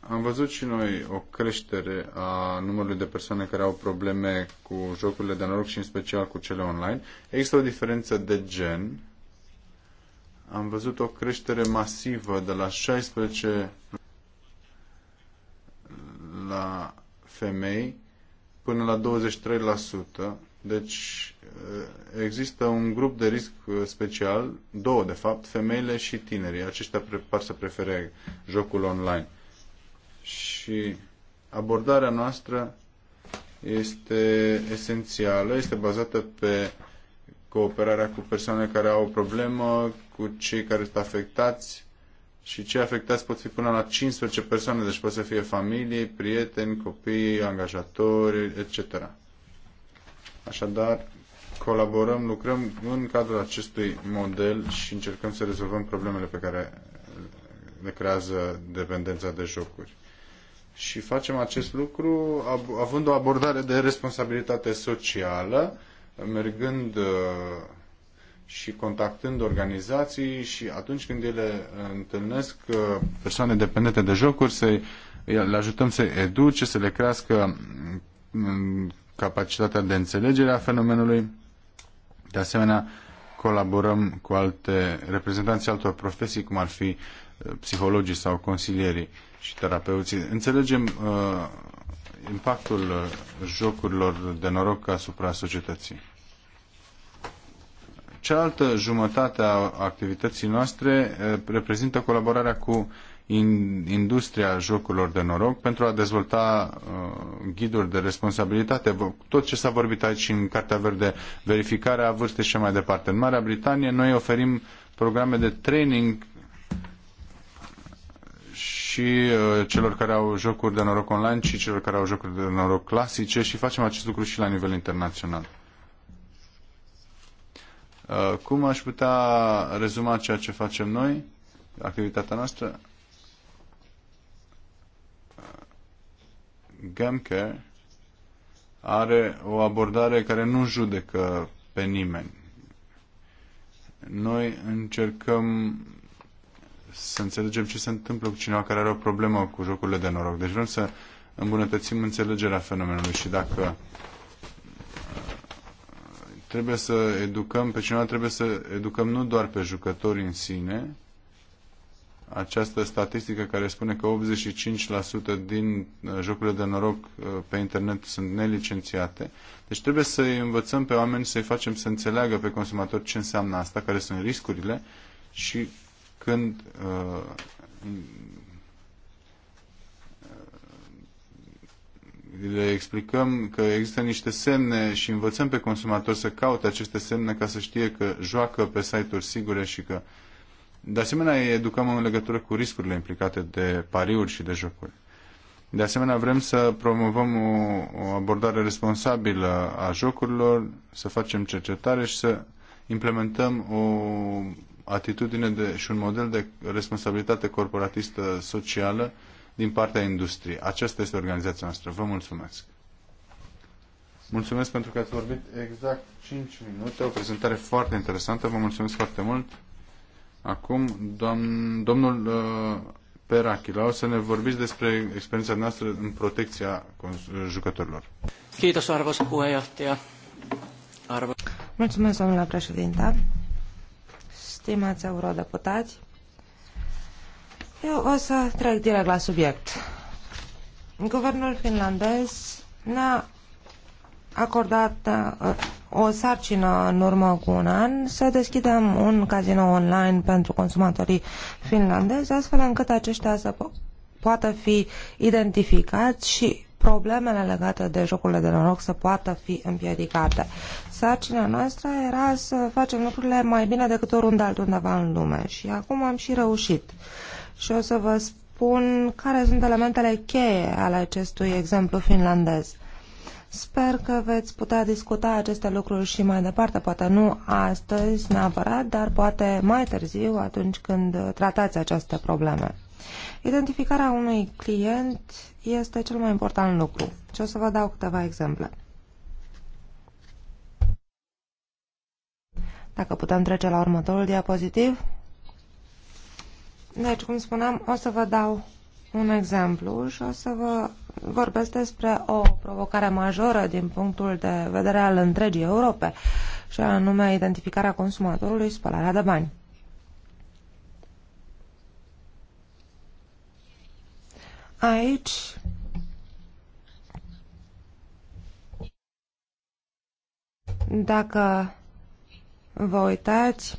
am văzut și noi o creștere a numărului de persoane care au probleme cu jocurile de noroc și în special cu cele online. Există o diferență de gen. Am văzut o creștere masivă de la 16 la femei până la 23%. Deci eh, există un grup de risc eh, special, două de fapt, femeile și tinerii. Aceștia par să prefere jocul online. Și abordarea noastră este esențială, este bazată pe cooperarea cu persoane care au o problemă, cu cei care sunt afectați și cei afectați pot fi până la 15 persoane, deci pot să fie familii, prieteni, copii, angajatori, etc. Așadar, colaborăm, lucrăm în cadrul acestui model și încercăm să rezolvăm problemele pe care le creează dependența de jocuri. Și facem acest lucru având o abordare de responsabilitate socială, mergând uh, și contactând organizații și atunci când ele uh, întâlnesc uh, persoane dependente de jocuri, să le ajutăm să educe, să le crească mm, capacitatea de înțelegere a fenomenului. De asemenea, colaborăm cu alte reprezentanți altor profesii, cum ar fi uh, psihologii sau consilierii și terapeuții. Înțelegem uh, impactul jocurilor de noroc asupra societății. Cealaltă jumătate a activității noastre eh, reprezintă colaborarea cu industria jocurilor de noroc pentru a dezvolta eh, ghiduri de responsabilitate. Tot ce s-a vorbit aici în Cartea Verde, verificarea vârstei și mai departe. În Marea Britanie noi oferim programe de training și eh, celor care au jocuri de noroc online și celor care au jocuri de noroc clasice și facem acest lucru și la nivel internațional. Uh, cum aș putea rezuma ceea ce facem noi, activitatea noastră? Uh, Gamcare are o abordare care nu judecă pe nimeni. Noi încercăm să înțelegem ce se întâmplă cu cineva care are o problemă cu jocurile de noroc. Deci vrem să îmbunătățim înțelegerea fenomenului și dacă trebuie să educăm, pe cineva trebuie să educăm nu doar pe jucători în sine, această statistică care spune că 85% din uh, jocurile de noroc uh, pe internet sunt nelicențiate. Deci trebuie să îi învățăm pe oameni, să-i facem să înțeleagă pe consumator ce înseamnă asta, care sunt riscurile și când uh, le explicăm că există niște semne și învățăm pe consumator să caute aceste semne ca să știe că joacă pe site-uri sigure și că de asemenea îi educăm în legătură cu riscurile implicate de pariuri și de jocuri. De asemenea, vrem să promovăm o, o abordare responsabilă a jocurilor, să facem cercetare și să implementăm o atitudine de, și un model de responsabilitate corporatistă socială din partea industriei. Aceasta este organizația noastră. Vă mulțumesc! Mulțumesc pentru că ați vorbit exact 5 minute, o prezentare foarte interesantă, vă mulțumesc foarte mult. Acum, domn, domnul uh, Perachila, o să ne vorbiți despre experiența noastră în protecția uh, jucătorilor. Kiitos, arvoisa puheenjohtaja. Arvo... Mulțumesc, domnule președinte. Stimați eurodeputați, eu o să trec direct la subiect. Guvernul finlandez ne-a acordat uh, o sarcină în urmă cu un an să deschidem un casino online pentru consumatorii finlandezi, astfel încât aceștia să po poată fi identificați și problemele legate de jocurile de noroc să poată fi împiedicate. Sarcina noastră era să facem lucrurile mai bine decât oriunde altundeva în lume și acum am și reușit. Uh, și o să vă spun care sunt elementele cheie ale acestui exemplu finlandez. Sper că veți putea discuta aceste lucruri și mai departe, poate nu astăzi neapărat, dar poate mai târziu atunci când tratați aceste probleme. Identificarea unui client este cel mai important lucru și o să vă dau câteva exemple. Dacă putem trece la următorul diapozitiv. Deci, cum spuneam, o să vă dau un exemplu și o să vă vorbesc despre o provocare majoră din punctul de vedere al întregii Europe, și anume identificarea consumatorului și spălarea de bani. Aici dacă vă uitați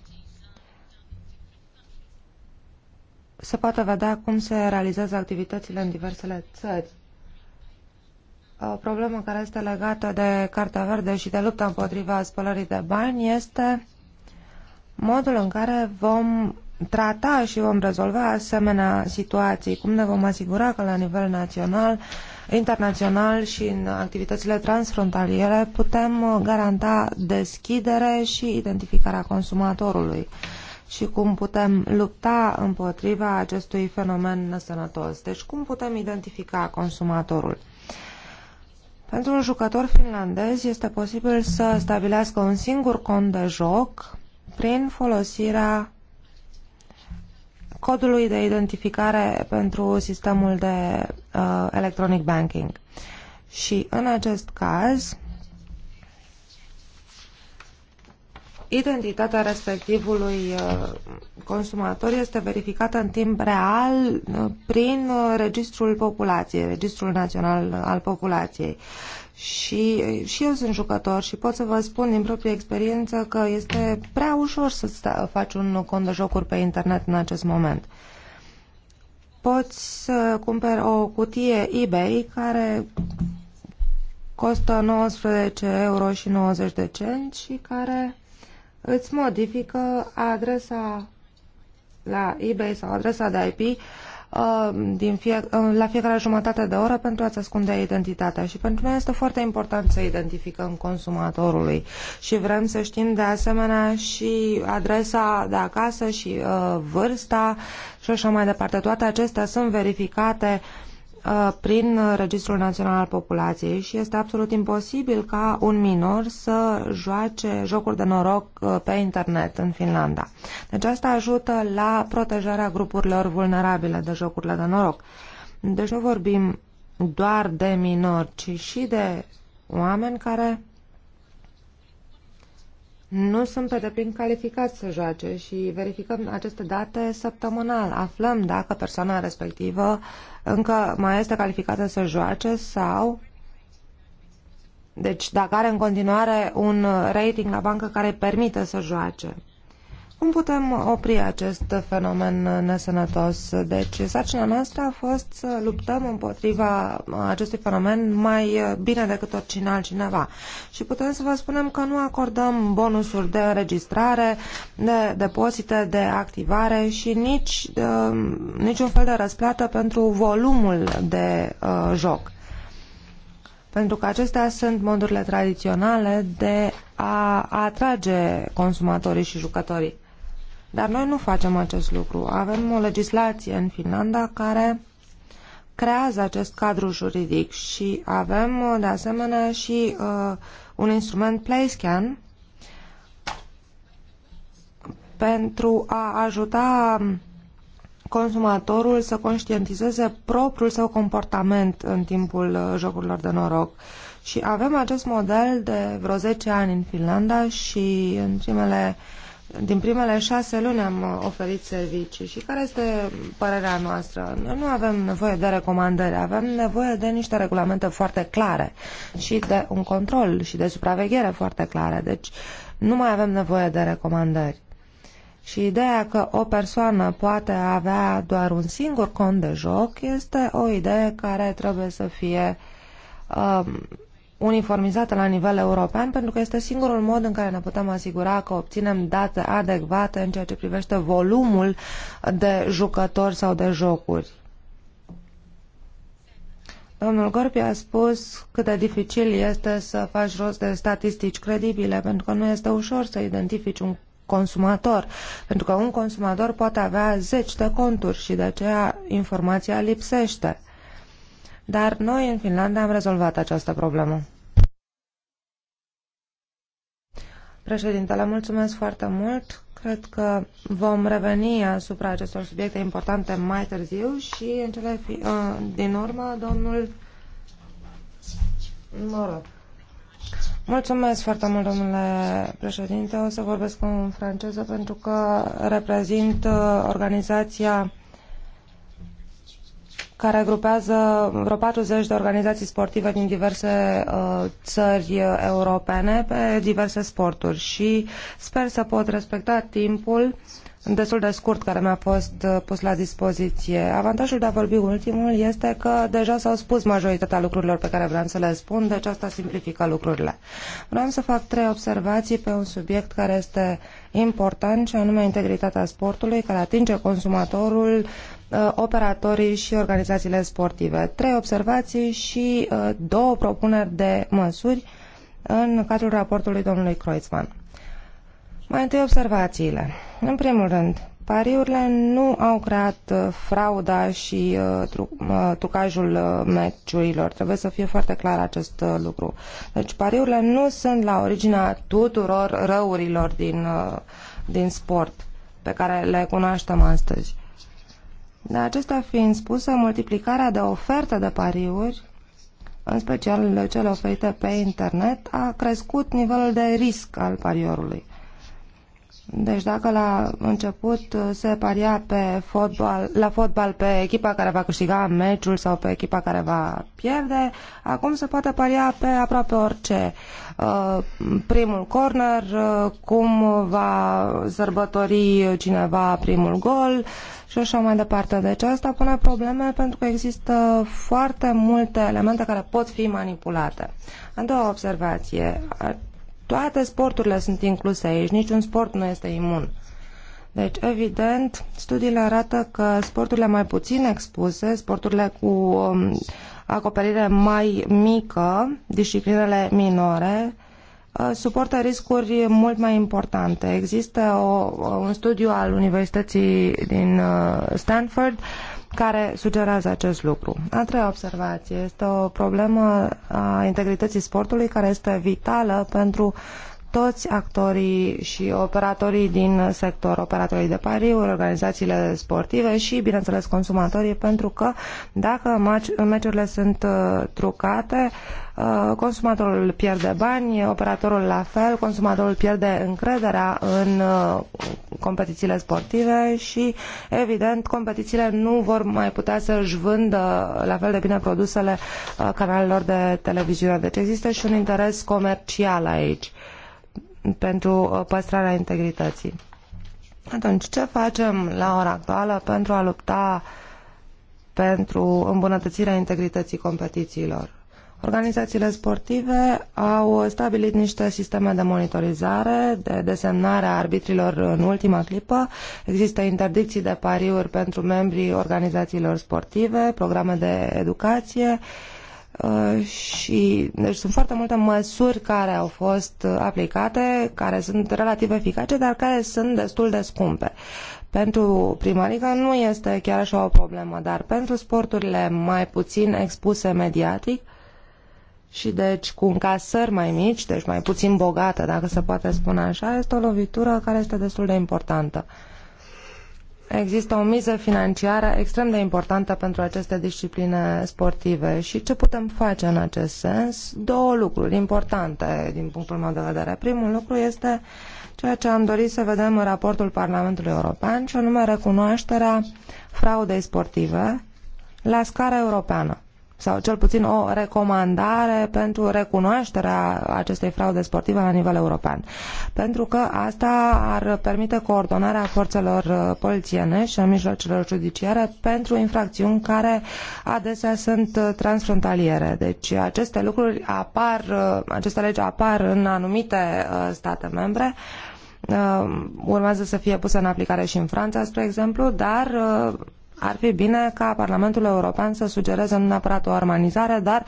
se poate vedea cum se realizează activitățile în diversele țări. O problemă care este legată de Cartea Verde și de lupta împotriva spălării de bani este modul în care vom trata și vom rezolva asemenea situații, cum ne vom asigura că la nivel național, internațional și în activitățile transfrontaliere putem garanta deschidere și identificarea consumatorului și cum putem lupta împotriva acestui fenomen nesănătos. Deci cum putem identifica consumatorul? Pentru un jucător finlandez este posibil să stabilească un singur cont de joc prin folosirea codului de identificare pentru sistemul de uh, electronic banking. Și în acest caz, identitatea respectivului uh, consumator este verificată în timp real uh, prin uh, Registrul Populației, Registrul Național al Populației. Și, și eu sunt jucător și pot să vă spun din proprie experiență că este prea ușor să faci un cont de jocuri pe internet în acest moment. Poți să cumperi o cutie eBay care costă 19 euro și 90 de cenți și care îți modifică adresa la eBay sau adresa de IP uh, din fie, uh, la fiecare jumătate de oră pentru a-ți ascunde identitatea și pentru noi este foarte important să identificăm consumatorului și vrem să știm de asemenea și adresa de acasă și uh, vârsta și așa mai departe. Toate acestea sunt verificate uh, Uh, prin Registrul Național al Populației și este absolut imposibil ca un minor să joace jocuri de noroc uh, pe internet în Finlanda. Deci asta ajută la protejarea grupurilor vulnerabile de jocurile de noroc. Deci nu vorbim doar de minori, ci și de oameni care nu sunt pe deplin calificați să joace și verificăm aceste date săptămânal. Aflăm dacă persoana respectivă încă mai este calificată să joace sau deci dacă are în continuare un rating la bancă care permite să joace. Cum putem opri acest fenomen nesănătos? Deci, sarcina noastră a fost să luptăm împotriva acestui fenomen mai bine decât oricine altcineva. Și putem să vă spunem că nu acordăm bonusuri de înregistrare, de depozite, de activare și nici de, uh, niciun fel de răsplată pentru volumul de uh, joc pentru că acestea sunt modurile tradiționale de a atrage consumatorii și jucătorii. Dar noi nu facem acest lucru. Avem o legislație în Finlanda care creează acest cadru juridic și avem de asemenea și uh, un instrument PlayScan pentru a ajuta consumatorul să conștientizeze propriul său comportament în timpul uh, jocurilor de noroc. Și avem acest model de vreo 10 ani în Finlanda și în primele uh, din primele șase luni am oferit servicii și care este părerea noastră? Noi nu avem nevoie de recomandări, avem nevoie de niște regulamente foarte clare și de un control și de supraveghere foarte clare. Deci nu mai avem nevoie de recomandări. Și ideea că o persoană poate avea doar un singur cont de joc este o idee care trebuie să fie Uh, uniformizată la nivel european, pentru că este singurul mod în care ne putem asigura că obținem date adecvate în ceea ce privește volumul de jucători sau de jocuri. Domnul Gorpi a spus cât de dificil este să faci rost de statistici credibile, pentru că nu este ușor să identifici un consumator, pentru că un consumator poate avea zeci de conturi și de aceea informația lipsește. Dar noi în Finlanda am rezolvat această problemă. Președintele, mulțumesc foarte mult. Cred că vom reveni asupra acestor subiecte importante mai târziu și în cele fi, uh, din urmă, domnul Moro. Mulțumesc foarte mult, domnule președinte. O să vorbesc în franceză pentru că reprezint uh, organizația care grupează vreo 40 de organizații sportive din diverse uh, țări uh, europene pe diverse sporturi și sper să pot respecta timpul uh, destul de scurt care mi-a fost uh, pus la dispoziție. Avantajul de a vorbi ultimul este că deja s-au spus majoritatea lucrurilor pe care vreau să le spun, deci asta simplifică lucrurile. Vreau să fac trei observații pe un subiect care este important și anume integritatea sportului care atinge consumatorul, uh, operatorii și organizațiile sportive. Trei observații și uh, două propuneri de măsuri în cadrul raportului domnului Kreuzmann. Mai întâi observațiile. În primul rând, pariurile nu au creat uh, frauda și uh, trucajul uh, meciurilor. Trebuie să fie foarte clar acest lucru. Deci pariurile nu sunt la originea tuturor răurilor din, din sport pe care le cunoaștem astăzi. De acestea fiind spusă, multiplicarea de ofertă de pariuri, în special cele oferite pe internet, a crescut nivelul de risc al pariorului. Deci dacă la început uh, se paria pe fotbal, la fotbal pe echipa care va câștiga meciul sau pe echipa care va pierde, acum se poate paria pe aproape orice. Uh, primul corner, uh, cum va sărbători cineva primul gol și așa mai departe. Deci asta pune probleme pentru că există foarte multe elemente care pot fi manipulate. A doua observație, toate sporturile sunt incluse aici, niciun sport nu este imun. Deci, evident, studiile arată că sporturile mai puțin expuse, sporturile cu um, acoperire mai mică, disciplinele minore, uh, suportă riscuri mult mai importante. Există o, un studiu al Universității din uh, Stanford uh, care sugerează acest lucru. A treia observație este o problemă a integrității sportului care este vitală pentru toți actorii și operatorii din sector, operatorii de pariuri, organizațiile sportive și, bineînțeles, consumatorii, pentru că dacă meciurile sunt uh, trucate, uh, consumatorul pierde bani, operatorul la fel, consumatorul pierde încrederea în uh, competițiile sportive și, evident, competițiile nu vor mai putea să-și vândă la fel de bine produsele canalelor de televiziune. Deci există și un interes comercial aici pentru uh, păstrarea integrității. Atunci, ce facem la ora actuală pentru a lupta pentru îmbunătățirea integrității competițiilor? Organizațiile sportive au stabilit niște sisteme de monitorizare, de desemnare a arbitrilor în ultima clipă. Există interdicții de pariuri pentru membrii organizațiilor sportive, programe de educație, uh, Uh, și deci sunt foarte multe măsuri care au fost uh, aplicate, care sunt relativ eficace, dar care sunt destul de scumpe. Pentru primarica nu este chiar așa o problemă, dar pentru sporturile mai puțin expuse mediatic și deci cu încasări mai mici, deci mai puțin bogate, dacă se poate spune așa, este o lovitură care este destul de importantă. Uh, există o miză financiară extrem de importantă pentru aceste discipline sportive. Și ce putem face în acest sens? Două lucruri importante din punctul meu de vedere. Primul lucru este ceea ce am dorit să vedem în raportul Parlamentului European, și anume recunoașterea fraudei sportive la scară europeană sau cel puțin o recomandare pentru recunoașterea acestei fraude sportive la nivel european. Pentru că asta ar permite coordonarea forțelor uh, polițiene și a mijloacelor judiciare pentru infracțiuni care adesea sunt uh, transfrontaliere. Deci aceste lucruri apar, uh, aceste legi apar în anumite state membre urmează să fie pusă în aplicare și în Franța, spre exemplu, dar ar fi bine ca Parlamentul European să sugereze nu neapărat o armonizare, dar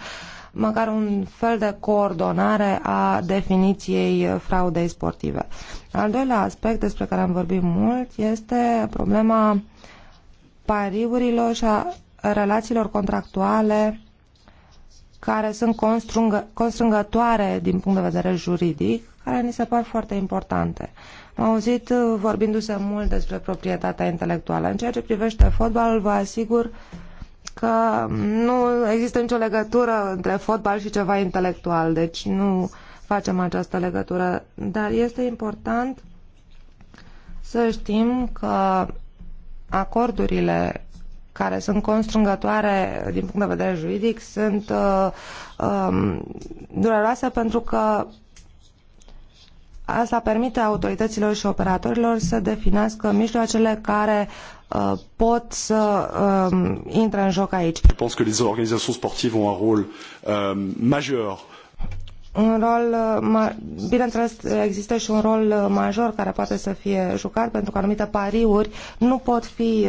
măcar un fel de coordonare a definiției fraudei sportive. Al doilea aspect despre care am vorbit mult este problema pariurilor și a relațiilor contractuale care sunt constrângă, constrângătoare din punct de vedere juridic, care ni se par foarte importante. Am auzit uh, vorbindu-se mult despre proprietatea intelectuală. În ceea ce privește fotbalul, vă asigur că nu există nicio legătură între fotbal și ceva intelectual, deci nu facem această legătură. Dar este important să știm că acordurile care sunt constrângătoare din punct de vedere juridic sunt uh, um, dureroase pentru că Asta permite autorităților și operatorilor să definească mijloacele care uh, pot să um, intre în joc aici. Je pense que les organisations sportives ont un rôle euh, majeur un rol, uh, bineînțeles, există și un rol uh, major care poate să fie jucat pentru că anumite pariuri nu pot fi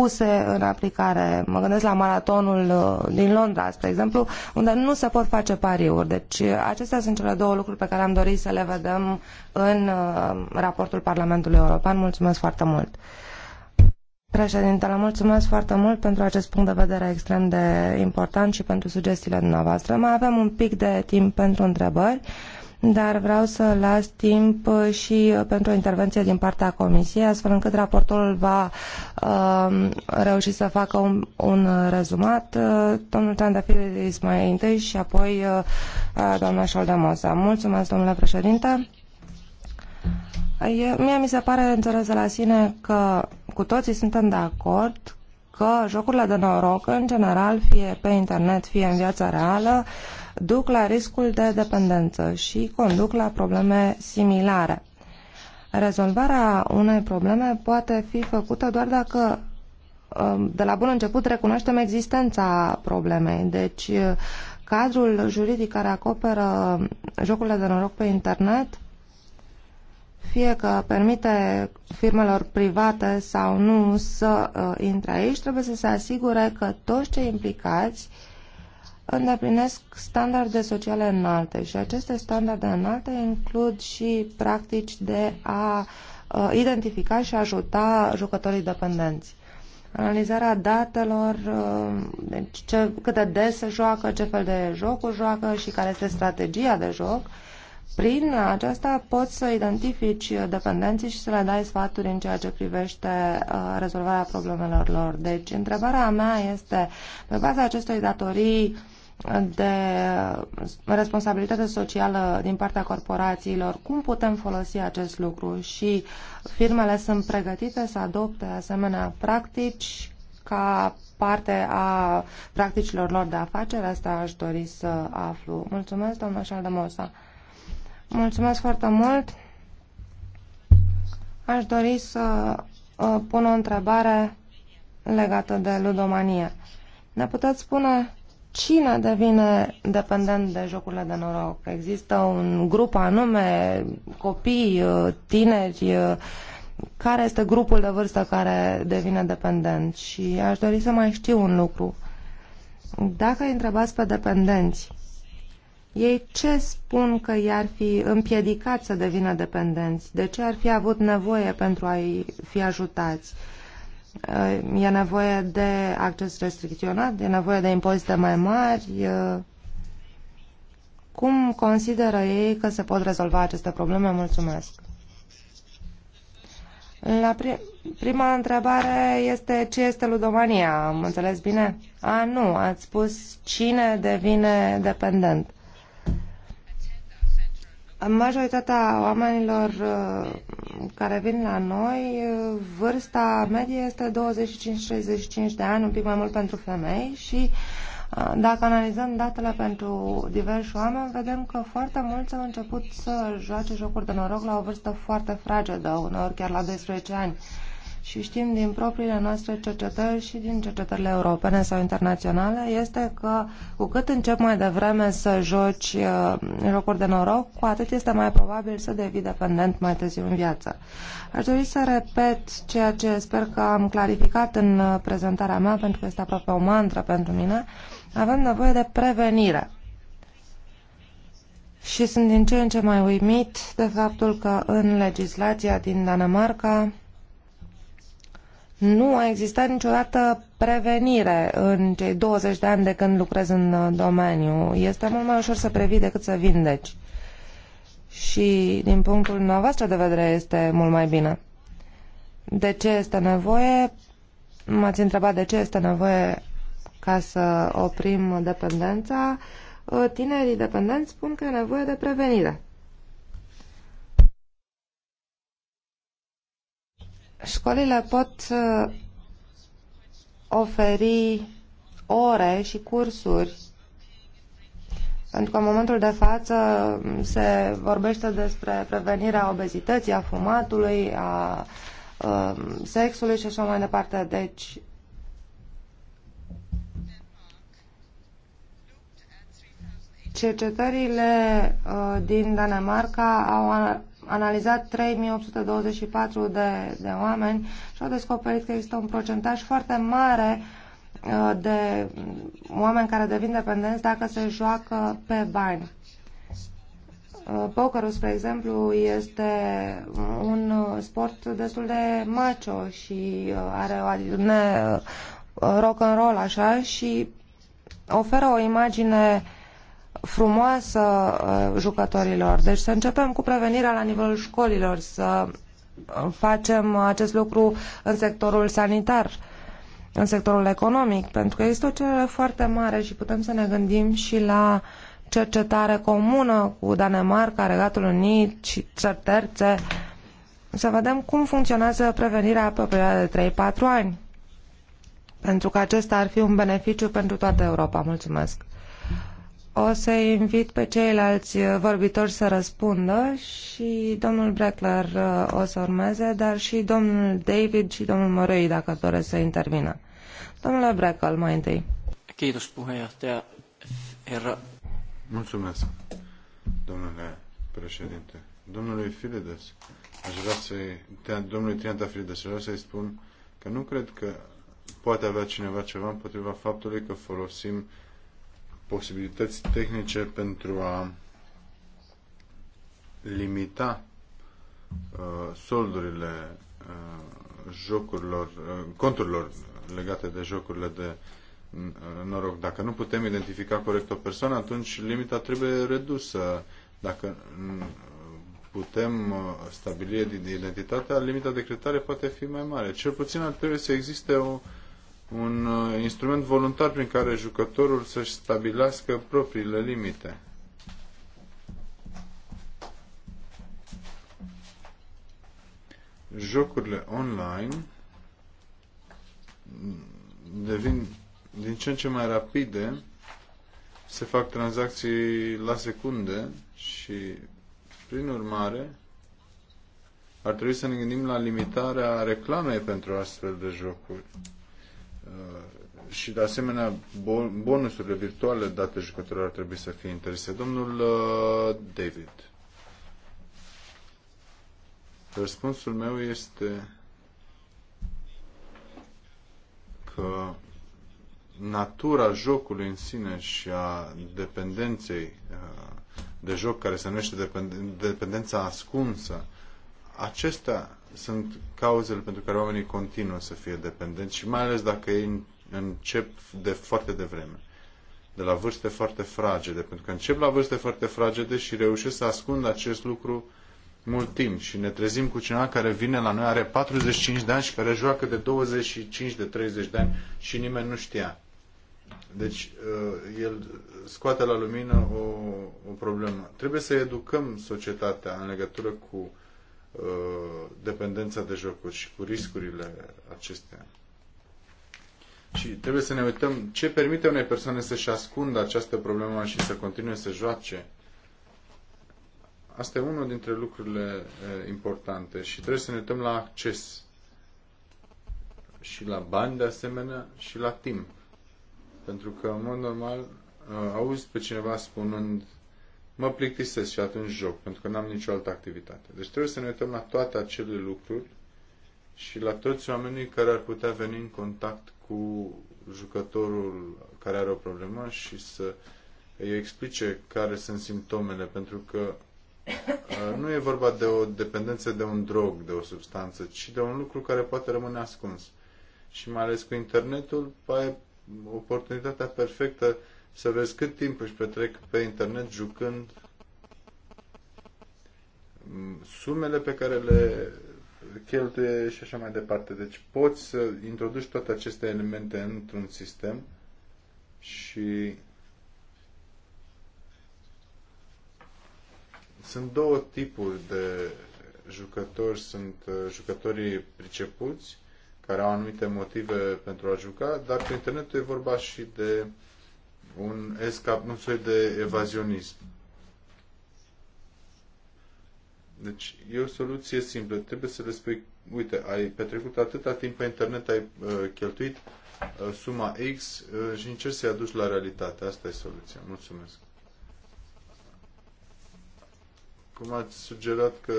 puse în aplicare. Mă gândesc la maratonul uh, din Londra, spre exemplu, unde nu se pot face pariuri. Deci acestea sunt cele două lucruri pe care am dorit să le vedem în uh, raportul Parlamentului European. Mulțumesc foarte mult! Președintele, mulțumesc foarte mult pentru acest punct de vedere extrem de important și pentru sugestiile dumneavoastră. Mai avem un pic de timp pentru întrebări. Uh, dar vreau să las timp uh, și uh, pentru o intervenție din partea Comisiei, astfel încât raportorul va uh, reuși să facă un, un uh, rezumat. Uh, domnul Trandafilis mai întâi și apoi uh, doamna Șoldemosa. Mulțumesc, domnule președinte. E, mie mi se pare înțeles de la sine că cu toții suntem de acord că jocurile de noroc, în general, fie pe internet, fie în viața reală, uh, duc la riscul de dependență și conduc la probleme similare. Rezolvarea unei probleme poate fi făcută doar dacă um, de la bun început recunoaștem existența problemei. Deci cadrul juridic care acoperă jocurile de noroc pe internet fie că permite firmelor private sau nu să uh, intre aici, trebuie să se asigure că toți cei implicați uh, îndeplinesc standarde sociale înalte și aceste standarde înalte includ și practici de a ă, identifica și ajuta jucătorii dependenți. Analizarea datelor, ă, deci ce, cât de des se joacă, ce fel de jocuri joacă și care este strategia de joc. Prin aceasta poți să identifici dependenții și să le dai sfaturi în ceea ce privește ă, rezolvarea problemelor lor. Deci, întrebarea mea este, pe baza acestei datorii de responsabilitate socială din partea corporațiilor, cum putem folosi acest lucru și firmele sunt pregătite să adopte asemenea practici ca parte a practicilor lor de afaceri? Asta aș dori să aflu. Mulțumesc, doamna Șaldemosa. Mulțumesc foarte mult. Aș dori să uh, pun o întrebare legată de ludomanie. Ne puteți spune cine devine dependent de jocurile de noroc. Există un grup anume, copii, uh, tineri, uh, care este grupul de vârstă care devine dependent și aș dori să mai știu un lucru. Dacă îi întrebați pe dependenți, ei ce spun că i-ar fi împiedicat să devină dependenți? De ce ar fi avut nevoie pentru a-i fi ajutați? Uh, Uh, e nevoie de acces restricționat, e nevoie de impozite mai mari. Uh, cum consideră ei că se pot rezolva aceste probleme? Mulțumesc. La pri prima întrebare este ce este ludomania, am înțeles bine? A, nu, ați spus cine devine dependent majoritatea oamenilor uh, care vin la noi, uh, vârsta medie este 25-65 de ani, un pic mai mult pentru femei și uh, dacă analizăm datele pentru diversi oameni, vedem că foarte mulți au început să joace jocuri de noroc la o vârstă foarte fragedă, uneori chiar la 12 ani și știm din propriile noastre cercetări și din cercetările europene sau internaționale este că cu cât încep mai devreme să joci jocuri uh, de noroc, cu atât este mai probabil să devii dependent mai târziu în viață. Aș dori să repet ceea ce sper că am clarificat în prezentarea mea, pentru că este aproape o mantră pentru mine. Avem nevoie de prevenire. Și sunt din ce în ce mai uimit de faptul că în legislația din Danemarca nu a existat niciodată prevenire în cei 20 de ani de când lucrez în uh, domeniu. Este mult mai ușor să previi decât să vindeci. Și din punctul dumneavoastră de vedere este mult mai bine. De ce este nevoie? M-ați întrebat de ce este nevoie ca să oprim dependența. Uh, Tinerii dependenți spun că e nevoie de prevenire. Școlile pot uh, oferi ore și cursuri pentru că în momentul de față mm, se vorbește despre prevenirea obezității, a fumatului, a, a um, sexului și așa mai departe. Deci, cercetările uh, din Danemarca au analizat 3824 de, de oameni și au descoperit că există un procentaj foarte mare uh, de oameni care devin dependenți dacă se joacă pe bani. Uh, pokerul, spre exemplu, este un uh, sport destul de macho și are o adiune rock and roll așa și oferă o imagine uh, frumoasă uh, jucătorilor. Deci să începem cu prevenirea la nivelul școlilor, să facem acest lucru în sectorul sanitar, în sectorul economic, pentru că este o cerere foarte mare și putem să ne gândim și la cercetare comună cu Danemarca, Regatul Unit și țări terțe, să vedem cum funcționează prevenirea pe o perioadă de 3-4 ani, pentru că acesta ar fi un beneficiu pentru toată Europa. Mulțumesc! O să invit pe ceilalți uh, vorbitori să răspundă și domnul Breckler uh, o să urmeze, dar și domnul David și domnul Mărăi dacă doresc să intervină. Domnule Breckler, mai întâi. Kiitos puheenjohtaja. Herra. Mulțumesc, domnule președinte. Domnului Filides, aș vrea să domnului Trianta Filides, aș vrea să-i spun că nu cred că poate avea cineva ceva împotriva faptului că folosim uh, posibilități tehnice pentru a limita uh, soldurile uh, jocurilor, uh, conturilor legate de jocurile de uh, noroc. Dacă nu putem identifica corect o persoană, atunci limita trebuie redusă. Dacă mm, putem uh, stabili identitatea, limita de creditare poate fi mai mare. Cel puțin ar trebui să existe o uh, un uh, instrument voluntar prin care jucătorul să-și stabilească propriile limite. Jocurile online devin din ce în ce mai rapide, se fac tranzacții la secunde și, prin urmare, ar trebui să ne gândim la limitarea reclamei pentru astfel de jocuri. Uh, și de asemenea bonusurile virtuale date jucătorilor ar trebui să fie interese. Domnul uh, David. Răspunsul meu este că natura jocului în sine și a dependenței uh, de joc care se numește dependența ascunsă, acestea sunt cauzele pentru care oamenii continuă să fie dependenți și mai ales dacă ei încep de foarte devreme, de la vârste foarte fragede, pentru că încep la vârste foarte fragede și reușesc să ascundă acest lucru mult timp și ne trezim cu cineva care vine la noi, are 45 de ani și care joacă de 25 de 30 de ani și nimeni nu știa. Deci uh, el scoate la lumină o, o problemă. Trebuie să educăm societatea în legătură cu dependența de jocuri și cu riscurile acestea. Și trebuie să ne uităm ce permite unei persoane să-și ascundă această problemă și să continue să joace. Asta e unul dintre lucrurile importante și trebuie să ne uităm la acces și la bani de asemenea și la timp. Pentru că, în mod normal, auzi pe cineva spunând mă plictisesc și atunci joc, pentru că n-am nicio altă activitate. Deci trebuie să ne uităm la toate acele lucruri și la toți oamenii care ar putea veni în contact cu jucătorul care are o problemă și să îi explice care sunt simptomele, pentru că uh, nu e vorba de o dependență de un drog, de o substanță, ci de un lucru care poate rămâne ascuns. Și mai ales cu internetul, e oportunitatea perfectă să vezi cât timp își petrec pe internet jucând mm, sumele pe care le cheltuie și așa mai departe. Deci poți să introduci toate aceste elemente într-un sistem și sunt două tipuri de jucători. Sunt uh, jucătorii pricepuți, care au anumite motive pentru a juca, dar pe internetul e vorba și de uh, un escap, un soi de evazionism. Deci e o soluție simplă. Trebuie să le spui, uite, ai petrecut atâta timp pe internet, ai uh, cheltuit uh, suma X uh, și încerci să-i aduci la realitate. Asta e soluția. Mulțumesc. Cum ați sugerat că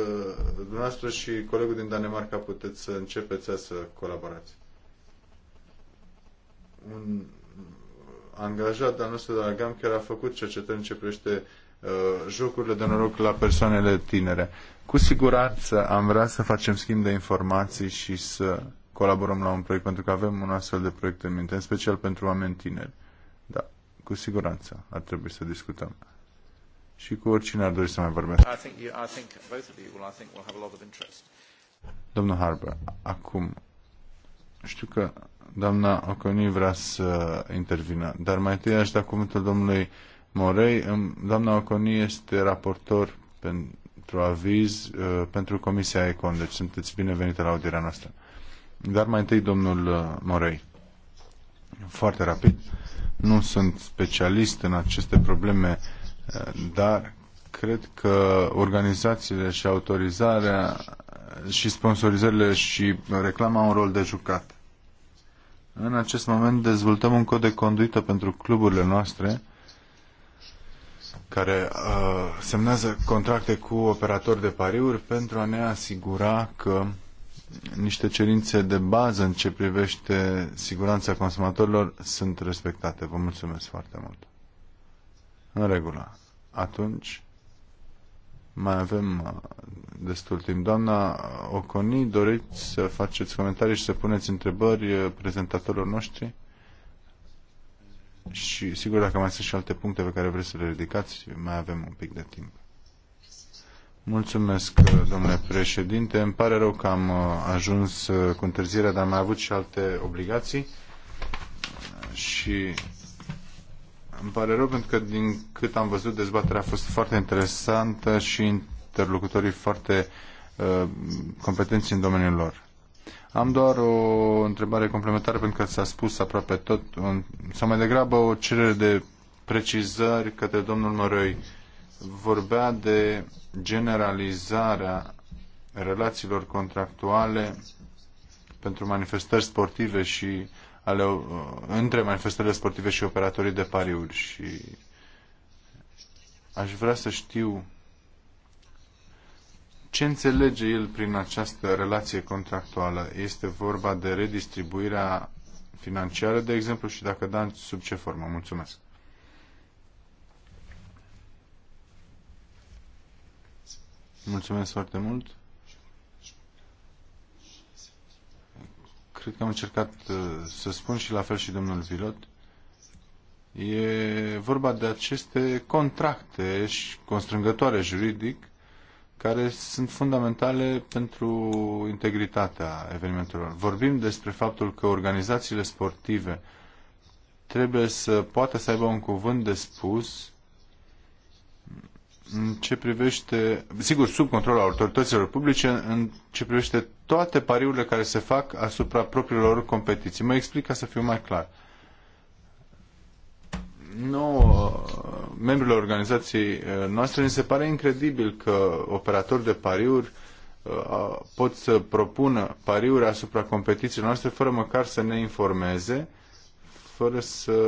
dumneavoastră și colegul din Danemarca puteți să începeți să colaborați? Un angajat al nostru de la GAM care a făcut cercetări în ce privește uh, jocurile de noroc la persoanele tinere. Cu siguranță am vrea să facem schimb de informații și să colaborăm la un proiect, pentru că avem un astfel de proiect în minte, în special pentru oameni tineri. Da, cu siguranță ar trebui să discutăm. Și cu oricine ar dori să mai vorbesc. Domnul Harbour, acum știu că doamna Oconi vrea să intervină, dar mai întâi aș da cuvântul domnului Morei. Doamna Oconi este raportor pentru aviz uh, pentru Comisia Econ, deci sunteți binevenite la audierea noastră. Dar mai întâi domnul uh, Morei. Foarte rapid. Nu sunt specialist în aceste probleme, uh, dar cred că organizațiile și autorizarea și sponsorizările și reclama au un rol de jucat. În acest moment dezvoltăm un cod de conduită pentru cluburile noastre care uh, semnează contracte cu operatori de pariuri pentru a ne asigura că niște cerințe de bază în ce privește siguranța consumatorilor sunt respectate. Vă mulțumesc foarte mult. În regulă. Atunci mai avem uh, destul timp. Doamna Oconi, doriți să faceți comentarii și să puneți întrebări uh, prezentatorilor noștri? Și sigur, dacă mai sunt și alte puncte pe care vreți să le ridicați, mai avem un pic de timp. Mulțumesc, uh, domnule președinte. Îmi pare rău că am ajuns cu întârziere, dar am mai avut și alte obligații și îmi pare rău pentru că din cât am văzut dezbaterea a fost foarte interesantă și interlocutorii foarte uh, competenți în domeniul lor. Am doar o întrebare complementară pentru că s-a spus aproape tot, un, sau mai degrabă o cerere de precizări către domnul Mărăi. Vorbea de generalizarea relațiilor contractuale pentru manifestări sportive și ale, uh, între manifestările sportive și operatorii de pariuri și aș vrea să știu ce înțelege el prin această relație contractuală? Este vorba de redistribuirea financiară, de exemplu, și dacă da, sub ce formă? Mulțumesc. Mulțumesc foarte mult. cred că am încercat uh, să spun și la fel și domnul Vilot, e vorba de aceste contracte și constrângătoare juridic care sunt fundamentale pentru integritatea evenimentelor. Vorbim despre faptul că organizațiile sportive trebuie să poată să aibă un cuvânt de spus în ce privește, sigur, sub controlul autorităților publice, în ce privește toate pariurile care se fac asupra propriilor competiții. Mă explic ca să fiu mai clar. Nouă, membrilor organizației eh, noastre, ni se pare incredibil că operatori de pariuri eh, pot să propună pariuri asupra competiției noastre fără măcar să ne informeze, fără să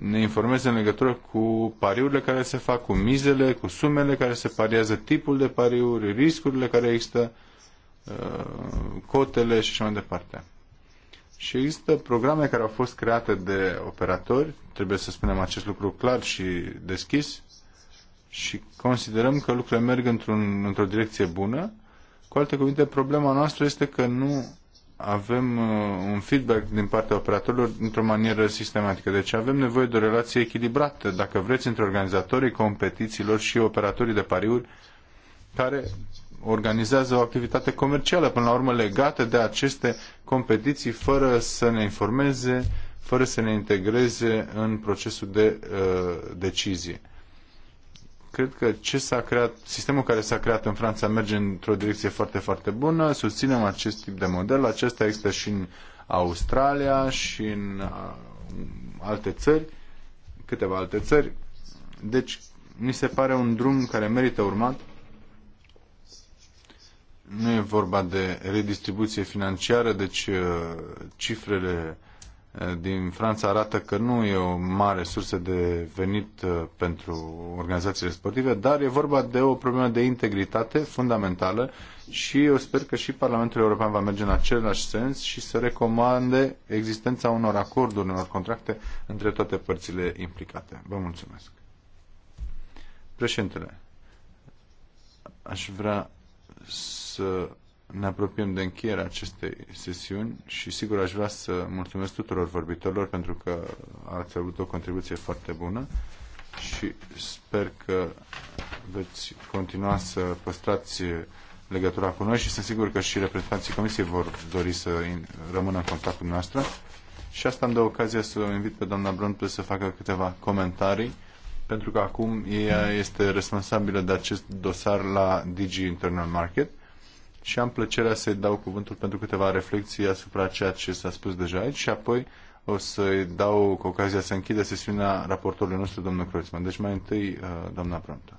ne informeze în legătură cu pariurile care se fac, cu mizele, cu sumele care se pariază, tipul de pariuri, riscurile care există, uh, cotele și așa mai departe. Și există programe care au fost create de operatori, trebuie să spunem acest lucru clar și deschis, și considerăm că lucrurile merg într-o într, direcție bună. Cu alte cuvinte, problema noastră este că nu avem uh, un feedback din partea operatorilor într-o manieră sistematică. Deci avem nevoie de o relație echilibrată, dacă vreți, între organizatorii competițiilor și operatorii de pariuri care organizează o activitate comercială, până la urmă legată de aceste competiții, fără să ne informeze, fără să ne integreze în procesul de uh, decizie cred că ce s-a creat, sistemul care s-a creat în Franța merge într-o direcție foarte, foarte bună. Susținem acest tip de model. Acesta există și în Australia și în uh, alte țări, câteva alte țări. Deci, mi se pare un drum care merită urmat. Nu e vorba de redistribuție financiară, deci uh, cifrele din Franța arată că nu e o mare sursă de venit uh, pentru organizațiile sportive, dar e vorba de o problemă de integritate fundamentală și eu sper că și Parlamentul European va merge în același sens și să recomande existența unor acorduri, unor contracte între toate părțile implicate. Vă mulțumesc. Președintele, aș vrea să ne apropiem de încheierea acestei sesiuni și sigur aș vrea să mulțumesc tuturor vorbitorilor pentru că ați avut o contribuție foarte bună și sper că veți continua să păstrați legătura cu noi și sunt sigur că și reprezentanții Comisiei vor dori să rămână în contact cu noastră. Și asta îmi dă ocazia să o invit pe doamna Bruntu să facă câteva comentarii, pentru că acum ea este responsabilă de acest dosar la Digi Internal Market și am plăcerea să-i dau cuvântul pentru câteva reflexii asupra ceea ce s-a spus deja aici și apoi o să-i dau cu ocazia să închidă sesiunea raportorului nostru, domnul Croțman. Deci mai întâi, uh, doamna Prompta.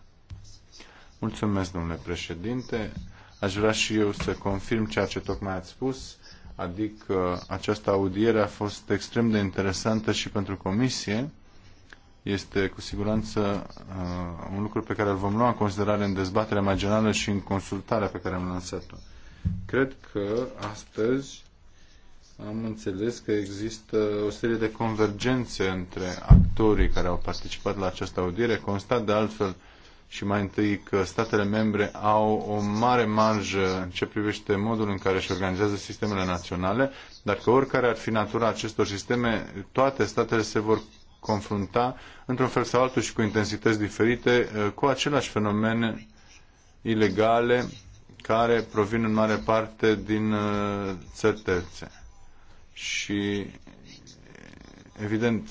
Mulțumesc, domnule președinte. Aș vrea și eu să confirm ceea ce tocmai ați spus, adică această audiere a fost extrem de interesantă și pentru comisie este cu siguranță uh, un lucru pe care îl vom lua în considerare în dezbaterea mai generală și în consultarea pe care am lansat-o. Cred că astăzi am înțeles că există o serie de convergențe între actorii care au participat la această audiere. Constat de altfel și mai întâi că statele membre au o mare marjă în ce privește modul în care își organizează sistemele naționale, dar că oricare ar fi natura acestor sisteme, toate statele se vor confrunta într-un fel sau altul și cu intensități diferite eh, cu aceleași fenomene ilegale care provin în mare parte din eh, țări terțe. Și eh, evident,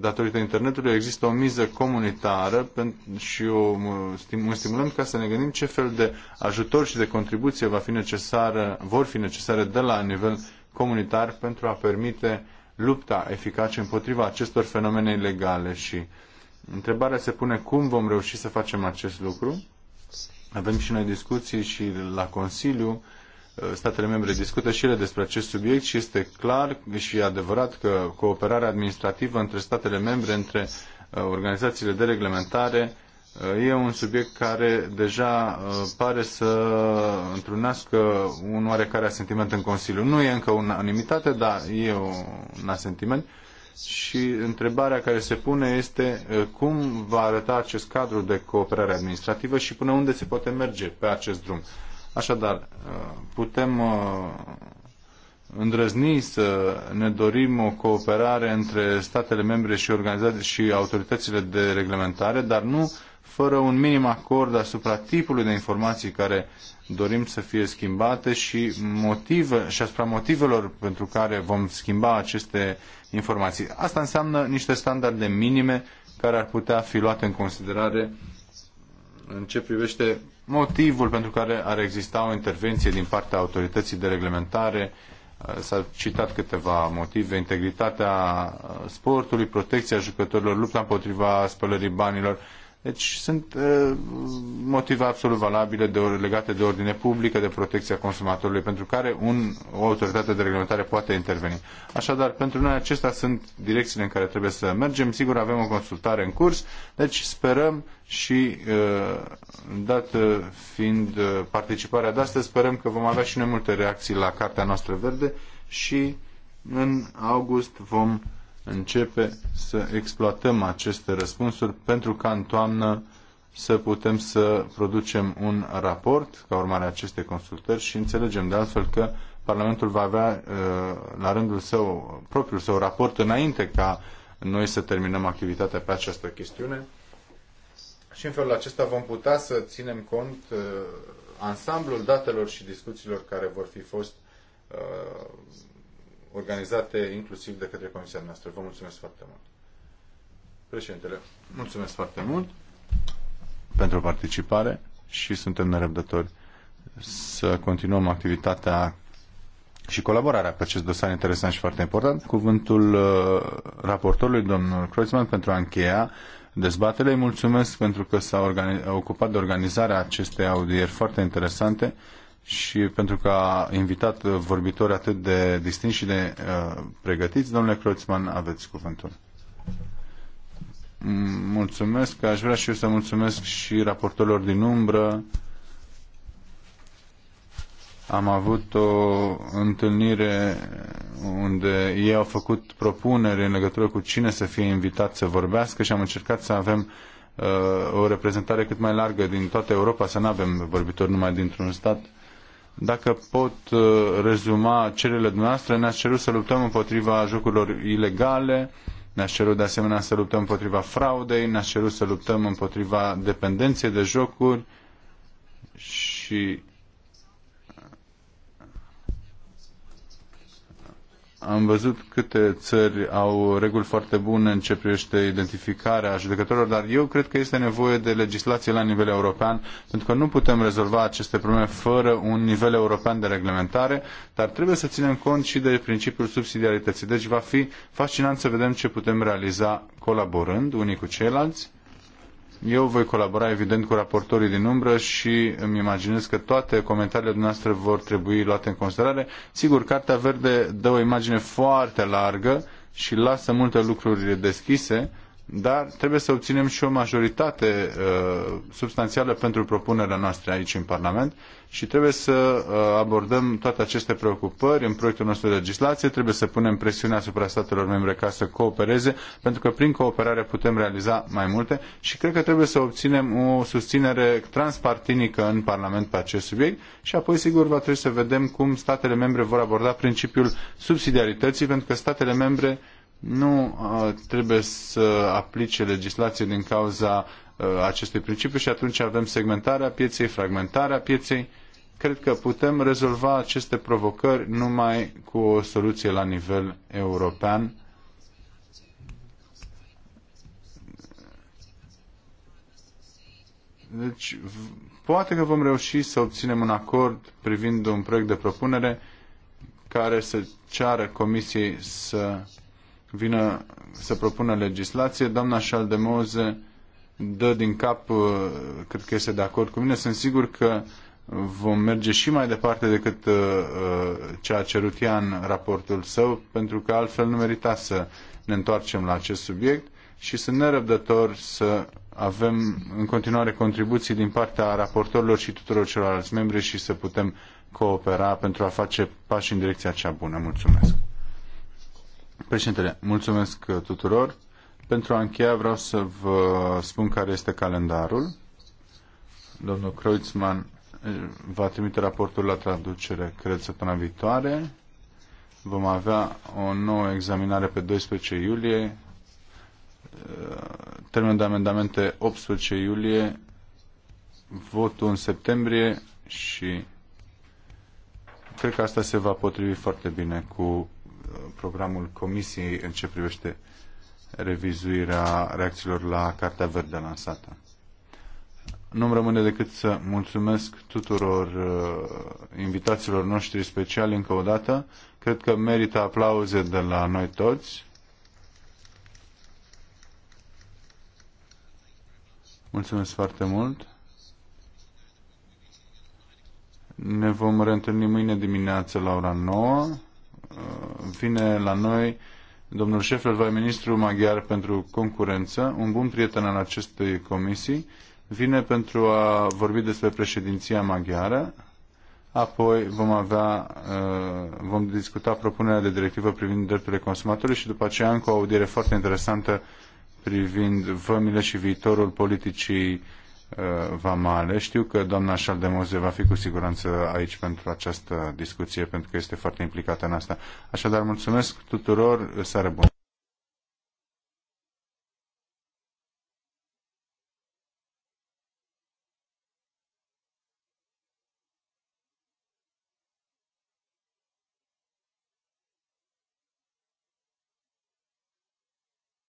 datorită internetului există o miză comunitară și o, un stimulăm ca să ne gândim ce fel de ajutor și de contribuție va fi necesară, vor fi necesare de la nivel comunitar pentru a permite uh, lupta eficace împotriva acestor fenomene ilegale și întrebarea se pune cum vom reuși să facem acest lucru. Avem și noi discuții și la Consiliu uh, statele membre discută și ele despre acest subiect și este clar și adevărat că cooperarea administrativă între statele membre, între uh, organizațiile de reglementare, E un subiect care deja uh, pare să întrunească un oarecare asentiment în Consiliu. Nu e încă unanimitate, dar e un asentiment. Și întrebarea care se pune este uh, cum va arăta acest cadru de cooperare administrativă și până unde se poate merge pe acest drum. Așadar, uh, putem îndrăzni să ne dorim o cooperare între statele membre și, și autoritățile de reglementare, dar nu fără un minim acord asupra tipului de informații care dorim să fie schimbate și, motive, și asupra motivelor pentru care vom schimba aceste informații. Asta înseamnă niște standarde minime care ar putea fi luate în considerare în ce privește motivul pentru care ar exista o intervenție din partea autorității de reglementare. s a citat câteva motive, integritatea sportului, protecția jucătorilor, lupta împotriva spălării banilor, deci sunt uh, motive absolut valabile de, legate de ordine publică, de protecția consumatorului, pentru care un, o autoritate de reglementare poate interveni. Așadar, pentru noi acestea sunt direcțiile în care trebuie să mergem. Sigur, avem o consultare în curs, deci sperăm și, uh, dat uh, fiind participarea de astăzi, sperăm că vom avea și noi multe reacții la cartea noastră verde și în august vom începe să exploatăm aceste răspunsuri pentru ca în toamnă să putem să producem un raport ca urmare a acestei consultări și înțelegem de altfel că Parlamentul va avea uh, la rândul său propriul său raport înainte ca noi să terminăm activitatea pe această chestiune și în felul acesta vom putea să ținem cont uh, ansamblul datelor și discuțiilor care vor fi fost uh, organizate inclusiv de către Comisia noastră. Vă mulțumesc foarte mult. Președintele, mulțumesc foarte mult pentru participare și suntem nerăbdători să continuăm activitatea și colaborarea pe acest dosar interesant și foarte important. Cuvântul uh, raportorului, domnul Kreuzmann, pentru a încheia dezbatele. Îi mulțumesc pentru că s-a ocupat de organizarea acestei audieri foarte interesante și pentru că a invitat vorbitori atât de distinși și de uh, pregătiți. Domnule Croțman, aveți cuvântul. Mulțumesc. Aș vrea și eu să mulțumesc și raportorilor din umbră. Am avut o întâlnire unde ei au făcut propuneri în legătură cu cine să fie invitat să vorbească și am încercat să avem uh, o reprezentare cât mai largă din toată Europa, să nu avem vorbitori numai dintr-un stat. Uh, dacă pot uh, rezuma cererile noastre, ne-ați cerut să luptăm împotriva jocurilor ilegale, ne-ați cerut de asemenea să luptăm împotriva fraudei, ne-ați cerut să luptăm împotriva dependenței de jocuri și am văzut câte țări au reguli foarte bune în ce privește identificarea judecătorilor, dar eu cred că este nevoie de legislație la nivel european, pentru că nu putem rezolva aceste probleme fără un nivel european de reglementare, dar trebuie să ținem cont și de principiul subsidiarității. Deci va fi fascinant să vedem ce putem realiza colaborând unii cu ceilalți eu voi colabora evident cu raportorii din umbră și îmi imaginez că toate comentariile noastre vor trebui luate în considerare. Sigur, Cartea Verde dă o imagine foarte largă și lasă multe lucruri deschise dar trebuie să obținem și o majoritate uh, substanțială pentru propunerea noastră aici în Parlament și trebuie să uh, abordăm toate aceste preocupări în proiectul nostru de legislație, trebuie să punem presiune asupra statelor membre ca să coopereze, pentru că prin cooperare putem realiza mai multe și cred că trebuie să obținem o susținere transpartinică în Parlament pe acest subiect și apoi sigur va trebui să vedem cum statele membre vor aborda principiul subsidiarității, pentru că statele membre nu trebuie să aplice legislație din cauza acestui principiu și atunci avem segmentarea pieței, fragmentarea pieței. Cred că putem rezolva aceste provocări numai cu o soluție la nivel european. Deci, poate că vom reuși să obținem un acord privind un proiect de propunere care să ceară Comisiei să vină să propună legislație. Doamna Șaldemoze dă din cap, uh, cred că este de acord cu mine. Sunt sigur că vom merge și mai departe decât uh, uh, ce a cerut ea în raportul său, pentru că altfel nu merita să ne întoarcem la acest subiect și sunt nerăbdător să avem în continuare contribuții din partea raportorilor și tuturor celorlalți membri și să putem coopera pentru a face pași în direcția cea bună. Mulțumesc! Președintele, mulțumesc uh, tuturor. Pentru a încheia vreau să vă spun care este calendarul. Domnul Kreutzmann uh, va trimite raportul la traducere, cred, săptămâna viitoare. Vom avea o nouă examinare pe 12 iulie. Uh, termenul de amendamente 18 iulie, votul în septembrie și cred că asta se va potrivi foarte bine cu programul Comisiei în ce privește revizuirea reacțiilor la Cartea Verde lansată. Nu-mi rămâne decât să mulțumesc tuturor uh, invitațiilor noștri speciali încă o dată. Cred că merită aplauze de la noi toți. Mulțumesc foarte mult. Ne vom reîntâlni mâine dimineață la ora 9 vine la noi domnul vai ministru maghiar pentru concurență, un bun prieten al acestei comisii, vine pentru a vorbi despre președinția maghiară, apoi vom avea, uh, vom discuta propunerea de directivă privind drepturile consumatorului și după aceea încă o audiere foarte interesantă privind vămile și viitorul politicii Uh, vamale. Știu că doamna Șaldemoze va fi cu siguranță aici pentru această discuție, pentru că este foarte implicată în asta. Așadar, mulțumesc tuturor, seară bună!